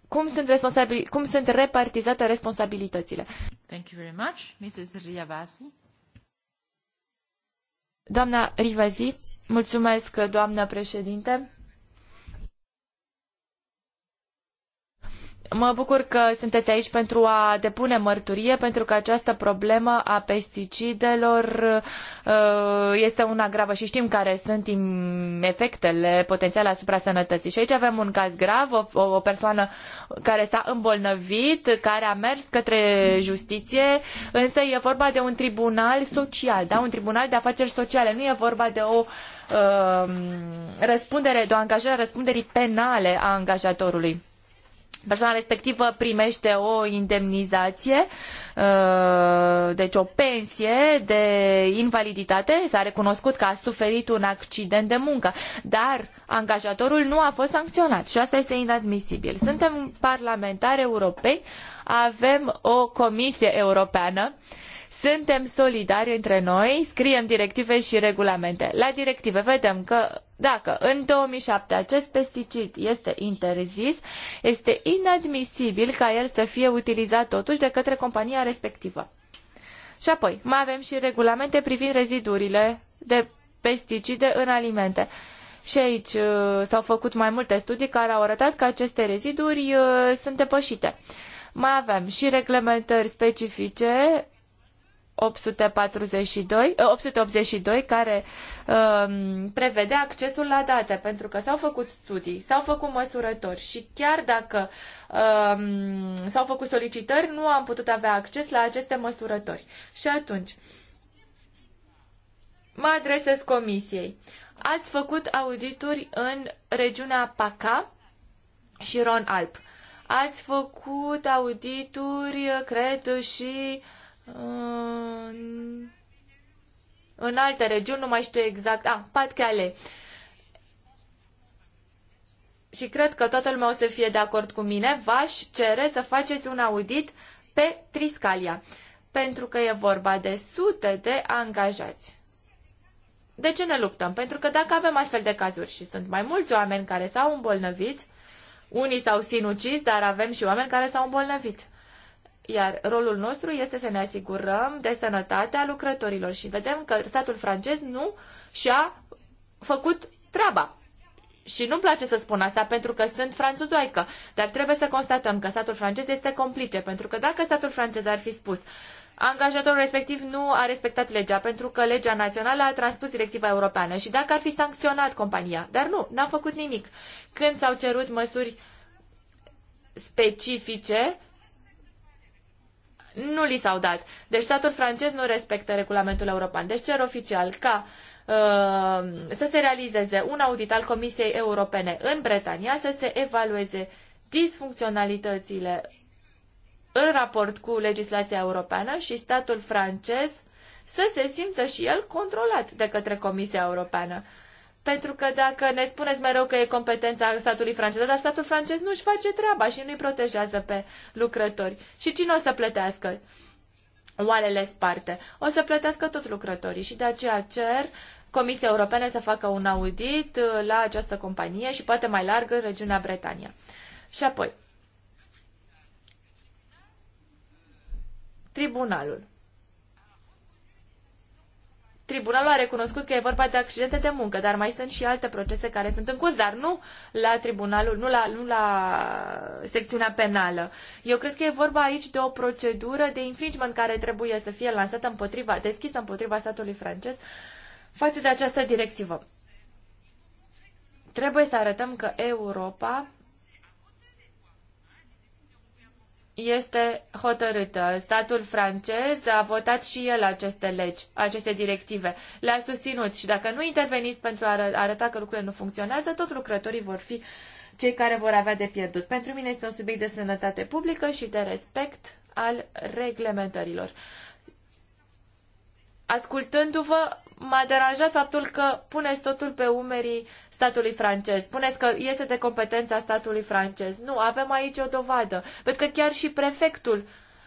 cum sunt, responsabil, cum sunt repartizate responsabilitățile. Thank you very much. Mrs. Rivasi. Doamna Rivasi, mulțumesc, doamna președinte. Mă bucur că sunteți aici pentru a depune mărturie, pentru că această problemă a pesticidelor uh, este una gravă și știm care sunt efectele potențiale asupra sănătății. Și aici avem un caz grav, o, o persoană care s-a îmbolnăvit, care a mers către justiție, însă e vorba de un tribunal social, da? un tribunal de afaceri sociale, nu e vorba de o uh, răspundere, de o angajare a răspunderii penale a angajatorului persoana respectivă primește o indemnizație, uh, deci o pensie de invaliditate, s-a recunoscut că a suferit un accident de muncă, dar angajatorul nu a fost sancționat și asta este inadmisibil. Suntem parlamentari europeni, avem o comisie europeană suntem solidari între noi, scriem directive și regulamente. La directive vedem că dacă în 2007 acest pesticid este interzis, este inadmisibil ca el să fie utilizat totuși de către compania respectivă. Și apoi, mai avem și regulamente privind rezidurile de pesticide în alimente. Și aici uh, s-au făcut mai multe studii care au arătat că aceste reziduri uh, sunt depășite. Mai avem și reglementări specifice 842, 882 ă, care um, ă, prevede accesul la date, pentru că s-au făcut studii, s-au făcut măsurători și chiar dacă um, s-au făcut solicitări, nu am putut avea acces la aceste măsurători. Și atunci, mă adresez comisiei. Ați făcut audituri în regiunea PACA și Ron Alp. Ați făcut audituri, cred, și în, alte regiuni, nu mai știu exact, a, ah, Cale. Și cred că toată lumea o să fie de acord cu mine, v-aș cere să faceți un audit pe Triscalia, pentru că e vorba de sute de angajați. De ce ne luptăm? Pentru că dacă avem astfel de cazuri și sunt mai mulți oameni care s-au îmbolnăvit, unii s-au sinucis, dar avem și oameni care s-au îmbolnăvit. Iar rolul nostru este să ne asigurăm de sănătatea lucrătorilor și vedem că statul francez nu și-a făcut treaba. Și nu-mi place să spun asta pentru că sunt franțuzoică, dar trebuie să constatăm că statul francez este complice, pentru că dacă statul francez ar fi spus angajatorul respectiv nu a respectat legea, pentru că legea națională a transpus directiva europeană și dacă ar fi sancționat compania, dar nu, n-a făcut nimic. Când s-au cerut măsuri specifice, nu li s-au dat. Deci statul francez nu respectă regulamentul european. Deci cer oficial ca uh, să se realizeze un audit al Comisiei Europene în Bretania, să se evalueze disfuncționalitățile în raport cu legislația europeană și statul francez să se simtă și el controlat de către Comisia Europeană. Pentru că dacă ne spuneți mereu că e competența statului francez, dar statul francez nu își face treaba și nu îi protejează pe lucrători. Și cine o să plătească? Oalele sparte. O să plătească tot lucrătorii și de aceea cer Comisia Europene să facă un audit uh, la această companie și poate mai larg în regiunea Bretania. Și apoi, tribunalul. Tribunalul a recunoscut că e vorba de accidente de muncă, dar mai sunt și alte procese care sunt în curs, dar nu la tribunalul, nu la, nu la secțiunea penală. Eu cred că e vorba aici de o procedură de infringement care trebuie să fie lansată împotriva, deschisă împotriva statului francez față de această directivă. Trebuie să arătăm că Europa este hotărâtă. Statul francez a votat și el aceste legi, aceste directive. Le-a susținut și dacă nu interveniți pentru a arăta că lucrurile nu funcționează, tot lucrătorii vor fi cei care vor avea de pierdut. Pentru mine este un subiect de sănătate publică și de respect al reglementărilor ascultându-vă, m-a deranjat faptul că puneți totul pe umerii statului francez. Spuneți că este de competența statului francez. Nu, avem aici o dovadă. Pentru că chiar și prefectul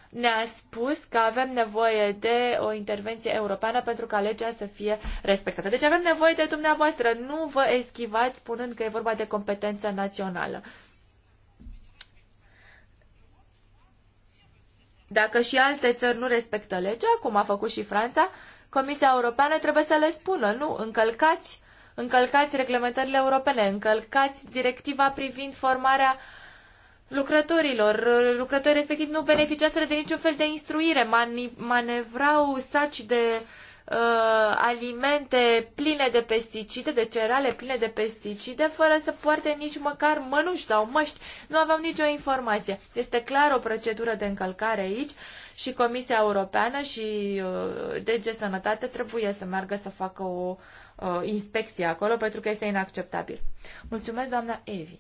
ne-a spus că avem nevoie de o intervenție europeană pentru ca legea să fie respectată. Deci avem nevoie de dumneavoastră. Nu vă eschivați spunând că e vorba de competență națională. Dacă și alte țări nu respectă legea, cum a făcut și Franța, Comisia Europeană trebuie să le spună, nu, încălcați, încălcați reglementările europene, încălcați directiva privind formarea lucrătorilor. Lucrătorii respectiv nu beneficiază de niciun fel de instruire, mani, manevrau saci de uh, uh, alimente pline de pesticide, de cereale pline de pesticide, fără să poarte nici măcar mănuși sau măști. Nu aveam nicio informație. Este clar o procedură de încălcare aici și Comisia Europeană și uh, DG Sănătate trebuie să meargă să facă o uh, inspecție acolo pentru că este inacceptabil. Mulțumesc, doamna Evi.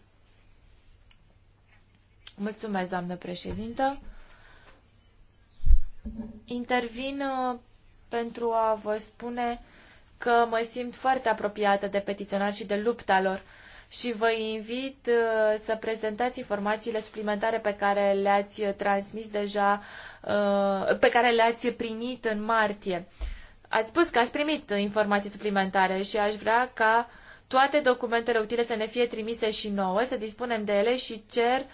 Mulțumesc, doamnă președintă. Intervin uh, pentru a vă spune că mă simt foarte apropiată de petiționari și de lupta lor și vă invit uh, să prezentați informațiile suplimentare pe care le-ați transmis deja, uh, pe care le-ați primit în martie. Ați spus că ați primit informații suplimentare și aș vrea ca toate documentele utile să ne fie trimise și nouă, să dispunem de ele și cer uh,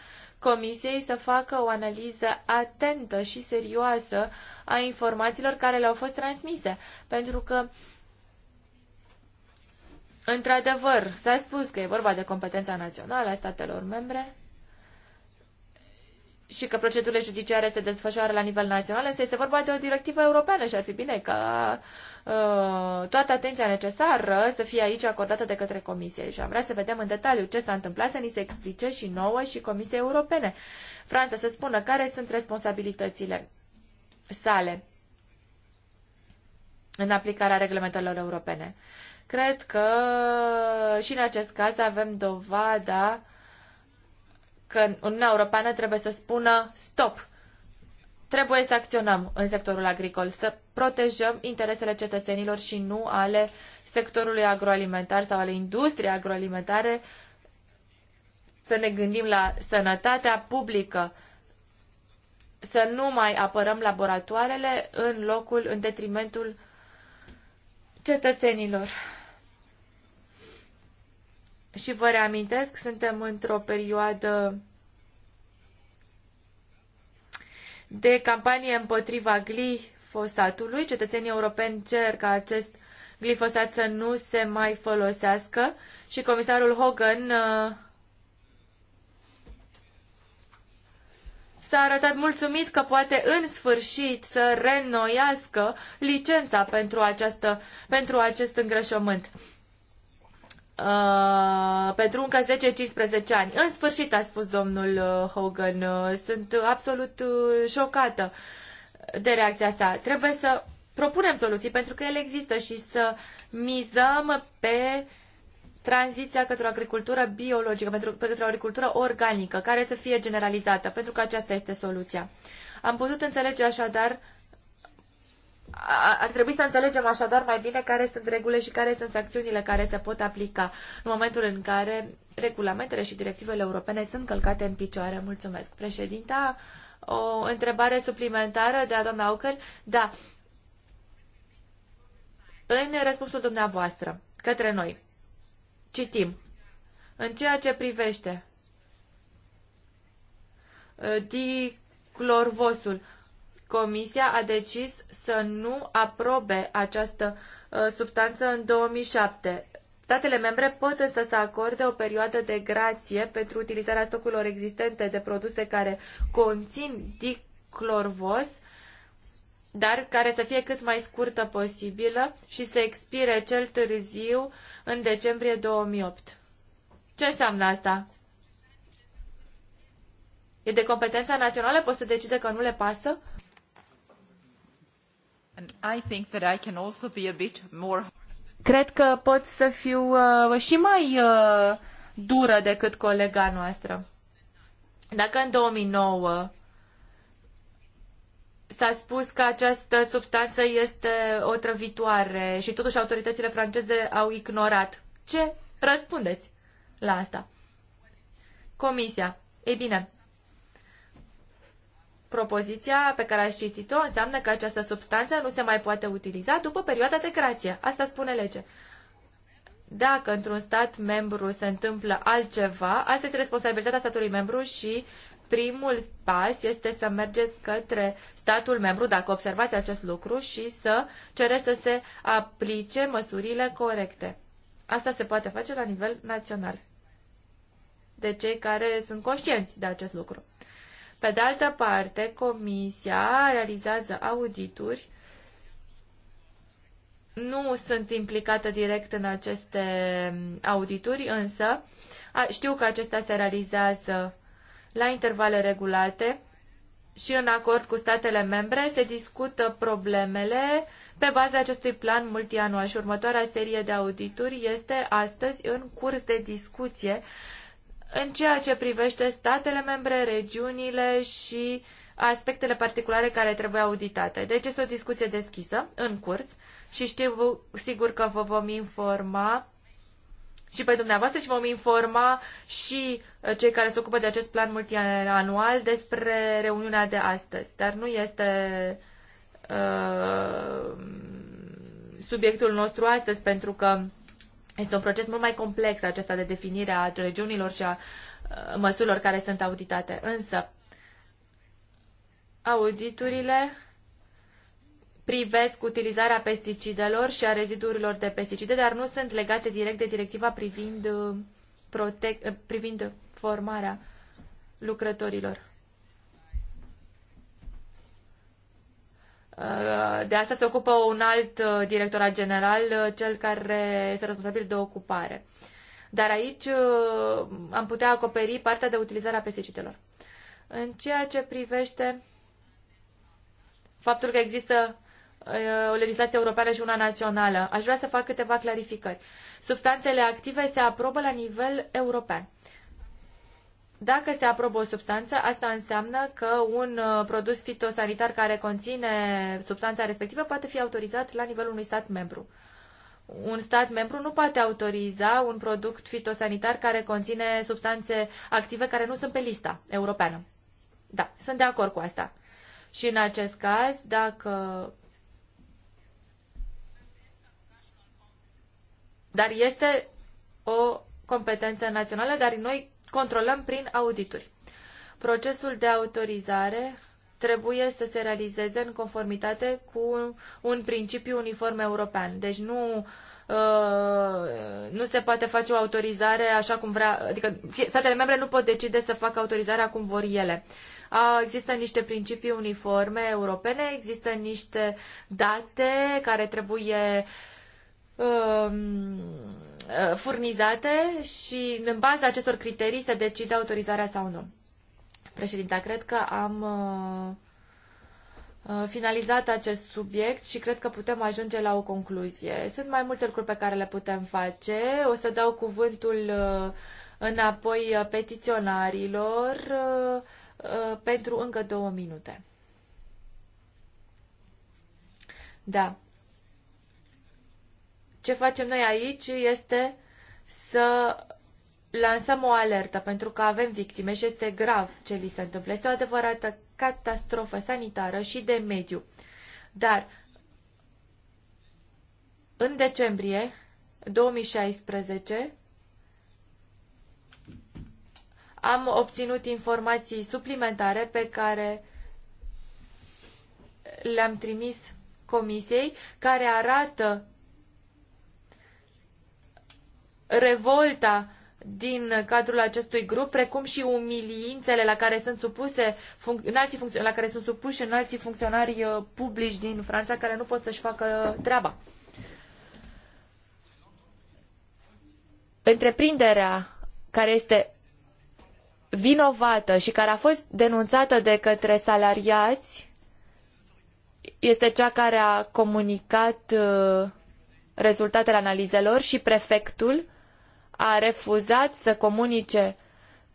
Comisiei să facă o analiză atentă și serioasă a informațiilor care le-au fost transmise, pentru că Într-adevăr, s-a spus că e vorba de competența națională a statelor membre, și că procedurile judiciare se desfășoară la nivel național, însă este vorba de o directivă europeană și ar fi bine ca uh, toată atenția necesară să fie aici acordată de către Comisie. Și am vrea să vedem în detaliu ce s-a întâmplat, să ni se explice și nouă și Comisiei Europene. Franța să spună care sunt responsabilitățile sale în aplicarea reglementărilor europene. Cred că și în acest caz avem dovada că Uniunea Europeană trebuie să spună stop. Trebuie să acționăm în sectorul agricol, să protejăm interesele cetățenilor și nu ale sectorului agroalimentar sau ale industriei agroalimentare, să ne gândim la sănătatea publică, să nu mai apărăm laboratoarele în locul, în detrimentul cetățenilor. Și vă reamintesc, suntem într-o perioadă de campanie împotriva glifosatului. Cetățenii europeni cer ca acest glifosat să nu se mai folosească și comisarul Hogan uh, s-a arătat mulțumit că poate în sfârșit să renoiască licența pentru, această, pentru acest îngrășământ. Uh, pentru încă 10-15 ani. În sfârșit, a spus domnul uh, Hogan, uh, sunt absolut uh, șocată de reacția sa. Trebuie să propunem soluții pentru că ele există și să mizăm pe tranziția către o agricultură biologică, pentru, către o agricultură organică, care să fie generalizată, pentru că aceasta este soluția. Am putut înțelege așadar ar trebui să înțelegem așadar mai bine care sunt regulile și care sunt sancțiunile care se pot aplica în momentul în care regulamentele și directivele europene sunt călcate în picioare. Mulțumesc. Președinta, o întrebare suplimentară de la doamna Aucăl? Da. În răspunsul dumneavoastră către noi, citim, în ceea ce privește uh, diclorvosul, Comisia a decis să nu aprobe această uh, substanță în 2007. Statele membre pot însă să acorde o perioadă de grație pentru utilizarea stocurilor existente de produse care conțin diclorvos, dar care să fie cât mai scurtă posibilă și să expire cel târziu în decembrie 2008. Ce înseamnă asta? E de competența națională? Poți să decide că nu le pasă? Cred că pot să fiu uh, și mai uh, dură decât colega noastră. Dacă în 2009 s-a spus că această substanță este otrăvitoare și totuși autoritățile franceze au ignorat, ce răspundeți la asta? Comisia. Ei bine, propoziția pe care ați citit-o înseamnă că această substanță nu se mai poate utiliza după perioada de grație. Asta spune legea. Dacă într-un stat membru se întâmplă altceva, asta este responsabilitatea statului membru și primul pas este să mergeți către statul membru, dacă observați acest lucru, și să cereți să se aplice măsurile corecte. Asta se poate face la nivel național de cei care sunt conștienți de acest lucru. Pe de altă parte, comisia realizează audituri nu sunt implicată direct în aceste audituri, însă știu că acestea se realizează la intervale regulate și în acord cu statele membre se discută problemele pe baza acestui plan multianual și următoarea serie de audituri este astăzi în curs de discuție în ceea ce privește statele membre, regiunile și aspectele particulare care trebuie auditate. Deci este o discuție deschisă, în curs, și știu sigur că vă vom informa și pe dumneavoastră și vom informa și uh, cei care se ocupă de acest plan multianual despre reuniunea de astăzi. Dar nu este uh, subiectul nostru astăzi pentru că este un proces mult mai complex acesta de definire a regiunilor și a uh, măsurilor care sunt auditate. Însă, auditurile privesc utilizarea pesticidelor și a rezidurilor de pesticide, dar nu sunt legate direct de directiva privind, uh, uh, privind formarea lucrătorilor. Uh, de asta se ocupă un alt uh, directorat general, uh, cel care este responsabil de ocupare. Dar aici am putea acoperi partea de utilizare a pesticidelor. În ceea ce privește faptul că există o legislație europeană și una națională, aș vrea să fac câteva clarificări. Substanțele active se aprobă la nivel european. Dacă se aprobă o substanță, asta înseamnă că un uh, produs fitosanitar care conține substanța respectivă poate fi autorizat la nivelul unui stat membru. Un stat membru nu poate autoriza un produs fitosanitar care conține substanțe active care nu sunt pe lista europeană. Da, sunt de acord cu asta. Și în acest caz, dacă. Dar este o competență națională, dar noi controlăm prin audituri. Procesul de autorizare trebuie să se realizeze în conformitate cu un principiu uniform european. Deci nu uh, nu se poate face o autorizare așa cum vrea, adică statele membre nu pot decide să facă autorizarea cum vor ele. Există niște principii uniforme europene, există niște date care trebuie um, Uh, furnizate și în baza acestor criterii se decide autorizarea sau nu. Președinta, cred că am uh, uh, finalizat acest subiect și cred că putem ajunge la o concluzie. Sunt mai multe lucruri pe care le putem face. O să dau cuvântul înapoi petiționarilor pentru încă două minute. Da. Ce facem noi aici este să lansăm o alertă, pentru că avem victime și este grav ce li se întâmplă. Este o adevărată catastrofă sanitară și de mediu. Dar în decembrie 2016 am obținut informații suplimentare pe care le-am trimis comisiei, care arată revolta din cadrul acestui grup, precum și umilințele la care sunt supuse func- în alții la care sunt supuși în alții funcționari uh, publici din Franța care nu pot să-și facă treaba. Întreprinderea care este vinovată și care a fost denunțată de către salariați este cea care a comunicat uh, rezultatele analizelor și prefectul a refuzat să comunice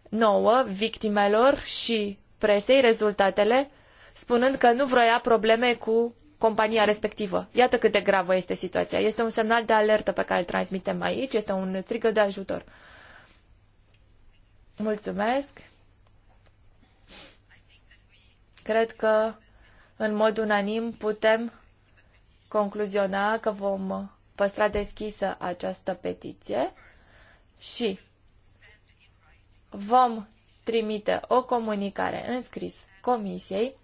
nouă, victimelor și presei, rezultatele, spunând că nu vroia probleme cu compania respectivă. Iată cât de gravă este situația. Este un semnal de alertă pe care îl transmitem aici, este un strigă de ajutor. Mulțumesc. Cred că în mod unanim putem concluziona că vom păstra deschisă această petiție și vom trimite o comunicare în scris comisiei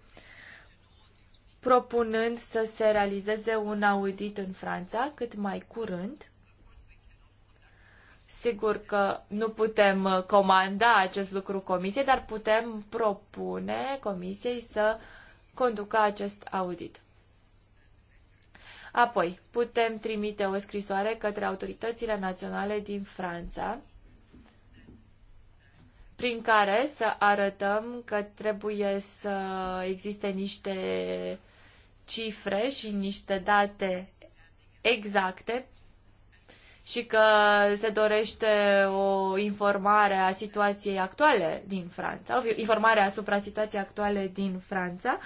propunând să se realizeze un audit în Franța cât mai curând. Sigur că nu putem uh, comanda acest lucru comisiei, dar putem propune comisiei să conducă acest audit. Apoi, putem trimite o scrisoare către autoritățile naționale din Franța, prin care să arătăm că trebuie să existe niște cifre și niște date exacte și că se dorește o informare a situației actuale din Franța, o informare asupra situației actuale din Franța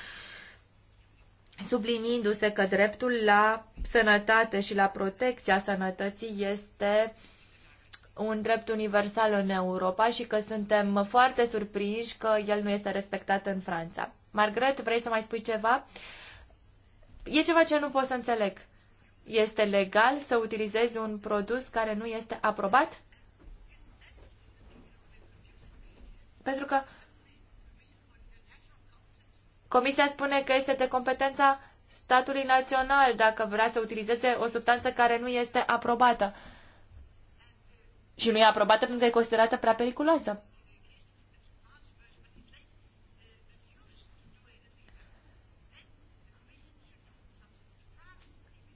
subliniindu-se că dreptul la sănătate și la protecția sănătății este un drept universal în Europa și că suntem foarte surprinși că el nu este respectat în Franța. Margaret, vrei să mai spui ceva? E ceva ce nu pot să înțeleg. Este legal să utilizezi un produs care nu este aprobat? Pentru că Comisia spune că este de competența statului național dacă vrea să utilizeze o substanță care nu este aprobată. Și nu e aprobată pentru că e considerată prea periculoasă.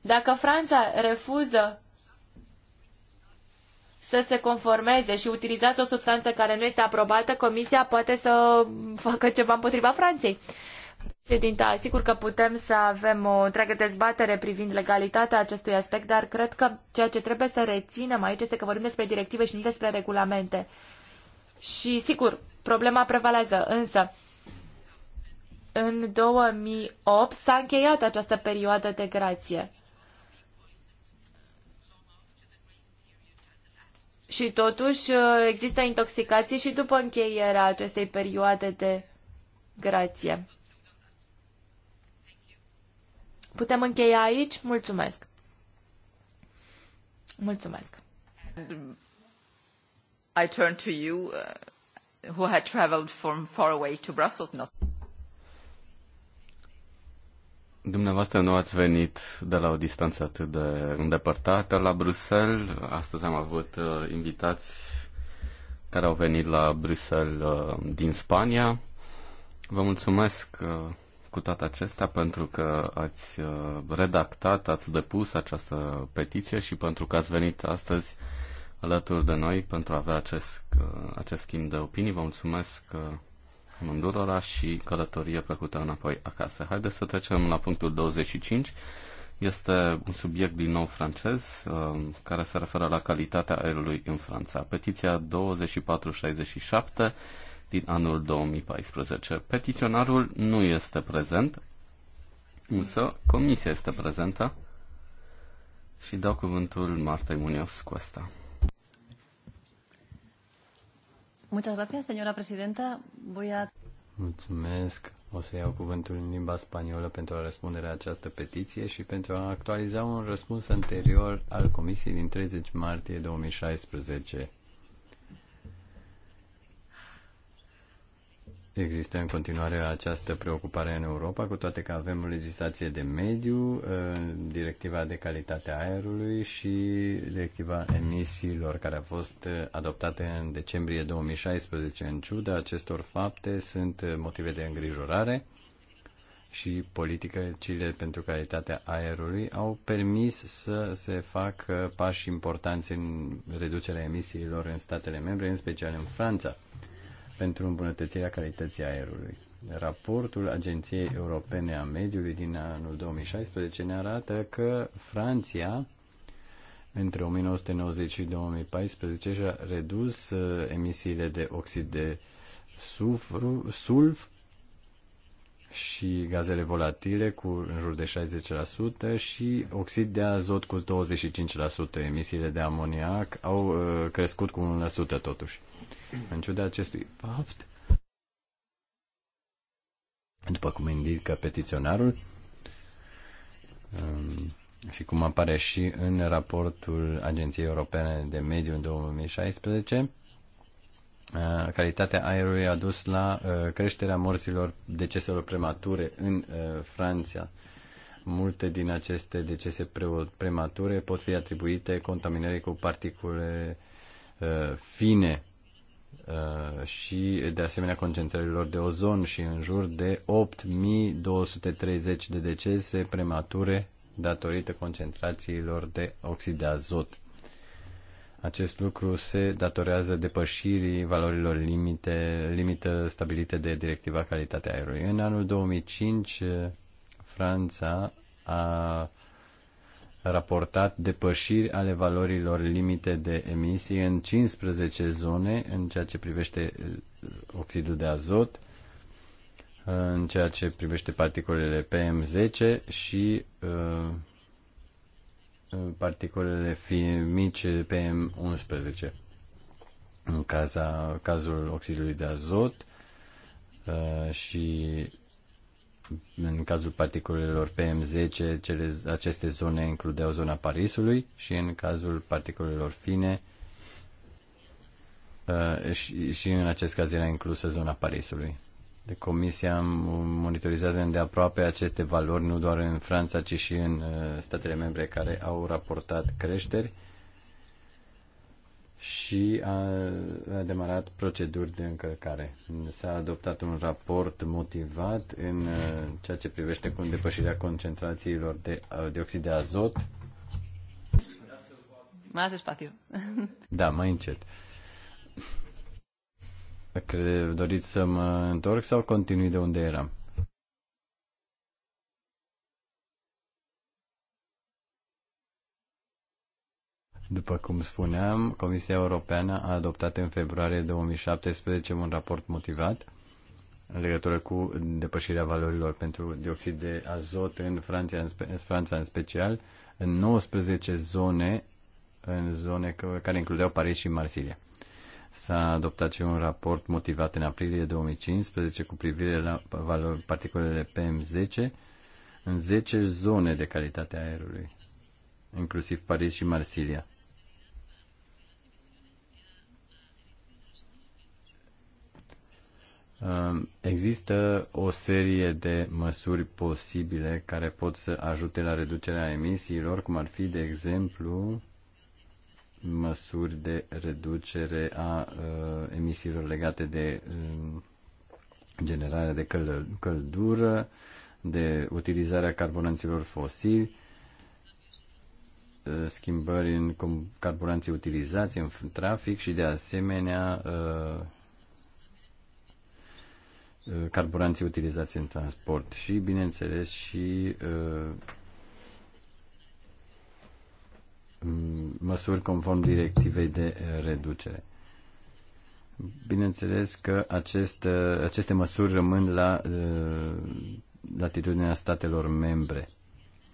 Dacă Franța refuză să se conformeze și utilizează o substanță care nu este aprobată, Comisia poate să facă ceva împotriva Franței sigur că putem să avem o întreagă dezbatere privind legalitatea acestui aspect, dar cred că ceea ce trebuie să reținem aici este că vorbim despre directive și nu despre regulamente. Și sigur, problema prevalează, însă în 2008 s-a încheiat această perioadă de grație. Și totuși uh, există intoxicații și după încheierea acestei perioade de grație. Putem încheia aici? Mulțumesc! Mulțumesc! I turn to you, uh, who had traveled from far away to Brussels. No. Dumneavoastră nu ați venit de la o distanță atât de îndepărtată la Bruxelles. Astăzi am avut uh, invitați care au venit la Bruxelles uh, din Spania. Vă mulțumesc uh, cu toate acestea pentru că ați uh, redactat, ați depus această petiție și pentru că ați venit astăzi alături de noi pentru a avea acest, uh, acest schimb de opinii. Vă mulțumesc uh, amândurora și călătorie plăcută înapoi acasă. Haideți să trecem la punctul 25. Este un subiect din nou francez care se referă la calitatea aerului în Franța. Petiția 2467 din anul 2014. Petiționarul nu este prezent, însă comisia este prezentă și dau cuvântul Martei Munios cu asta. Muchas gracias, señora presidenta. Voy a... Mulțumesc. O să iau cuvântul în limba spaniolă pentru a răspunde la această petiție și pentru a actualiza un răspuns anterior al Comisiei din 30 martie 2016 Există în continuare această preocupare în Europa, cu toate că avem legislație de mediu, uh, directiva de calitate a aerului și directiva emisiilor, care a fost uh, adoptată în decembrie 2016. În ciuda acestor fapte, sunt uh, motive de îngrijorare și politicile pentru calitatea aerului au permis să se facă pași importanți în reducerea emisiilor în statele membre, în special în Franța pentru îmbunătățirea calității aerului. Raportul Agenției Europene a Mediului din anul 2016 ne arată că Franția între 1990 și 2014 și-a redus uh, emisiile de oxid de sulfru, sulf și gazele volatile cu în jur de 60% și oxid de azot cu 25%. Emisiile de amoniac au uh, crescut cu 1% totuși. În ciuda acestui fapt, după cum indică petiționarul, um, și cum apare și în raportul Agenției Europene de Mediu în 2016, uh, calitatea aerului a dus la uh, creșterea morților deceselor premature în uh, Franța. Multe din aceste decese premature pot fi atribuite contaminării cu particule fine Uh, și de asemenea concentrărilor de ozon și în jur de 8230 de decese premature datorită concentrațiilor de oxid de azot. Acest lucru se datorează depășirii valorilor limite, limită stabilite de directiva calitatea aerului. În anul 2005, uh, Franța a raportat depășiri ale valorilor limite de emisie în 15 zone în ceea ce privește uh, oxidul de azot, uh, în ceea ce privește particulele PM10 și uh, uh particulele mici PM11. În caza, cazul oxidului de azot uh, și în cazul particulelor PM10, cele, aceste zone includeau zona Parisului și în cazul particulelor fine, uh, și, și în acest caz era inclusă zona Parisului. De comisia monitorizează îndeaproape aceste valori, nu doar în Franța, ci și în uh, statele membre care au raportat creșteri. Uh, și a, a demarat proceduri de încălcare. S-a adoptat un raport motivat în ceea ce privește cu depășirea concentrațiilor de dioxid de azot. Mai spațiu. Da, mai încet. Dacă doriți să mă întorc sau continui de unde eram? După cum spuneam, Comisia Europeană a adoptat în februarie 2017 un raport motivat în legătură cu depășirea valorilor pentru dioxid de azot în Franța, în, spe, în Franța în special, în 19 zone, în zone care includeau Paris și Marsilia. S-a adoptat și un raport motivat în aprilie 2015 cu privire la valori, particulele PM10 în 10 zone de calitate a aerului, inclusiv Paris și Marsilia. Um, există o serie de măsuri posibile care pot să ajute la reducerea emisiilor, cum ar fi, de exemplu, măsuri de reducere a uh, emisiilor legate de uh, generarea de căl- căldură, de utilizarea carburanților fosili, uh, schimbări în carburanții utilizați în trafic și, de asemenea, uh, Uh, carburanții utilizați în transport și, bineînțeles, și uh, măsuri conform directivei de reducere. Bineînțeles că acest, uh, aceste măsuri rămân la latitudinea statelor membre.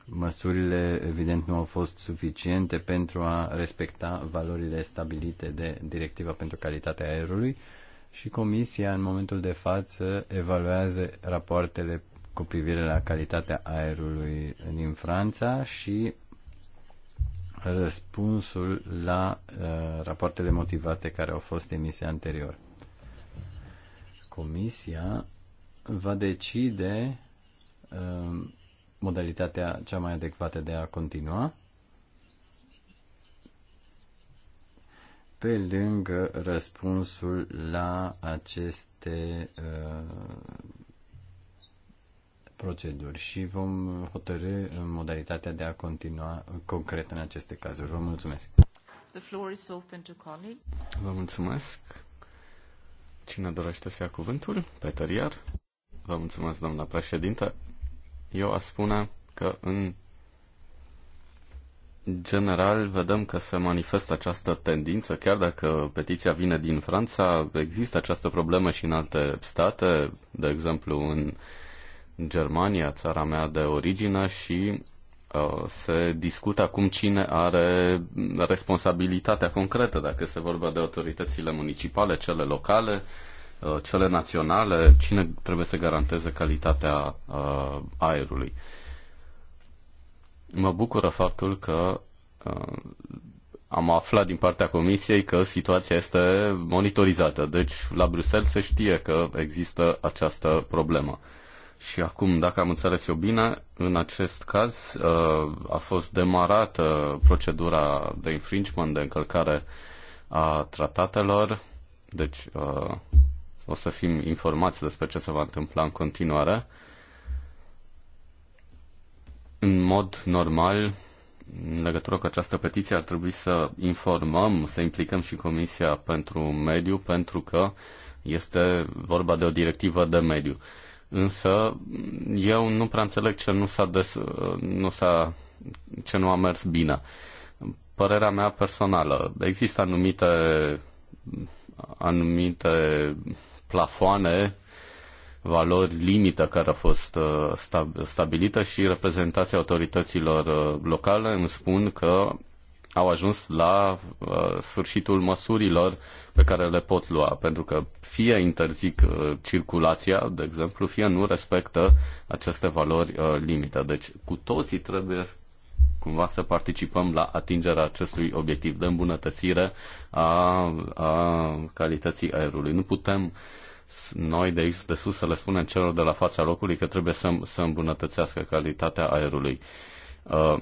Măsurile, evident, nu au fost suficiente pentru a respecta valorile stabilite de Directiva pentru Calitatea Aerului, și Comisia în momentul de față evaluează rapoartele cu privire la calitatea aerului din Franța și răspunsul la uh, rapoartele motivate care au fost emise anterior. Comisia va decide uh, modalitatea cea mai adecvată de a continua pe lângă răspunsul la aceste uh, proceduri și vom hotărâ modalitatea de a continua concret în aceste cazuri. Vă mulțumesc. The floor is open to colleague. Vă mulțumesc. Cine dorește să ia cuvântul? Peter Iar. Vă mulțumesc, doamna președintă. Eu aș spune că în general, vedem că se manifestă această tendință, chiar dacă petiția vine din Franța, există această problemă și în alte state, de exemplu în Germania, țara mea de origine, și uh, se discută acum cine are responsabilitatea concretă, dacă se vorba de autoritățile municipale, cele locale, uh, cele naționale, cine trebuie să garanteze calitatea uh, aerului. Uh, Mă bucură faptul că uh, am aflat din partea Comisiei că situația este monitorizată. Deci, la Bruxelles se știe că există această problemă. Și acum, dacă am înțeles eu bine, în acest caz uh, a fost demarată procedura de infringement, de încălcare a tratatelor. Deci, uh, o să fim informați despre ce se va întâmpla în continuare. În mod normal, în legătură cu această petiție ar trebui să informăm, să implicăm și Comisia pentru Mediu, pentru că este vorba de o directivă de mediu. Însă eu nu prea înțeleg ce nu s-a, des, nu s-a ce nu a mers bine. Părerea mea personală, există anumite anumite plafoane valori limită care a fost uh, stabilită și reprezentanții autorităților uh, locale îmi spun că au ajuns la uh, sfârșitul măsurilor pe care le pot lua, pentru că fie interzic circulația, de exemplu, fie nu respectă aceste valori limită. Deci cu toții trebuie cumva să participăm la atingerea acestui obiectiv de îmbunătățire a, a calității aerului. Nu putem uh, noi de aici de sus să le spunem celor de la fața locului că trebuie să, să îmbunătățească calitatea aerului. Uh,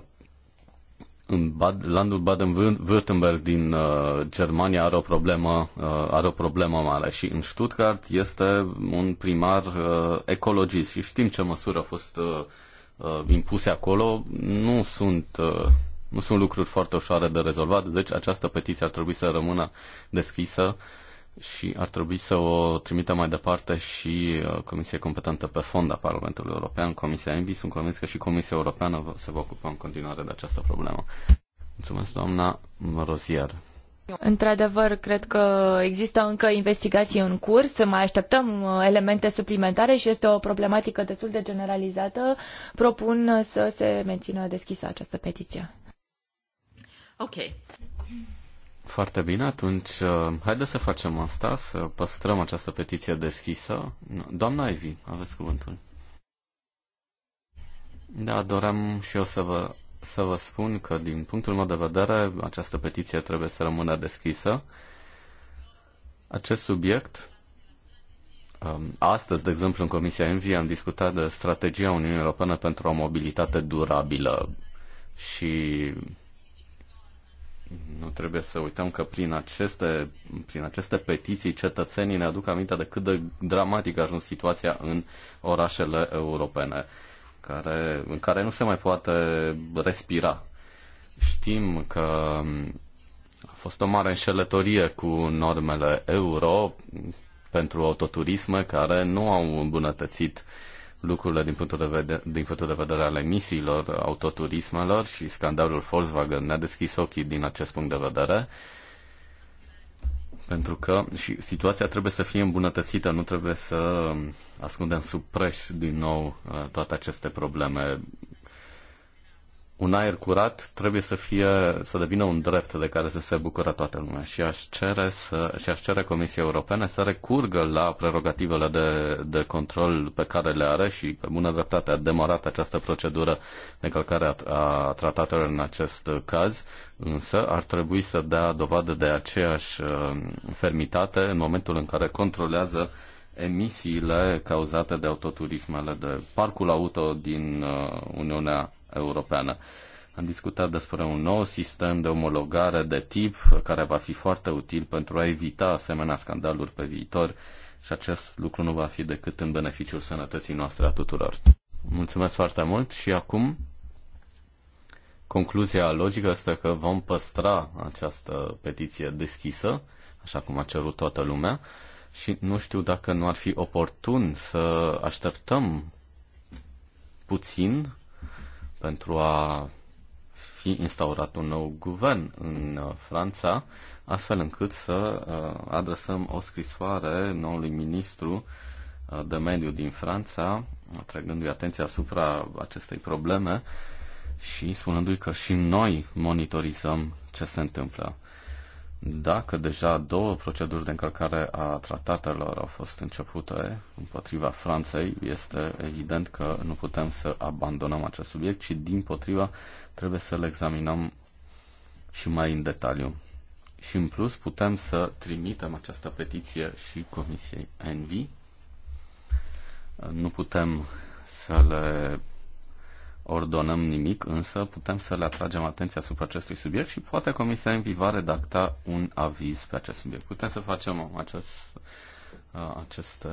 în Bad, landul Baden-Württemberg din uh, Germania are o problemă uh, are o problemă mare și în Stuttgart este un primar uh, ecologist și știm ce măsuri au fost uh, uh, impuse acolo nu sunt uh, nu sunt lucruri foarte ușoare de rezolvat, deci această petiție ar trebui să rămână deschisă uh, și ar trebui să o trimită mai departe și uh, Comisia competentă pe fond a Parlamentului European, Comisia Envi. Sunt convins că și Comisia Europeană se va ocupa în continuare de această problemă. Mulțumesc, doamna Rozier. Într-adevăr, cred că există încă investigații în curs, mai așteptăm uh, elemente suplimentare și este o problematică destul de generalizată. Propun să se mențină deschisă această petiție. Ok. Foarte bine, atunci uh, haideți să facem asta, să păstrăm această petiție deschisă. Doamna Ivy, aveți cuvântul. Da, doream și eu să vă, să vă spun că, din punctul meu de vedere, această petiție trebuie să rămână deschisă. Acest subiect, um, astăzi, de exemplu, în Comisia Envi am discutat de strategia Uniunii Europene pentru o mobilitate durabilă și nu trebuie să uităm că prin aceste, prin aceste petiții cetățenii ne aduc aminte de cât de dramatic a ajuns situația în orașele europene, care, în care nu se mai poate respira. Știm că a fost o mare înșelătorie cu normele euro pentru autoturisme care nu au îmbunătățit uh, lucrurile din punctul de vedere, din punctul de vedere al emisiilor autoturismelor și scandalul Volkswagen ne-a deschis ochii din acest punct de vedere. Pentru că și situația trebuie să fie îmbunătățită, nu trebuie să ascundem sub preș din nou uh, toate aceste probleme un aer curat trebuie să fie, să devină un drept de care să se bucură toată lumea și aș cere, să, și aș cere Comisiei Europene să recurgă la prerogativele de, de control pe care le are și pe bună dreptate a demarat această procedură de călcare a, a tratatelor în acest caz, însă ar trebui să dea dovadă de aceeași uh, fermitate în momentul în care controlează emisiile cauzate de autoturismele de parcul auto din uh, Uniunea Europeană. Am discutat despre un nou sistem de omologare de tip care va fi foarte util pentru a evita asemenea scandaluri pe viitor și acest lucru nu va fi decât în beneficiul sănătății noastre a tuturor. Mulțumesc foarte mult și acum concluzia logică este că vom păstra această petiție deschisă, așa cum a cerut toată lumea, și nu știu dacă nu ar fi oportun să așteptăm puțin pentru a fi instaurat un nou guvern în uh, Franța, astfel încât să uh, adresăm o scrisoare noului ministru uh, de mediu din Franța, atrăgându i atenția asupra acestei probleme și spunându-i că și noi monitorizăm ce se întâmplă. Dacă deja două proceduri de încălcare a tratatelor au fost începute împotriva Franței, este evident că nu putem să abandonăm acest subiect, ci din potriva trebuie să-l examinăm și mai în detaliu. Și în plus putem să trimitem această petiție și Comisiei Envi. Nu putem să le ordonăm nimic, însă putem să le atragem atenția asupra acestui subiect și poate Comisia Envi va redacta un aviz pe acest subiect. Putem să facem acest, uh, aceste,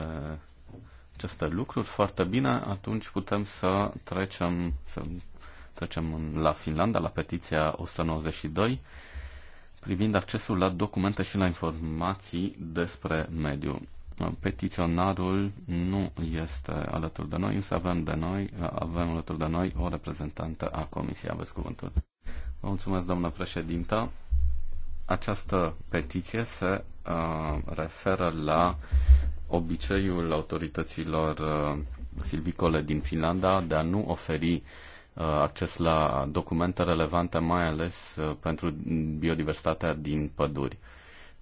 aceste lucruri foarte bine, atunci putem să trecem, să trecem la Finlanda, la petiția 192, privind accesul la documente și la informații despre mediu petiționarul nu este alături de noi, însă avem, de noi, avem alături de noi o reprezentantă a Comisiei. Aveți cuvântul. Vă mulțumesc, doamnă președintă. Această petiție se uh, referă la obiceiul autorităților uh, silvicole din Finlanda de a nu oferi uh, acces la documente relevante, mai ales uh, pentru biodiversitatea din păduri. Uh,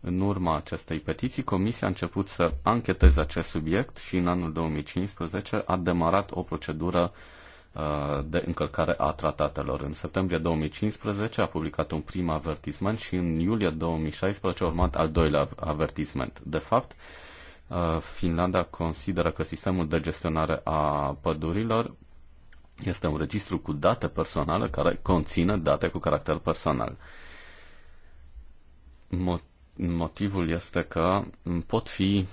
în urma acestei petiții, Comisia a început să ancheteze acest subiect și în anul 2015 a demarat o procedură uh, de încălcare a tratatelor. În septembrie 2015 a publicat un prim avertisment și în iulie 2016 a urmat al doilea avertisment. De fapt, uh, Finlanda consideră că sistemul de gestionare a pădurilor este un registru cu date personale care conține date cu caracter personal. Mot- Motivul este că pot fi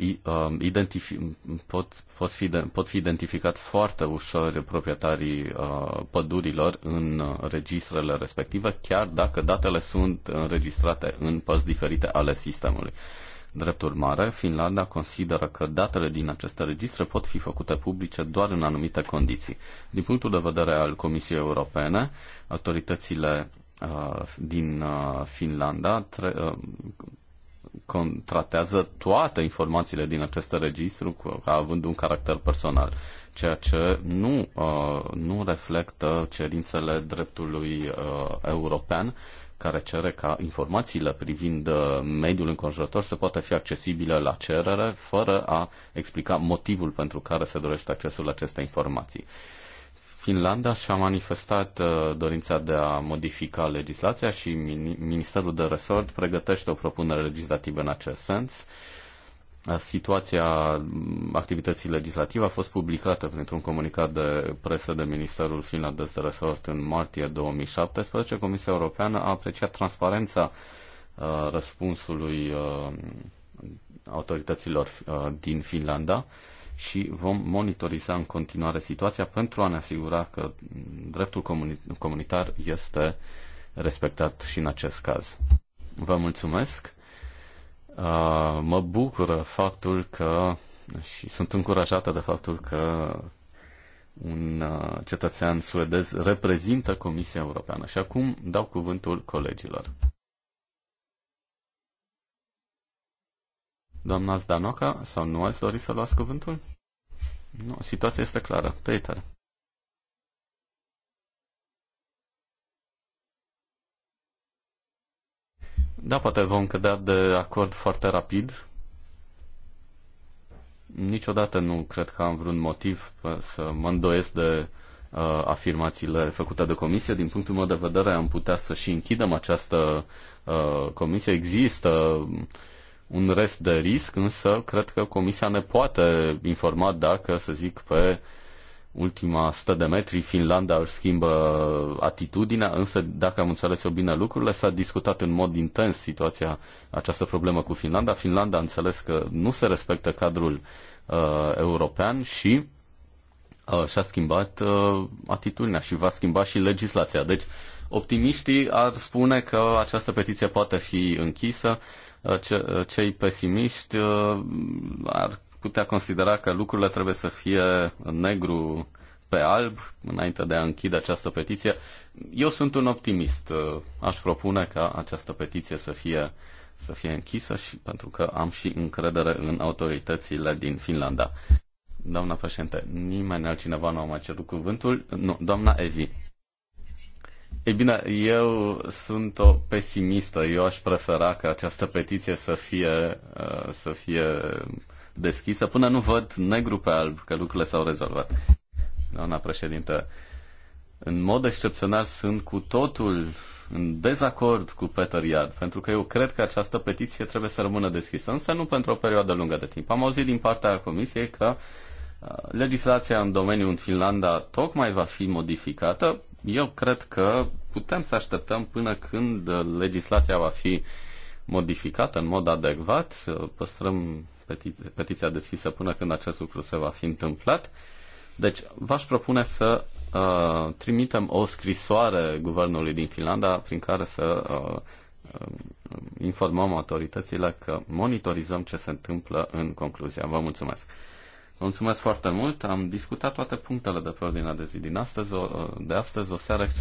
uh, identifi- pot, pot, fi, pot fi identificat foarte ușor proprietarii uh, pădurilor în uh, registrele respective, chiar dacă datele sunt înregistrate în părți diferite ale sistemului. Drept urmare, Finlanda consideră că datele din aceste registre pot fi făcute publice doar în anumite condiții. Din punctul de vedere al Comisiei Europene, autoritățile Uh, din uh, Finlanda uh, contratează toate informațiile din acest registru având un caracter personal, ceea ce nu, nu reflectă cerințele dreptului european care cere ca informațiile privind mediul înconjurător să poată fi accesibile la cerere fără a explica motivul pentru care se dorește accesul la aceste informații. Finlanda și-a manifestat uh, dorința de a modifica legislația și Ministerul de Resort pregătește o propunere legislativă în acest sens. Uh, situația mm, activității legislative a fost publicată printr-un comunicat de presă de Ministerul Finlandez de Resort în martie 2017. Comisia Europeană a apreciat transparența uh, răspunsului autorităților din Finlanda și vom monitoriza în continuare situația pentru a ne asigura că dreptul comunitar este respectat și în acest caz. Vă mulțumesc. Uh, mă bucură faptul că și sunt încurajată de faptul că un uh, cetățean suedez reprezintă Comisia Europeană. Și acum dau cuvântul colegilor. Doamna Zdanoca, sau nu ați dori să luați cuvântul? Nu, situația este clară. Peter. Da, poate vom cădea de acord foarte rapid. Niciodată nu cred că am vreun motiv să mă îndoiesc de uh, afirmațiile făcute de comisie. Din punctul meu de vedere, am putea să și închidem această uh, comisie. Există un rest de risc, însă cred că Comisia ne poate informa dacă, să zic, pe ultima 100 de metri Finlanda își schimbă atitudinea, însă dacă am înțeles eu bine lucrurile, s-a discutat în mod intens situația, această problemă cu Finlanda. Finlanda a înțeles că nu se respectă cadrul uh, european și uh, și-a schimbat uh, atitudinea și va schimba și legislația. Deci, optimiștii ar spune că această petiție poate fi închisă. Uh, uh, cei pesimiști uh, ar putea considera că lucrurile trebuie să fie negru pe alb înainte de a închide această petiție. Eu sunt un optimist. Aș propune ca această petiție să fie, să fie închisă și pentru că am și încredere în autoritățile din Finlanda. Doamna președinte, nimeni altcineva nu a mai cerut cuvântul. Nu, doamna Evi. Ei bine, eu sunt o pesimistă. Eu aș prefera ca această petiție să fie, uh, să fie deschisă până nu văd negru pe alb că lucrurile s-au rezolvat. Doamna președintă, în mod excepțional sunt cu totul în dezacord cu Peter Iard, pentru că eu cred că această petiție trebuie să rămână deschisă, însă nu pentru o perioadă lungă de timp. Am auzit din partea Comisiei că uh, legislația în domeniul în Finlanda tocmai va fi modificată eu cred că putem să așteptăm până când legislația va fi modificată în mod adecvat. Păstrăm petiția, petiția deschisă până când acest lucru se va fi întâmplat. Deci v-aș propune să uh, trimitem o scrisoare guvernului din Finlanda prin care să uh, um, informăm autoritățile că monitorizăm ce se întâmplă în concluzia. Vă mulțumesc! Vă mulțumesc foarte mult. Am discutat toate punctele de pe ordinea de zi din astăzi, o, de astăzi, o seară excelentă.